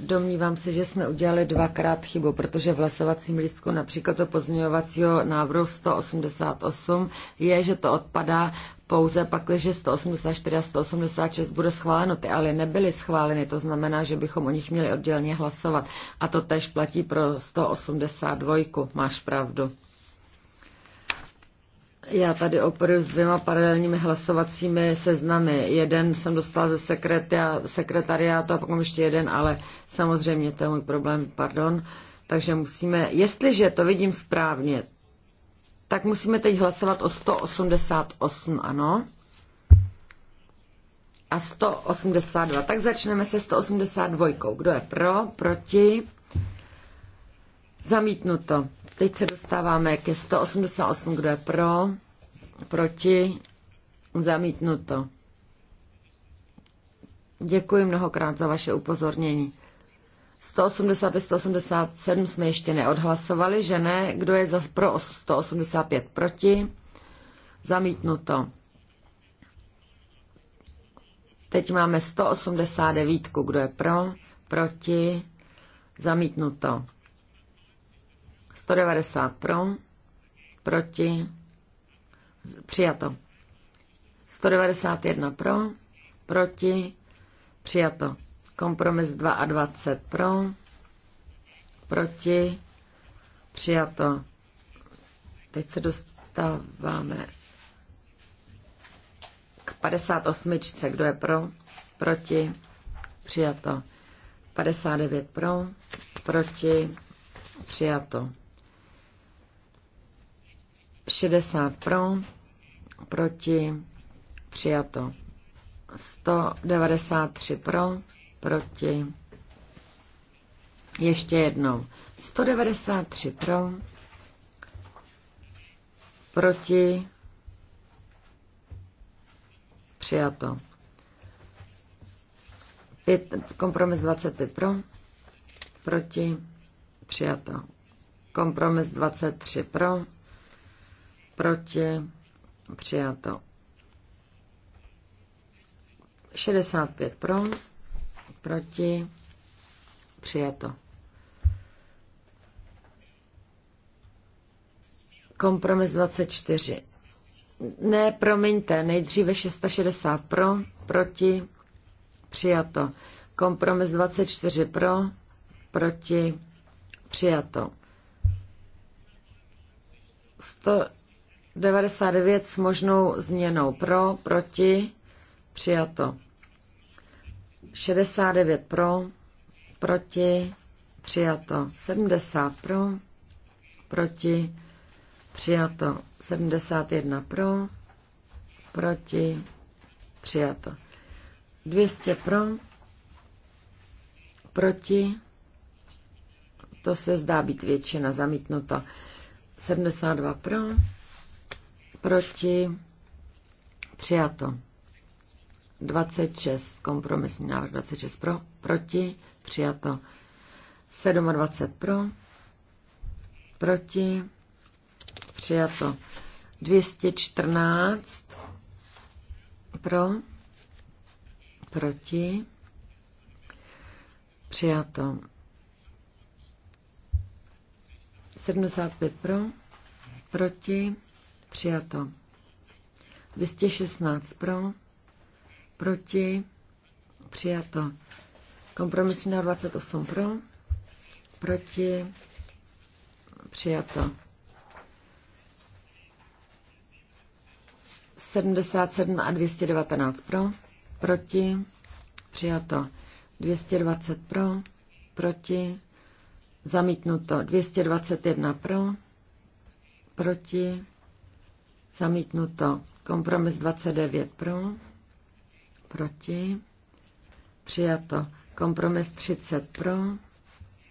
Domnívám se, že jsme udělali dvakrát chybu, protože v hlasovacím lístku například to pozměňovacího návrhu 188 je, že to odpadá pouze pak, že 184 a 186 bude schváleno, ty ale nebyly schváleny, to znamená, že bychom o nich měli odděleně hlasovat. A to tež platí pro 182. Máš pravdu. Já tady operuji s dvěma paralelními hlasovacími seznamy. Jeden jsem dostala ze sekretia, sekretariátu a mám ještě jeden, ale samozřejmě to je můj problém, pardon. Takže musíme, jestliže to vidím správně, tak musíme teď hlasovat o 188, ano? A 182. Tak začneme se 182. Kdo je pro, proti? Zamítnuto. Teď se dostáváme ke 188, kdo je pro, proti, zamítnuto. Děkuji mnohokrát za vaše upozornění. 180 187 jsme ještě neodhlasovali, že ne? Kdo je za pro 185 proti? Zamítnuto. Teď máme 189, kdo je pro, proti, zamítnuto. 190 pro, proti, přijato. 191 pro, proti, přijato. Kompromis 22 pro, proti, přijato. Teď se dostáváme k 58. Kdo je pro? Proti, přijato. 59 pro, proti, přijato. 60 pro, proti, přijato. 193 pro, proti, ještě jednou. 193 pro, proti, přijato. Pět, kompromis 25 pro, proti, přijato. Kompromis 23 pro, proti, přijato. 65 pro, proti, přijato. Kompromis 24. Ne, promiňte, nejdříve 660 pro, proti, přijato. Kompromis 24 pro, proti, přijato. 100 99 s možnou změnou pro, proti, přijato. 69 pro, proti, přijato. 70 pro, proti, přijato. 71 pro, proti, přijato. 200 pro, proti, to se zdá být většina zamítnuto. 72 pro, proti, přijato. 26, kompromisní návrh 26 pro, proti, přijato. 27 pro, proti, přijato. 214 pro, proti, přijato. 75 pro, proti, Přijato. 216 pro, proti, přijato. Kompromisní na 28 pro, proti, přijato. 77 a 219 pro, proti, přijato. 220 pro, proti, zamítnuto. 221 pro, proti, Zamítnuto. Kompromis 29 pro. Proti. Přijato. Kompromis 30 pro.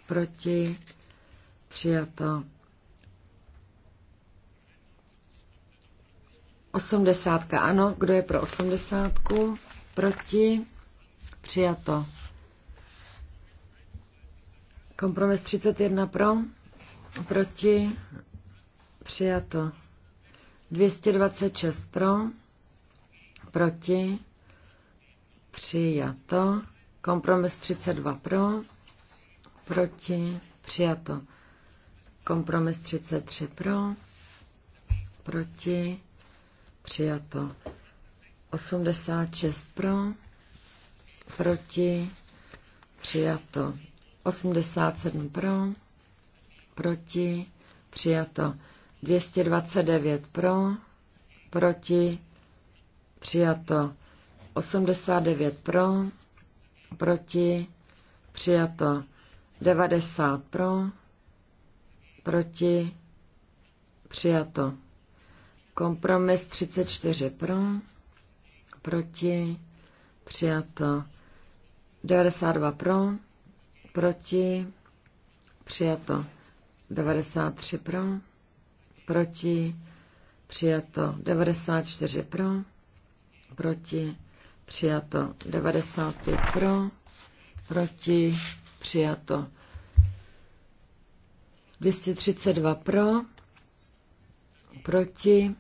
Proti. Přijato. 80. Ano, kdo je pro 80? Proti? Přijato. Kompromis 31 pro? Proti? Přijato. 226 pro, proti, přijato. Kompromis 32 pro, proti, přijato. Kompromis 33 pro, proti, přijato. 86 pro, proti, přijato. 87 pro, proti, přijato. 229 pro, proti, přijato. 89 pro, proti, přijato. 90 pro, proti, přijato. Kompromis 34 pro, proti, přijato. 92 pro, proti, přijato. 93 pro, proti, přijato 94 pro, proti, přijato 95 pro, proti, přijato 232 pro, proti,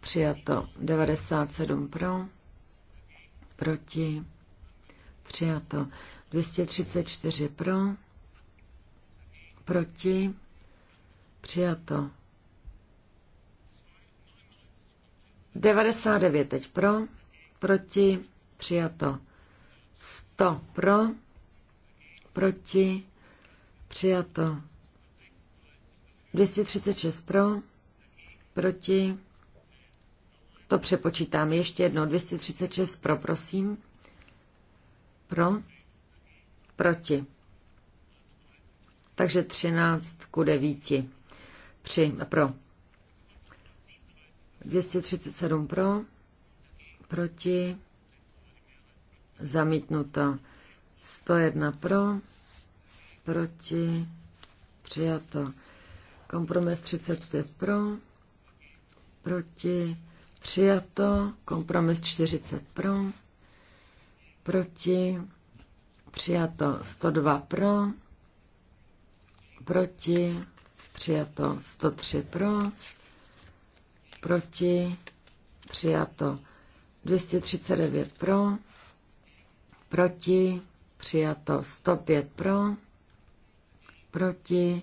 přijato 97 pro, proti, přijato 234 pro, proti, Přijato. 99 teď pro, proti, přijato. 100 pro, proti, přijato. 236 pro, proti, to přepočítám ještě jednou, 236 pro, prosím, pro, proti. Takže 13 ku 9. Při, pro. 237 pro, proti, zamítnuto. 101 pro, proti, přijato. Kompromis 35 pro, proti, přijato. Kompromis 40 pro, proti, přijato. 102 pro, proti, přijato 103 pro, proti, přijato 239 pro, proti, přijato 105 pro, proti,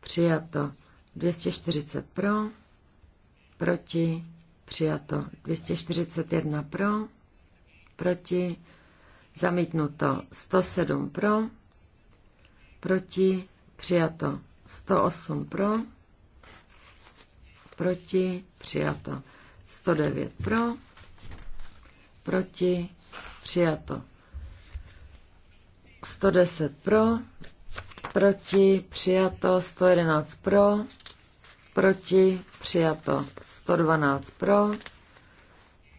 přijato 240 pro, proti, přijato 241 pro, proti, zamítnuto 107 pro, proti, přijato 108 pro, proti, přijato. 109 pro, proti, přijato. 110 pro, proti, přijato. 111 pro, proti, přijato. 112 pro,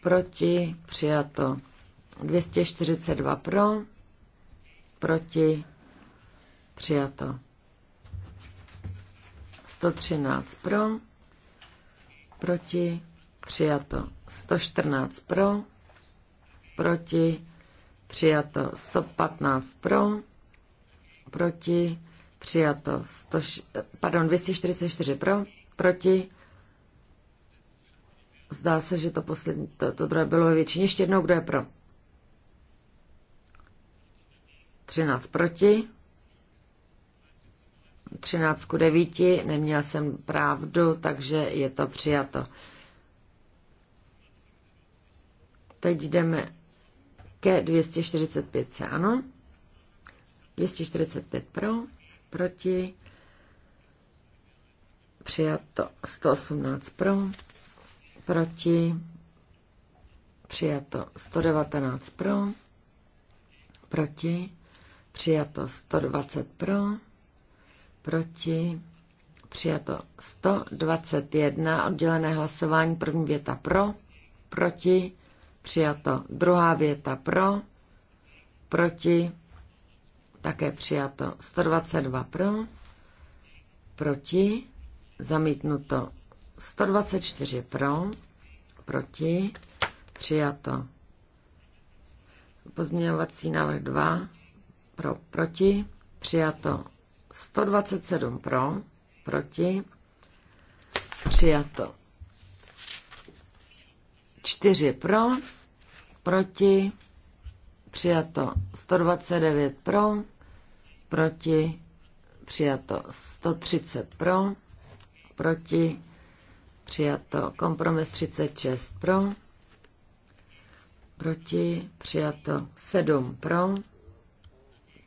proti, přijato. 242 pro, proti, přijato. 113 pro, proti, přijato 114 pro, proti, přijato 115 pro, proti, přijato 100, pardon, 244 pro, proti, zdá se, že to poslední, to, to druhé bylo většině, ještě jednou, kdo je pro. 13 proti, 13 k 9, neměl jsem pravdu, takže je to přijato. Teď jdeme ke 245, c ano? 245 pro, proti, přijato 118 pro, proti, přijato 119 pro, proti, přijato 120 pro, proti, přijato 121, oddělené hlasování, první věta pro, proti, přijato druhá věta pro, proti, také přijato 122 pro, proti, zamítnuto 124 pro, proti, přijato pozměňovací návrh 2 pro, proti, přijato 127 pro, proti, přijato. 4 pro, proti, přijato. 129 pro, proti, přijato. 130 pro, proti, přijato. Kompromis 36 pro, proti, přijato. 7 pro,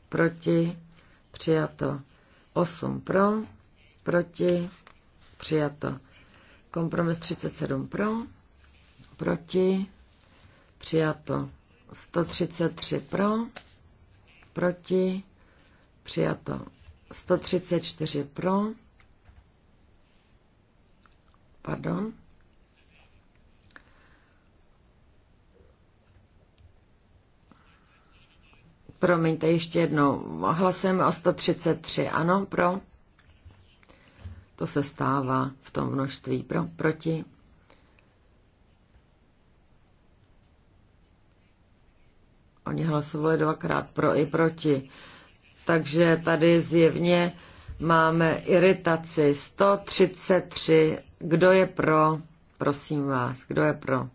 proti, přijato 8 pro, proti, přijato. Kompromis 37 pro, proti, přijato. 133 pro, proti, přijato. 134 pro, pardon, Promiňte ještě jednou. Hlasujeme o 133. Ano, pro. To se stává v tom množství. Pro, proti. Oni hlasovali dvakrát pro i proti. Takže tady zjevně máme iritaci 133. Kdo je pro? Prosím vás, kdo je pro?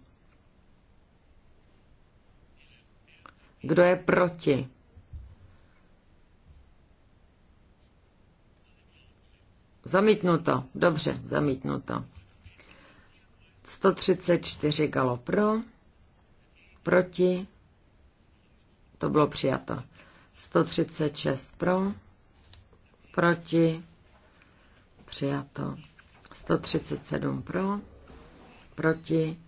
Kdo je proti? Zamítnuto. Dobře, zamítnuto. 134 galo pro, proti, to bylo přijato. 136 pro, proti, přijato. 137 pro, proti.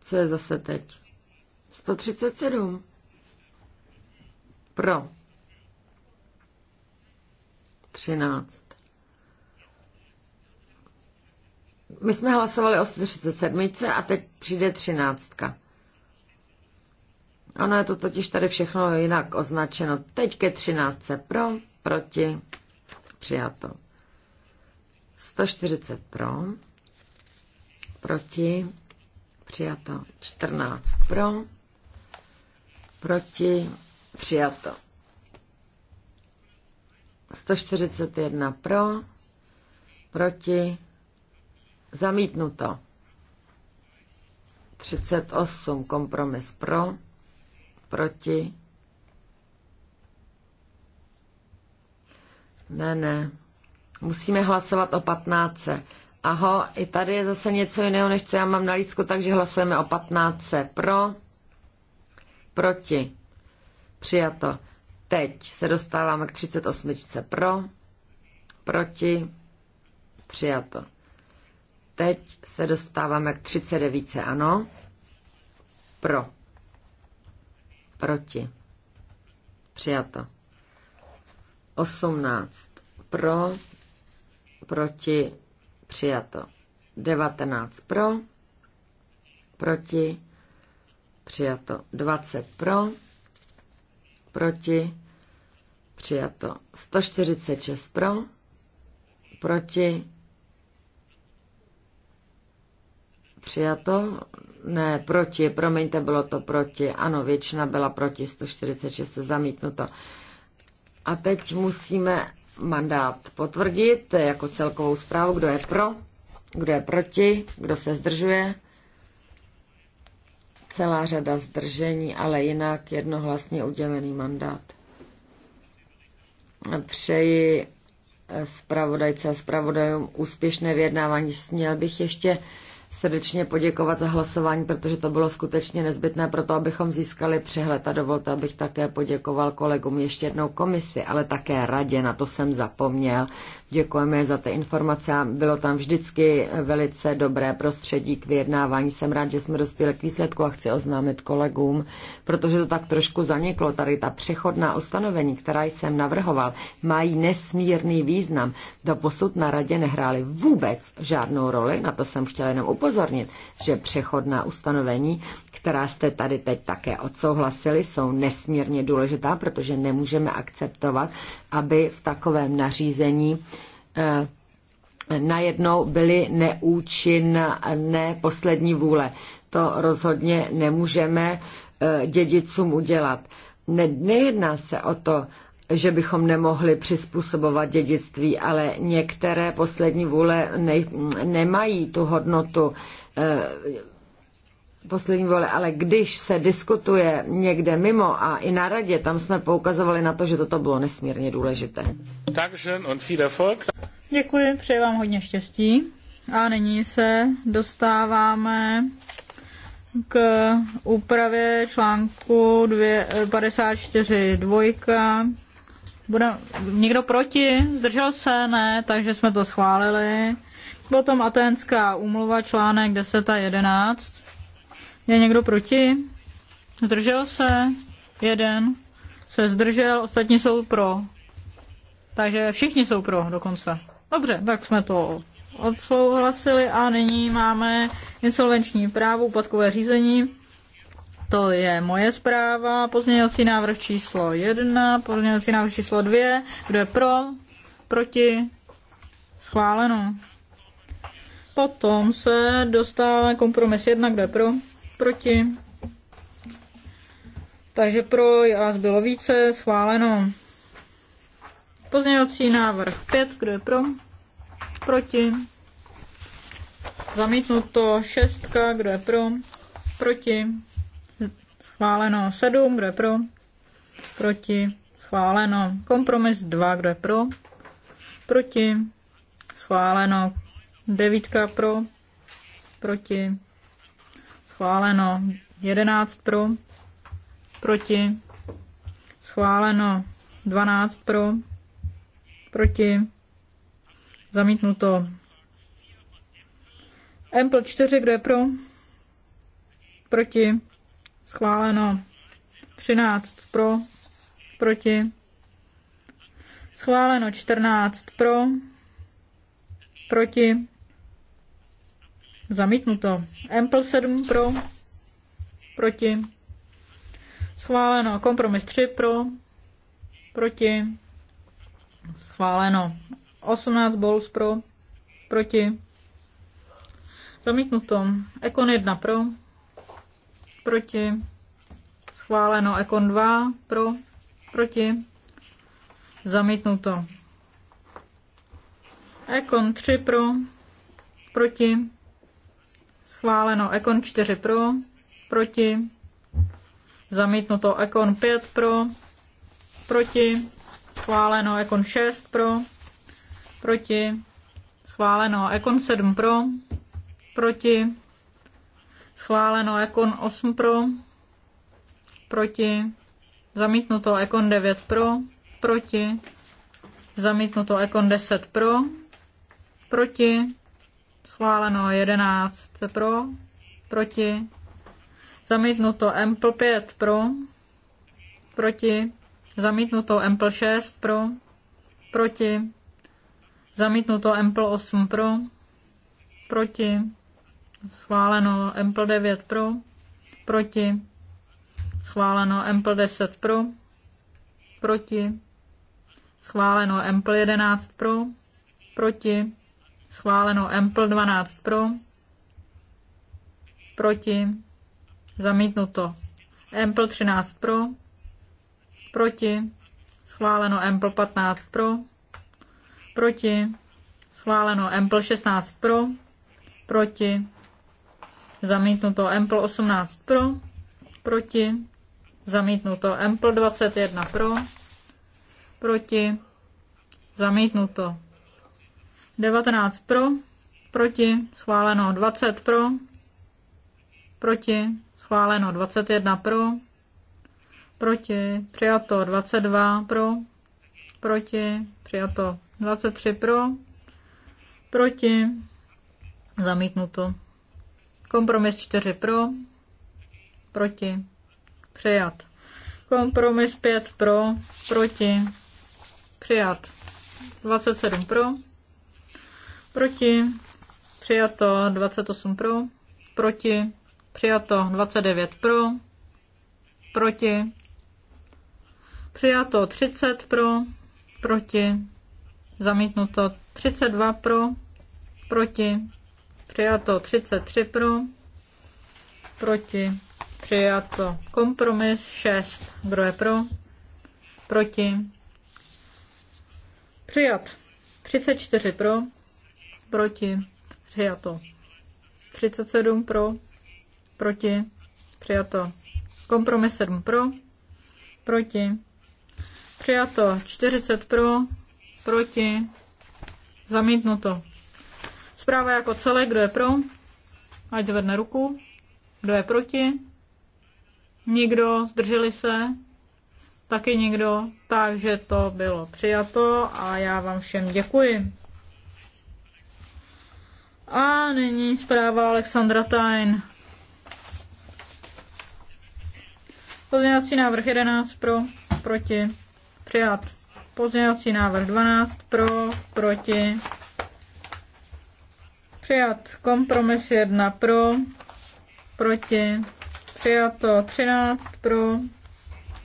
Co je zase teď? 137 pro, 13. My jsme hlasovali o 47 a teď přijde 13. Ono je to totiž tady všechno jinak označeno. Teď ke 13. Pro, proti, přijato. 140 pro, proti, přijato. 14 pro, proti, přijato. 141 pro, proti, zamítnuto. 38 kompromis pro, proti. Ne, ne. Musíme hlasovat o 15. Aho, i tady je zase něco jiného, než co já mám na lístku, takže hlasujeme o 15. Pro, proti. Přijato. Teď se dostáváme k 38. pro, proti, přijato. Teď se dostáváme k 39. ano, pro, proti, přijato. 18 pro, proti, přijato. 19 pro, proti, přijato. 20 pro, proti, přijato. 146 pro, proti, přijato, ne, proti, promiňte, bylo to proti, ano, většina byla proti, 146 se zamítnuto. A teď musíme mandát potvrdit jako celkovou zprávu, kdo je pro, kdo je proti, kdo se zdržuje celá řada zdržení, ale jinak jednohlasně udělený mandát. Přeji eh, zpravodajce a zpravodajům úspěšné vyjednávání. Sněl bych ještě srdečně poděkovat za hlasování, protože to bylo skutečně nezbytné pro to, abychom získali přehled. A dovolte, abych také poděkoval kolegům ještě jednou komisi, ale také radě, na to jsem zapomněl. Děkujeme za ty informace. Bylo tam vždycky velice dobré prostředí k vyjednávání. Jsem rád, že jsme dospěli k výsledku a chci oznámit kolegům, protože to tak trošku zaniklo. Tady ta přechodná ustanovení, která jsem navrhoval, mají nesmírný význam. Do posud na radě nehrály vůbec žádnou roli, na to jsem chtěla jenom upozornit upozornit, že přechodná ustanovení, která jste tady teď také odsouhlasili, jsou nesmírně důležitá, protože nemůžeme akceptovat, aby v takovém nařízení eh, najednou byly neúčinné poslední vůle. To rozhodně nemůžeme eh, dědicům udělat. Ne, nejedná se o to, že bychom nemohli přizpůsobovat dědictví, ale některé poslední vůle ne, nemají tu hodnotu eh, poslední vole, ale když se diskutuje někde mimo a i na radě, tam jsme poukazovali na to, že toto bylo nesmírně důležité. Děkuji, přeji vám hodně štěstí. A nyní se dostáváme k úpravě článku dvojka. Bude někdo proti? Zdržel se? Ne, takže jsme to schválili. Potom Atenská umluva článek 10 a 11. Je někdo proti? Zdržel se? Jeden se zdržel, ostatní jsou pro. Takže všichni jsou pro dokonce. Dobře, tak jsme to odsouhlasili a nyní máme insolvenční právo, úpadkové řízení to je moje zpráva. Pozměňovací návrh číslo 1, pozměňovací návrh číslo 2. Kdo je pro? Proti? Schváleno. Potom se dostává kompromis 1, kdo je pro? Proti? Takže pro vás bylo více, schváleno. Pozměňovací návrh 5, kdo je pro? Proti? Zamítnuto 6, kdo je pro? Proti? Schváleno 7, kdo je pro? Proti. Schváleno. Kompromis 2, kdo je pro? Proti. Schváleno. 9 pro. Proti. Schváleno. 11 pro. Proti. Schváleno. 12 pro. Proti. Zamítnuto. Ample 4, kdo je pro? Proti. Schváleno. 13 pro, proti. Schváleno 14 pro, proti. Zamítnuto. Ample 7 pro, proti. Schváleno. Kompromis 3 pro, proti. Schváleno. 18 bols pro, proti. Zamítnuto. Ekon 1 pro, proti, schváleno Ekon 2, pro, proti, zamítnuto. Ekon 3 pro, proti, schváleno Ekon 4 pro, proti, zamítnuto Ekon 5 pro, proti, schváleno Ekon 6 pro, proti, schváleno Ekon 7 pro, proti, Schváleno Econ 8 pro, proti, zamítnuto Econ 9 pro, proti, zamítnuto Econ 10 pro, proti, schváleno 11 pro, proti, zamítnuto Ample 5 pro, proti, zamítnuto Ample 6 pro, proti, zamítnuto Ample 8 pro, proti, schváleno Ample 9 pro, proti, schváleno Ample 10 pro, proti, schváleno Ample 11 pro, proti, schváleno Ample 12 pro, proti, zamítnuto Ample 13 pro, proti, schváleno Ample 15 pro, proti, schváleno Ample 16 pro, proti, zamítnuto Ample 18 pro, proti, zamítnuto Ample 21 pro, proti, zamítnuto 19 pro, proti, schváleno 20 pro, proti, schváleno 21 pro, proti, přijato 22 pro, proti, přijato 23 pro, proti, zamítnuto Kompromis 4 pro, proti, přijat. Kompromis 5 pro, proti, přijat. 27 pro, proti, přijato 28 pro, proti, přijato 29 pro, proti, přijato 30 pro, proti, zamítnuto 32 pro, proti, Přijato 33 pro, proti, přijato kompromis 6. Kdo je pro? Proti. Přijat 34 pro, proti, přijato 37 pro, proti, přijato kompromis 7 pro, proti, přijato 40 pro, proti, zamítnuto Zpráva jako celé, kdo je pro, ať zvedne ruku. Kdo je proti? Nikdo, zdrželi se? Taky nikdo. Takže to bylo přijato a já vám všem děkuji. A nyní zpráva Alexandra Tain. Pozměňovací návrh 11 pro, proti, přijat. Pozměňovací návrh 12 pro, proti, Přijat kompromis 1 pro, proti, přijato 13 pro,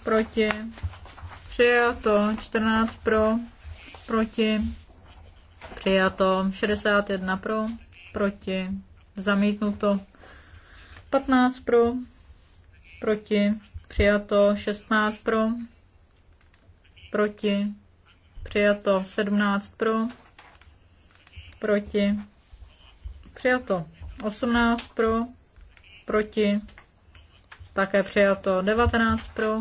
proti, přijato 14 pro, proti, přijato 61 pro, proti, zamítnuto 15 pro, proti, přijato 16 pro, proti, přijato 17 pro, proti, Přijato. 18 pro, proti, také přijato. 19 pro,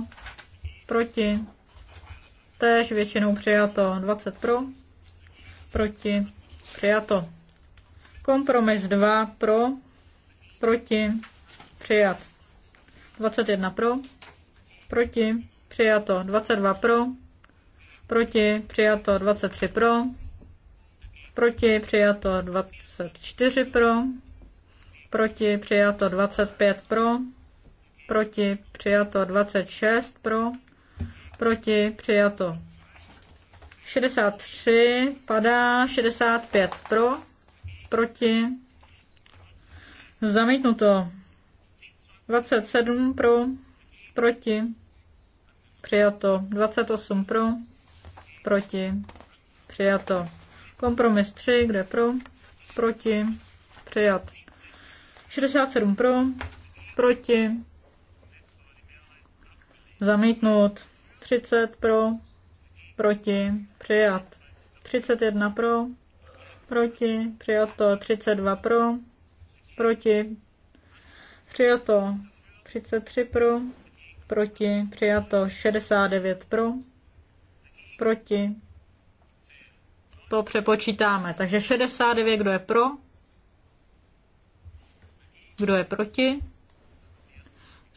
proti, též většinou přijato. 20 pro, proti, přijato. Kompromis 2 pro, proti, přijat. 21 pro, proti, přijato. 22 pro, proti, přijato. 23 pro, proti přijato 24 pro, proti přijato 25 pro, proti přijato 26 pro, proti přijato 63 padá 65 pro, proti zamítnuto 27 pro, proti přijato 28 pro, proti přijato Kompromis 3, kde pro, proti, přijat. 67 pro, proti, zamítnout. 30 pro, proti, přijat. 31 pro, proti, přijat to. 32 pro, proti, přijat to. 33 pro, proti, přijat to. 69 pro, proti, to přepočítáme. Takže 69, kdo je pro? Kdo je proti?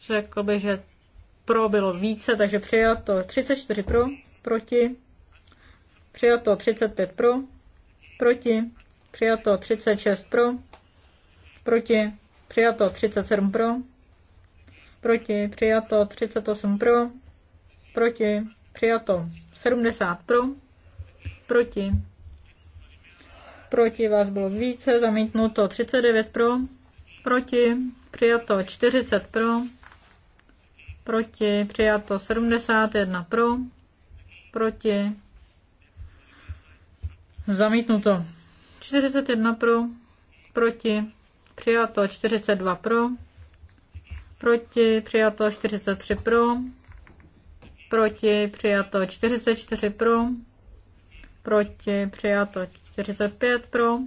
Řekl by, že pro bylo více, takže to 34 pro, proti. to 35 pro, proti. to 36 pro, proti. to 37 pro, proti. to 38 pro, proti. to 70 pro, proti proti vás bylo více, zamítnuto 39 pro, proti, přijato 40 pro, proti, přijato 71 pro, proti, zamítnuto 41 pro, proti, přijato 42 pro, proti, přijato 43 pro, proti, přijato 44 pro, proti, přijato 45 pro,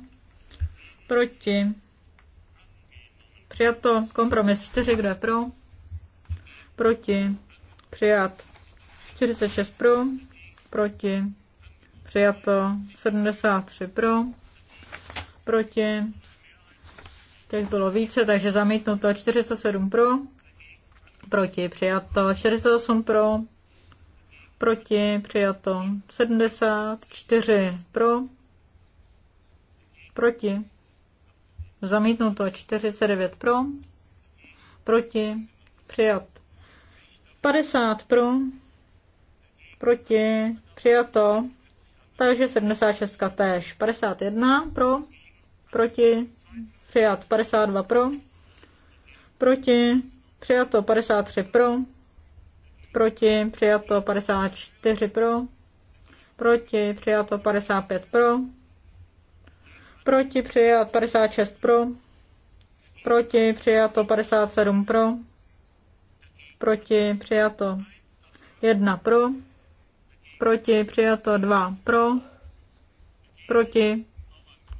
proti, přijato, kompromis 4, kdo je pro, proti, přijat, 46 pro, proti, přijato, 73 pro, proti, těch bylo více, takže zamítnuto 47 pro, proti, přijato, 48 pro, proti, přijato, 74 pro, proti, zamítnuto 49 pro, proti, přijat 50 pro, proti, přijato, takže 76 též, 51 pro, proti, přijat 52 pro, proti, přijato 53 pro, proti, přijato 54 pro, proti, přijato 55 pro, proti přijat 56 pro, proti přijato 57 pro, proti přijato 1 pro, proti přijato 2 pro, proti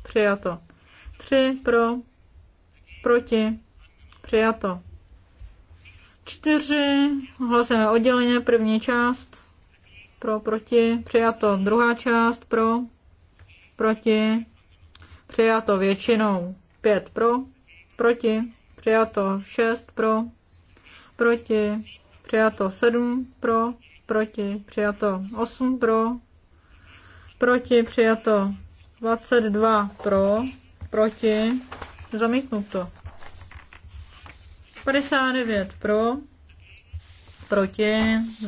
přijato 3 pro, proti přijato 4, hlasujeme odděleně, první část pro, proti přijato, druhá část pro, proti přijato většinou 5 pro, proti, přijato 6 pro, proti, přijato 7 pro, proti, přijato 8 pro, proti, přijato 22 pro, proti, zamítnuto. 59 pro, proti,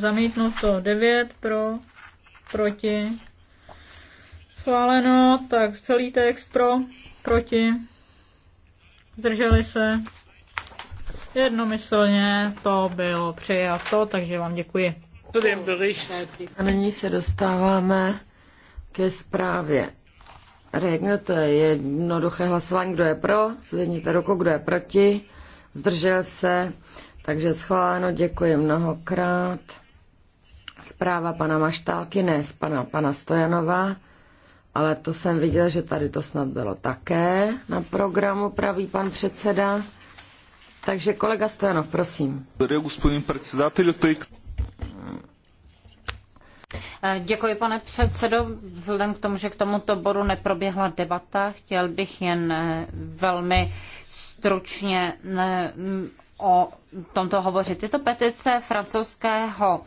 zamítnuto 9 pro, proti, Schváleno, tak celý text pro, proti, zdrželi se. Jednomyslně to bylo přijato, takže vám děkuji. A nyní se dostáváme ke zprávě. Regno, to je jednoduché hlasování, kdo je pro, zvedněte ruku, kdo je proti, zdržel se, takže schváleno, děkuji mnohokrát. Zpráva pana Maštálky, ne, z pana, pana Stojanova ale to jsem viděl, že tady to snad bylo také na programu, pravý pan předseda. Takže kolega Stojanov, prosím. Děkuji, pane předsedo. Vzhledem k tomu, že k tomuto bodu neproběhla debata, chtěl bych jen eh, velmi stručně eh, o tomto hovořit. Je to petice francouzského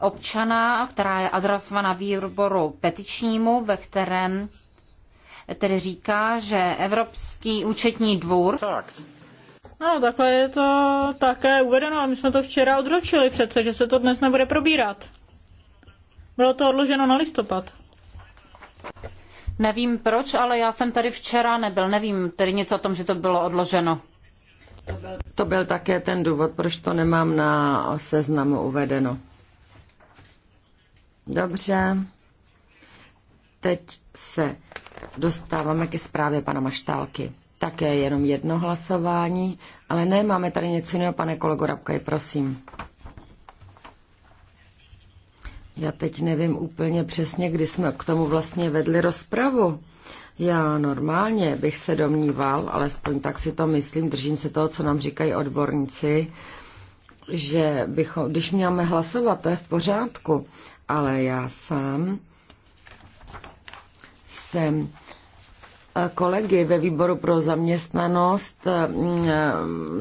občana, která je adresovaná výboru petičnímu, ve kterém tedy říká, že Evropský účetní dvůr... Tak. No, takhle je to také uvedeno a my jsme to včera odročili přece, že se to dnes nebude probírat. Bylo to odloženo na listopad. Nevím proč, ale já jsem tady včera nebyl. Nevím tedy nic o tom, že to bylo odloženo. To byl, to byl také ten důvod, proč to nemám na seznamu uvedeno. Dobře. Teď se dostáváme ke zprávě pana Maštálky. Také jenom jedno hlasování, ale ne, máme tady něco jiného, pane kolego Rabkaj, prosím. Já teď nevím úplně přesně, kdy jsme k tomu vlastně vedli rozpravu. Já normálně bych se domníval, alespoň tak si to myslím, držím se toho, co nám říkají odborníci, že bychom, když máme hlasovat, to je v pořádku, ale já sám jsem e, kolegy ve výboru pro zaměstnanost, e,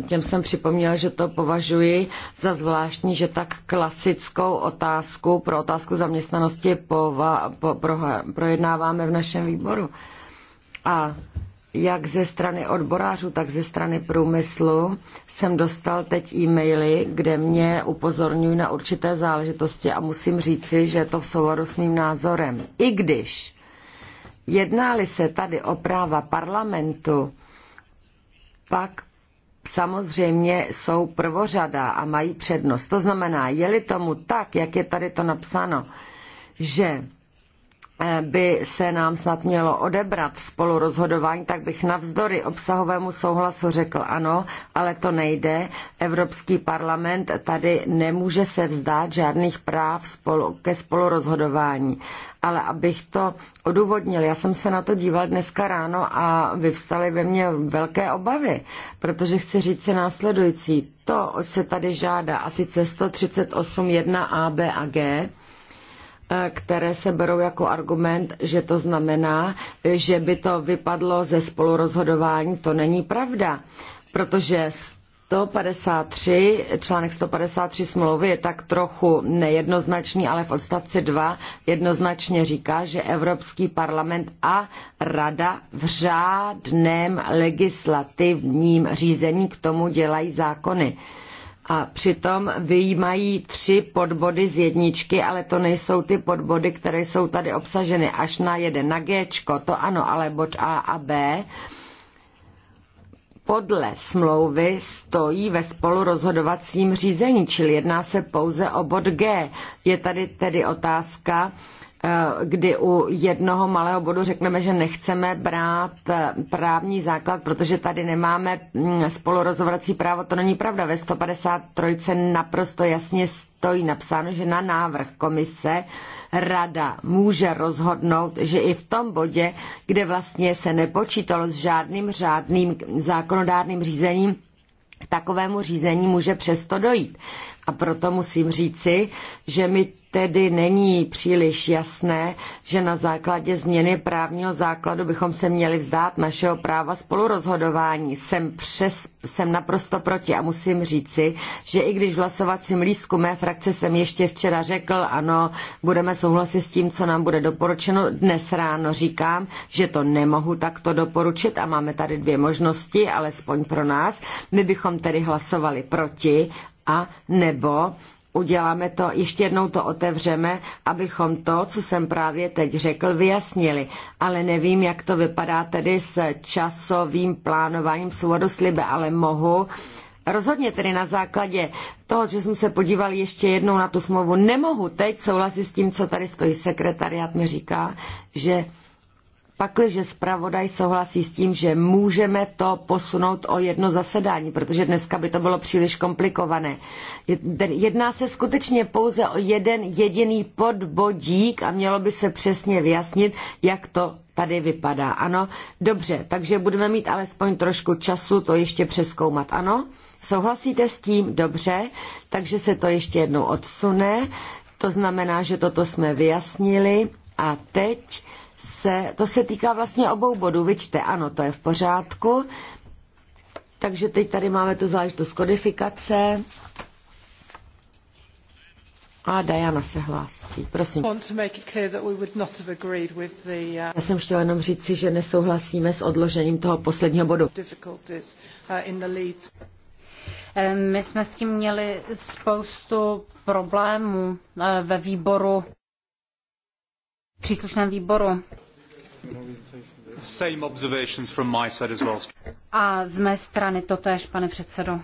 těm jsem připomněl, že to považuji za zvláštní, že tak klasickou otázku pro otázku zaměstnanosti pova, po, pro, projednáváme v našem výboru. A jak ze strany odborářů, tak ze strany průmyslu jsem dostal teď e-maily, kde mě upozorňují na určité záležitosti a musím říci, že je to v souladu s mým názorem. I když jednáli se tady o práva parlamentu, pak samozřejmě jsou prvořada a mají přednost. To znamená, je-li tomu tak, jak je tady to napsáno, že Eh, by se nám snad mělo odebrat spolurozhodování, tak bych navzdory obsahovému souhlasu řekl ano, ale to nejde. Evropský parlament tady nemůže se vzdát žádných práv spolu, ke spolurozhodování. Ale abych to odůvodnil, já jsem se na to díval dneska ráno a vyvstaly ve mně velké obavy, protože chci říct si následující. To, oč se tady žádá, asi sice 138 1 A, B a G, Eh, které se berou jako argument, že to znamená, že by to vypadlo ze spolurozhodování. To není pravda, protože 153, článek 153 smlouvy je tak trochu nejednoznačný, ale v odstavci 2 jednoznačně říká, že Evropský parlament a rada v řádném legislativním řízení k tomu dělají zákony. A přitom vyjímají tři podbody z jedničky, ale to nejsou ty podbody, které jsou tady obsaženy až na jeden, na G, to ano, ale bod A a B podle smlouvy stojí ve spolurozhodovacím řízení, čili jedná se pouze o bod G. Je tady tedy otázka, Eh, kdy u jednoho malého bodu řekneme, že nechceme brát eh, právní základ, protože tady nemáme mm, spolurozhodovací právo, to není pravda. Ve 153 naprosto jasně stojí napsáno, že na návrh komise rada může rozhodnout, že i v tom bodě, kde vlastně se nepočítalo s žádným řádným zákonodárným řízením, k takovému řízení může přesto dojít. A proto musím říci, že mi tedy není příliš jasné, že na základě změny právního základu bychom se měli vzdát našeho práva spolurozhodování. Jsem, přes, jsem naprosto proti a musím říci, že i když v hlasovacím lístku mé frakce jsem ještě včera řekl, ano, budeme souhlasit s tím, co nám bude doporučeno, dnes ráno říkám, že to nemohu takto doporučit a máme tady dvě možnosti, alespoň pro nás. My bychom tedy hlasovali proti a nebo uděláme to, ještě jednou to otevřeme, abychom to, co jsem právě teď řekl, vyjasnili. Ale nevím, jak to vypadá tedy s časovým plánováním svobodu slibe, ale mohu Rozhodně tedy na základě toho, že jsem se podíval ještě jednou na tu smlouvu, nemohu teď souhlasit s tím, co tady stojí sekretariat, mi říká, že pakliže zpravodaj souhlasí s tím, že můžeme to posunout o jedno zasedání, protože dneska by to bylo příliš komplikované. Jedná se skutečně pouze o jeden jediný podbodík a mělo by se přesně vyjasnit, jak to tady vypadá. Ano, dobře, takže budeme mít alespoň trošku času to ještě přeskoumat. Ano, souhlasíte s tím? Dobře, takže se to ještě jednou odsune. To znamená, že toto jsme vyjasnili a teď se, to se týká vlastně obou bodů. Vyčte, ano, to je v pořádku. Takže teď tady máme tu záležitost kodifikace. A Diana se hlásí, prosím. Uh, Já jsem chtěla jenom říci, že nesouhlasíme s odložením toho posledního bodu. Uh, my jsme s tím měli spoustu problémů uh, ve výboru, v příslušném výboru. A z mé strany to pane předsedo.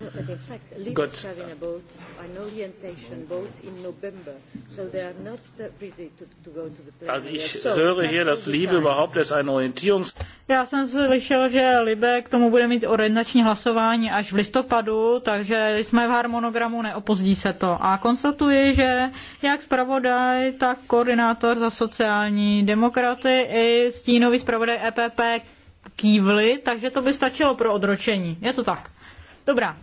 No, but Also ich höre hier, dass Liebe überhaupt erst eine Orientierungs... Já jsem slyšel, že Libe k tomu bude mít orientační hlasování až v listopadu, takže jsme v harmonogramu, neopozdí se to. A konstatuji, že jak zpravodaj, tak koordinátor za sociální demokraty i stínový zpravodaj EPP kývli, takže to by stačilo pro odročení. Je to tak. Dobrá.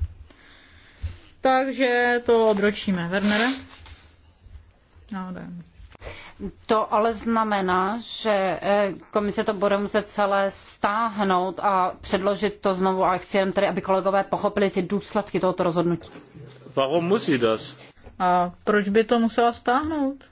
Takže to odročíme. Wernere? No, jdem. To ale znamená, že eh, komise to bude muset celé stáhnout a předložit to znovu a chci jen tady, aby kolegové pochopili ty důsledky tohoto rozhodnutí. Warum muss sie das? A proč by to musela stáhnout?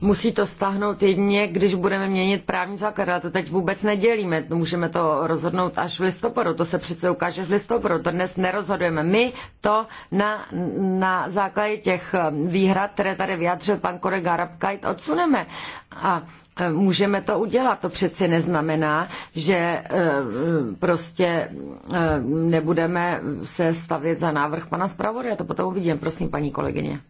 Musí to stáhnout jedině, když budeme měnit právní základ, ale to teď vůbec nedělíme. No, můžeme to rozhodnout až v listopadu, to se přece ukáže v listopadu, to dnes nerozhodujeme. My to na, na základě těch eh, výhrad, které tady vyjádřil pan kolega Rabkajt, odsuneme a e, můžeme to udělat. To přeci neznamená, že e, prostě e, nebudeme se stavět za návrh pana zpravodaje. To potom uvidíme. Prosím, paní kolegyně.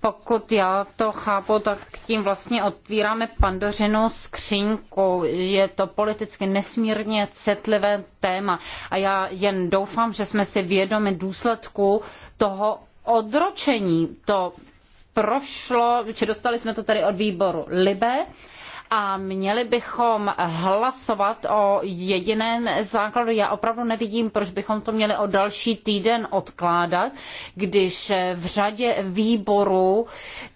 Pokud já to chápu, tak tím vlastně otvíráme pandořinu skřínku. Je to politicky nesmírně citlivé téma a já jen doufám, že jsme si vědomi důsledků toho odročení. To prošlo, či dostali jsme to tady od výboru Libe a měli bychom hlasovat o jediném základu. Já opravdu nevidím, proč bychom to měli o další týden odkládat, když v řadě výborů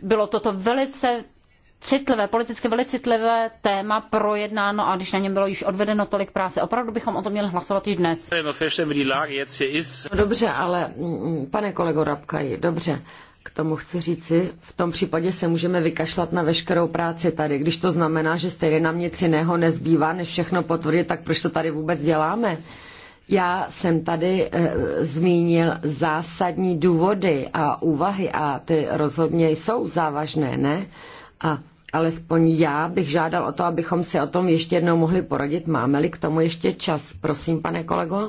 bylo toto velice citlivé, politicky velice citlivé téma projednáno a když na něm bylo již odvedeno tolik práce, opravdu bychom o tom měli hlasovat již dnes. Dobře, ale mm, mm, pane kolego Rabkaji, dobře, k tomu chci říci, v tom případě se můžeme vykašlat na veškerou práci tady. Když to znamená, že stejně nám nic jiného nezbývá, než všechno potvrdit, tak proč to tady vůbec děláme? Já jsem tady e, zmínil zásadní důvody a úvahy a ty rozhodně jsou závažné, ne? A alespoň já bych žádal o to, abychom si o tom ještě jednou mohli poradit. Máme-li k tomu ještě čas? Prosím, pane kolego.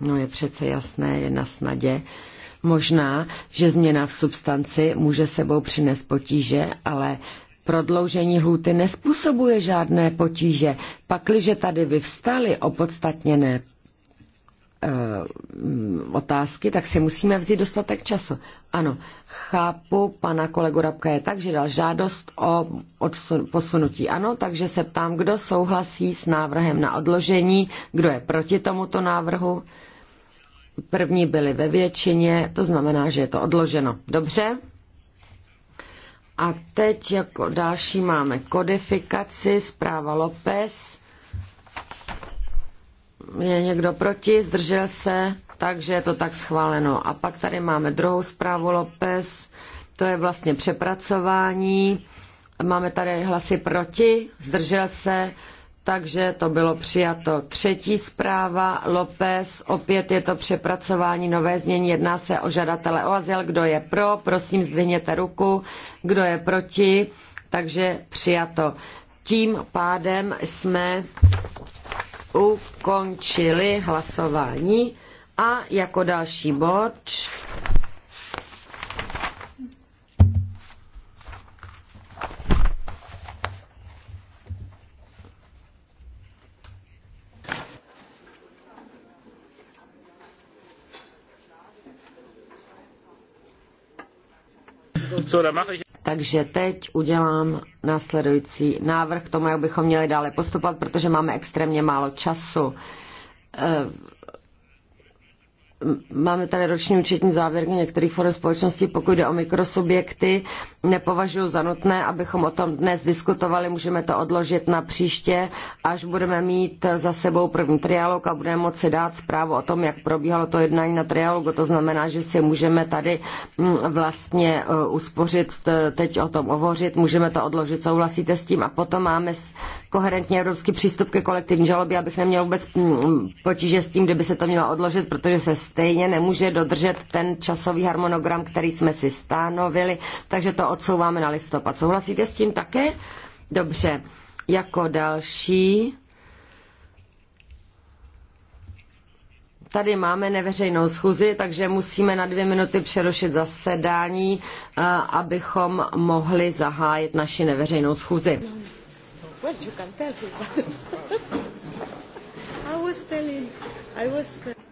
No je přece jasné, je na snadě, Možná, že změna v substanci může sebou přinést potíže, ale Prodloužení hůty nespůsobuje žádné potíže, pakliže tady vyvstaly opodstatněné e, otázky, tak si musíme vzít dostatek času. Ano, chápu, pana kolegu Rabka je tak, že dal žádost o odsun, posunutí. Ano, takže se ptám, kdo souhlasí s návrhem na odložení, kdo je proti tomuto návrhu. První byli ve většině, to znamená, že je to odloženo. Dobře? A teď jako další máme kodifikaci, zpráva Lopez. Je někdo proti, zdržel se, takže je to tak schváleno. A pak tady máme druhou zprávu Lopez, to je vlastně přepracování. Máme tady hlasy proti, zdržel se, takže to bylo přijato. Třetí zpráva, López, opět je to přepracování, nové znění, jedná se o žadatele o azyl, kdo je pro, prosím zdvihněte ruku, kdo je proti, takže přijato. Tím pádem jsme ukončili hlasování a jako další bod Takže teď udělám následující návrh k tomu, jak bychom měli dále postupovat, protože máme extrémně málo času. Eh, Máme tady roční účetní závěrky některých forem společnosti pokud jde o mikrosubjekty. Nepovažuji za nutné, abychom o tom dnes diskutovali. Můžeme to odložit na příště, až budeme mít za sebou první trialog a budeme moci dát zprávu o tom, jak probíhalo to jednání na trialogu. To znamená, že si můžeme tady mm, vlastně uh, uspořit, teď o tom hovořit, můžeme to odložit, souhlasíte s tím a potom máme koherentní evropský přístup ke kolektivní žalobě, abych neměl vůbec mm, potíže s tím, kdyby se to mělo odložit, protože se stejně nemůže dodržet ten časový harmonogram, který jsme si stanovili, takže to odsouváme na listopad. Souhlasíte s tím také? Dobře. Jako další tady máme neveřejnou schůzi, takže musíme na dvě minuty přerušit zasedání, eh, abychom mohli zahájit naši neveřejnou schůzi. was... Uh...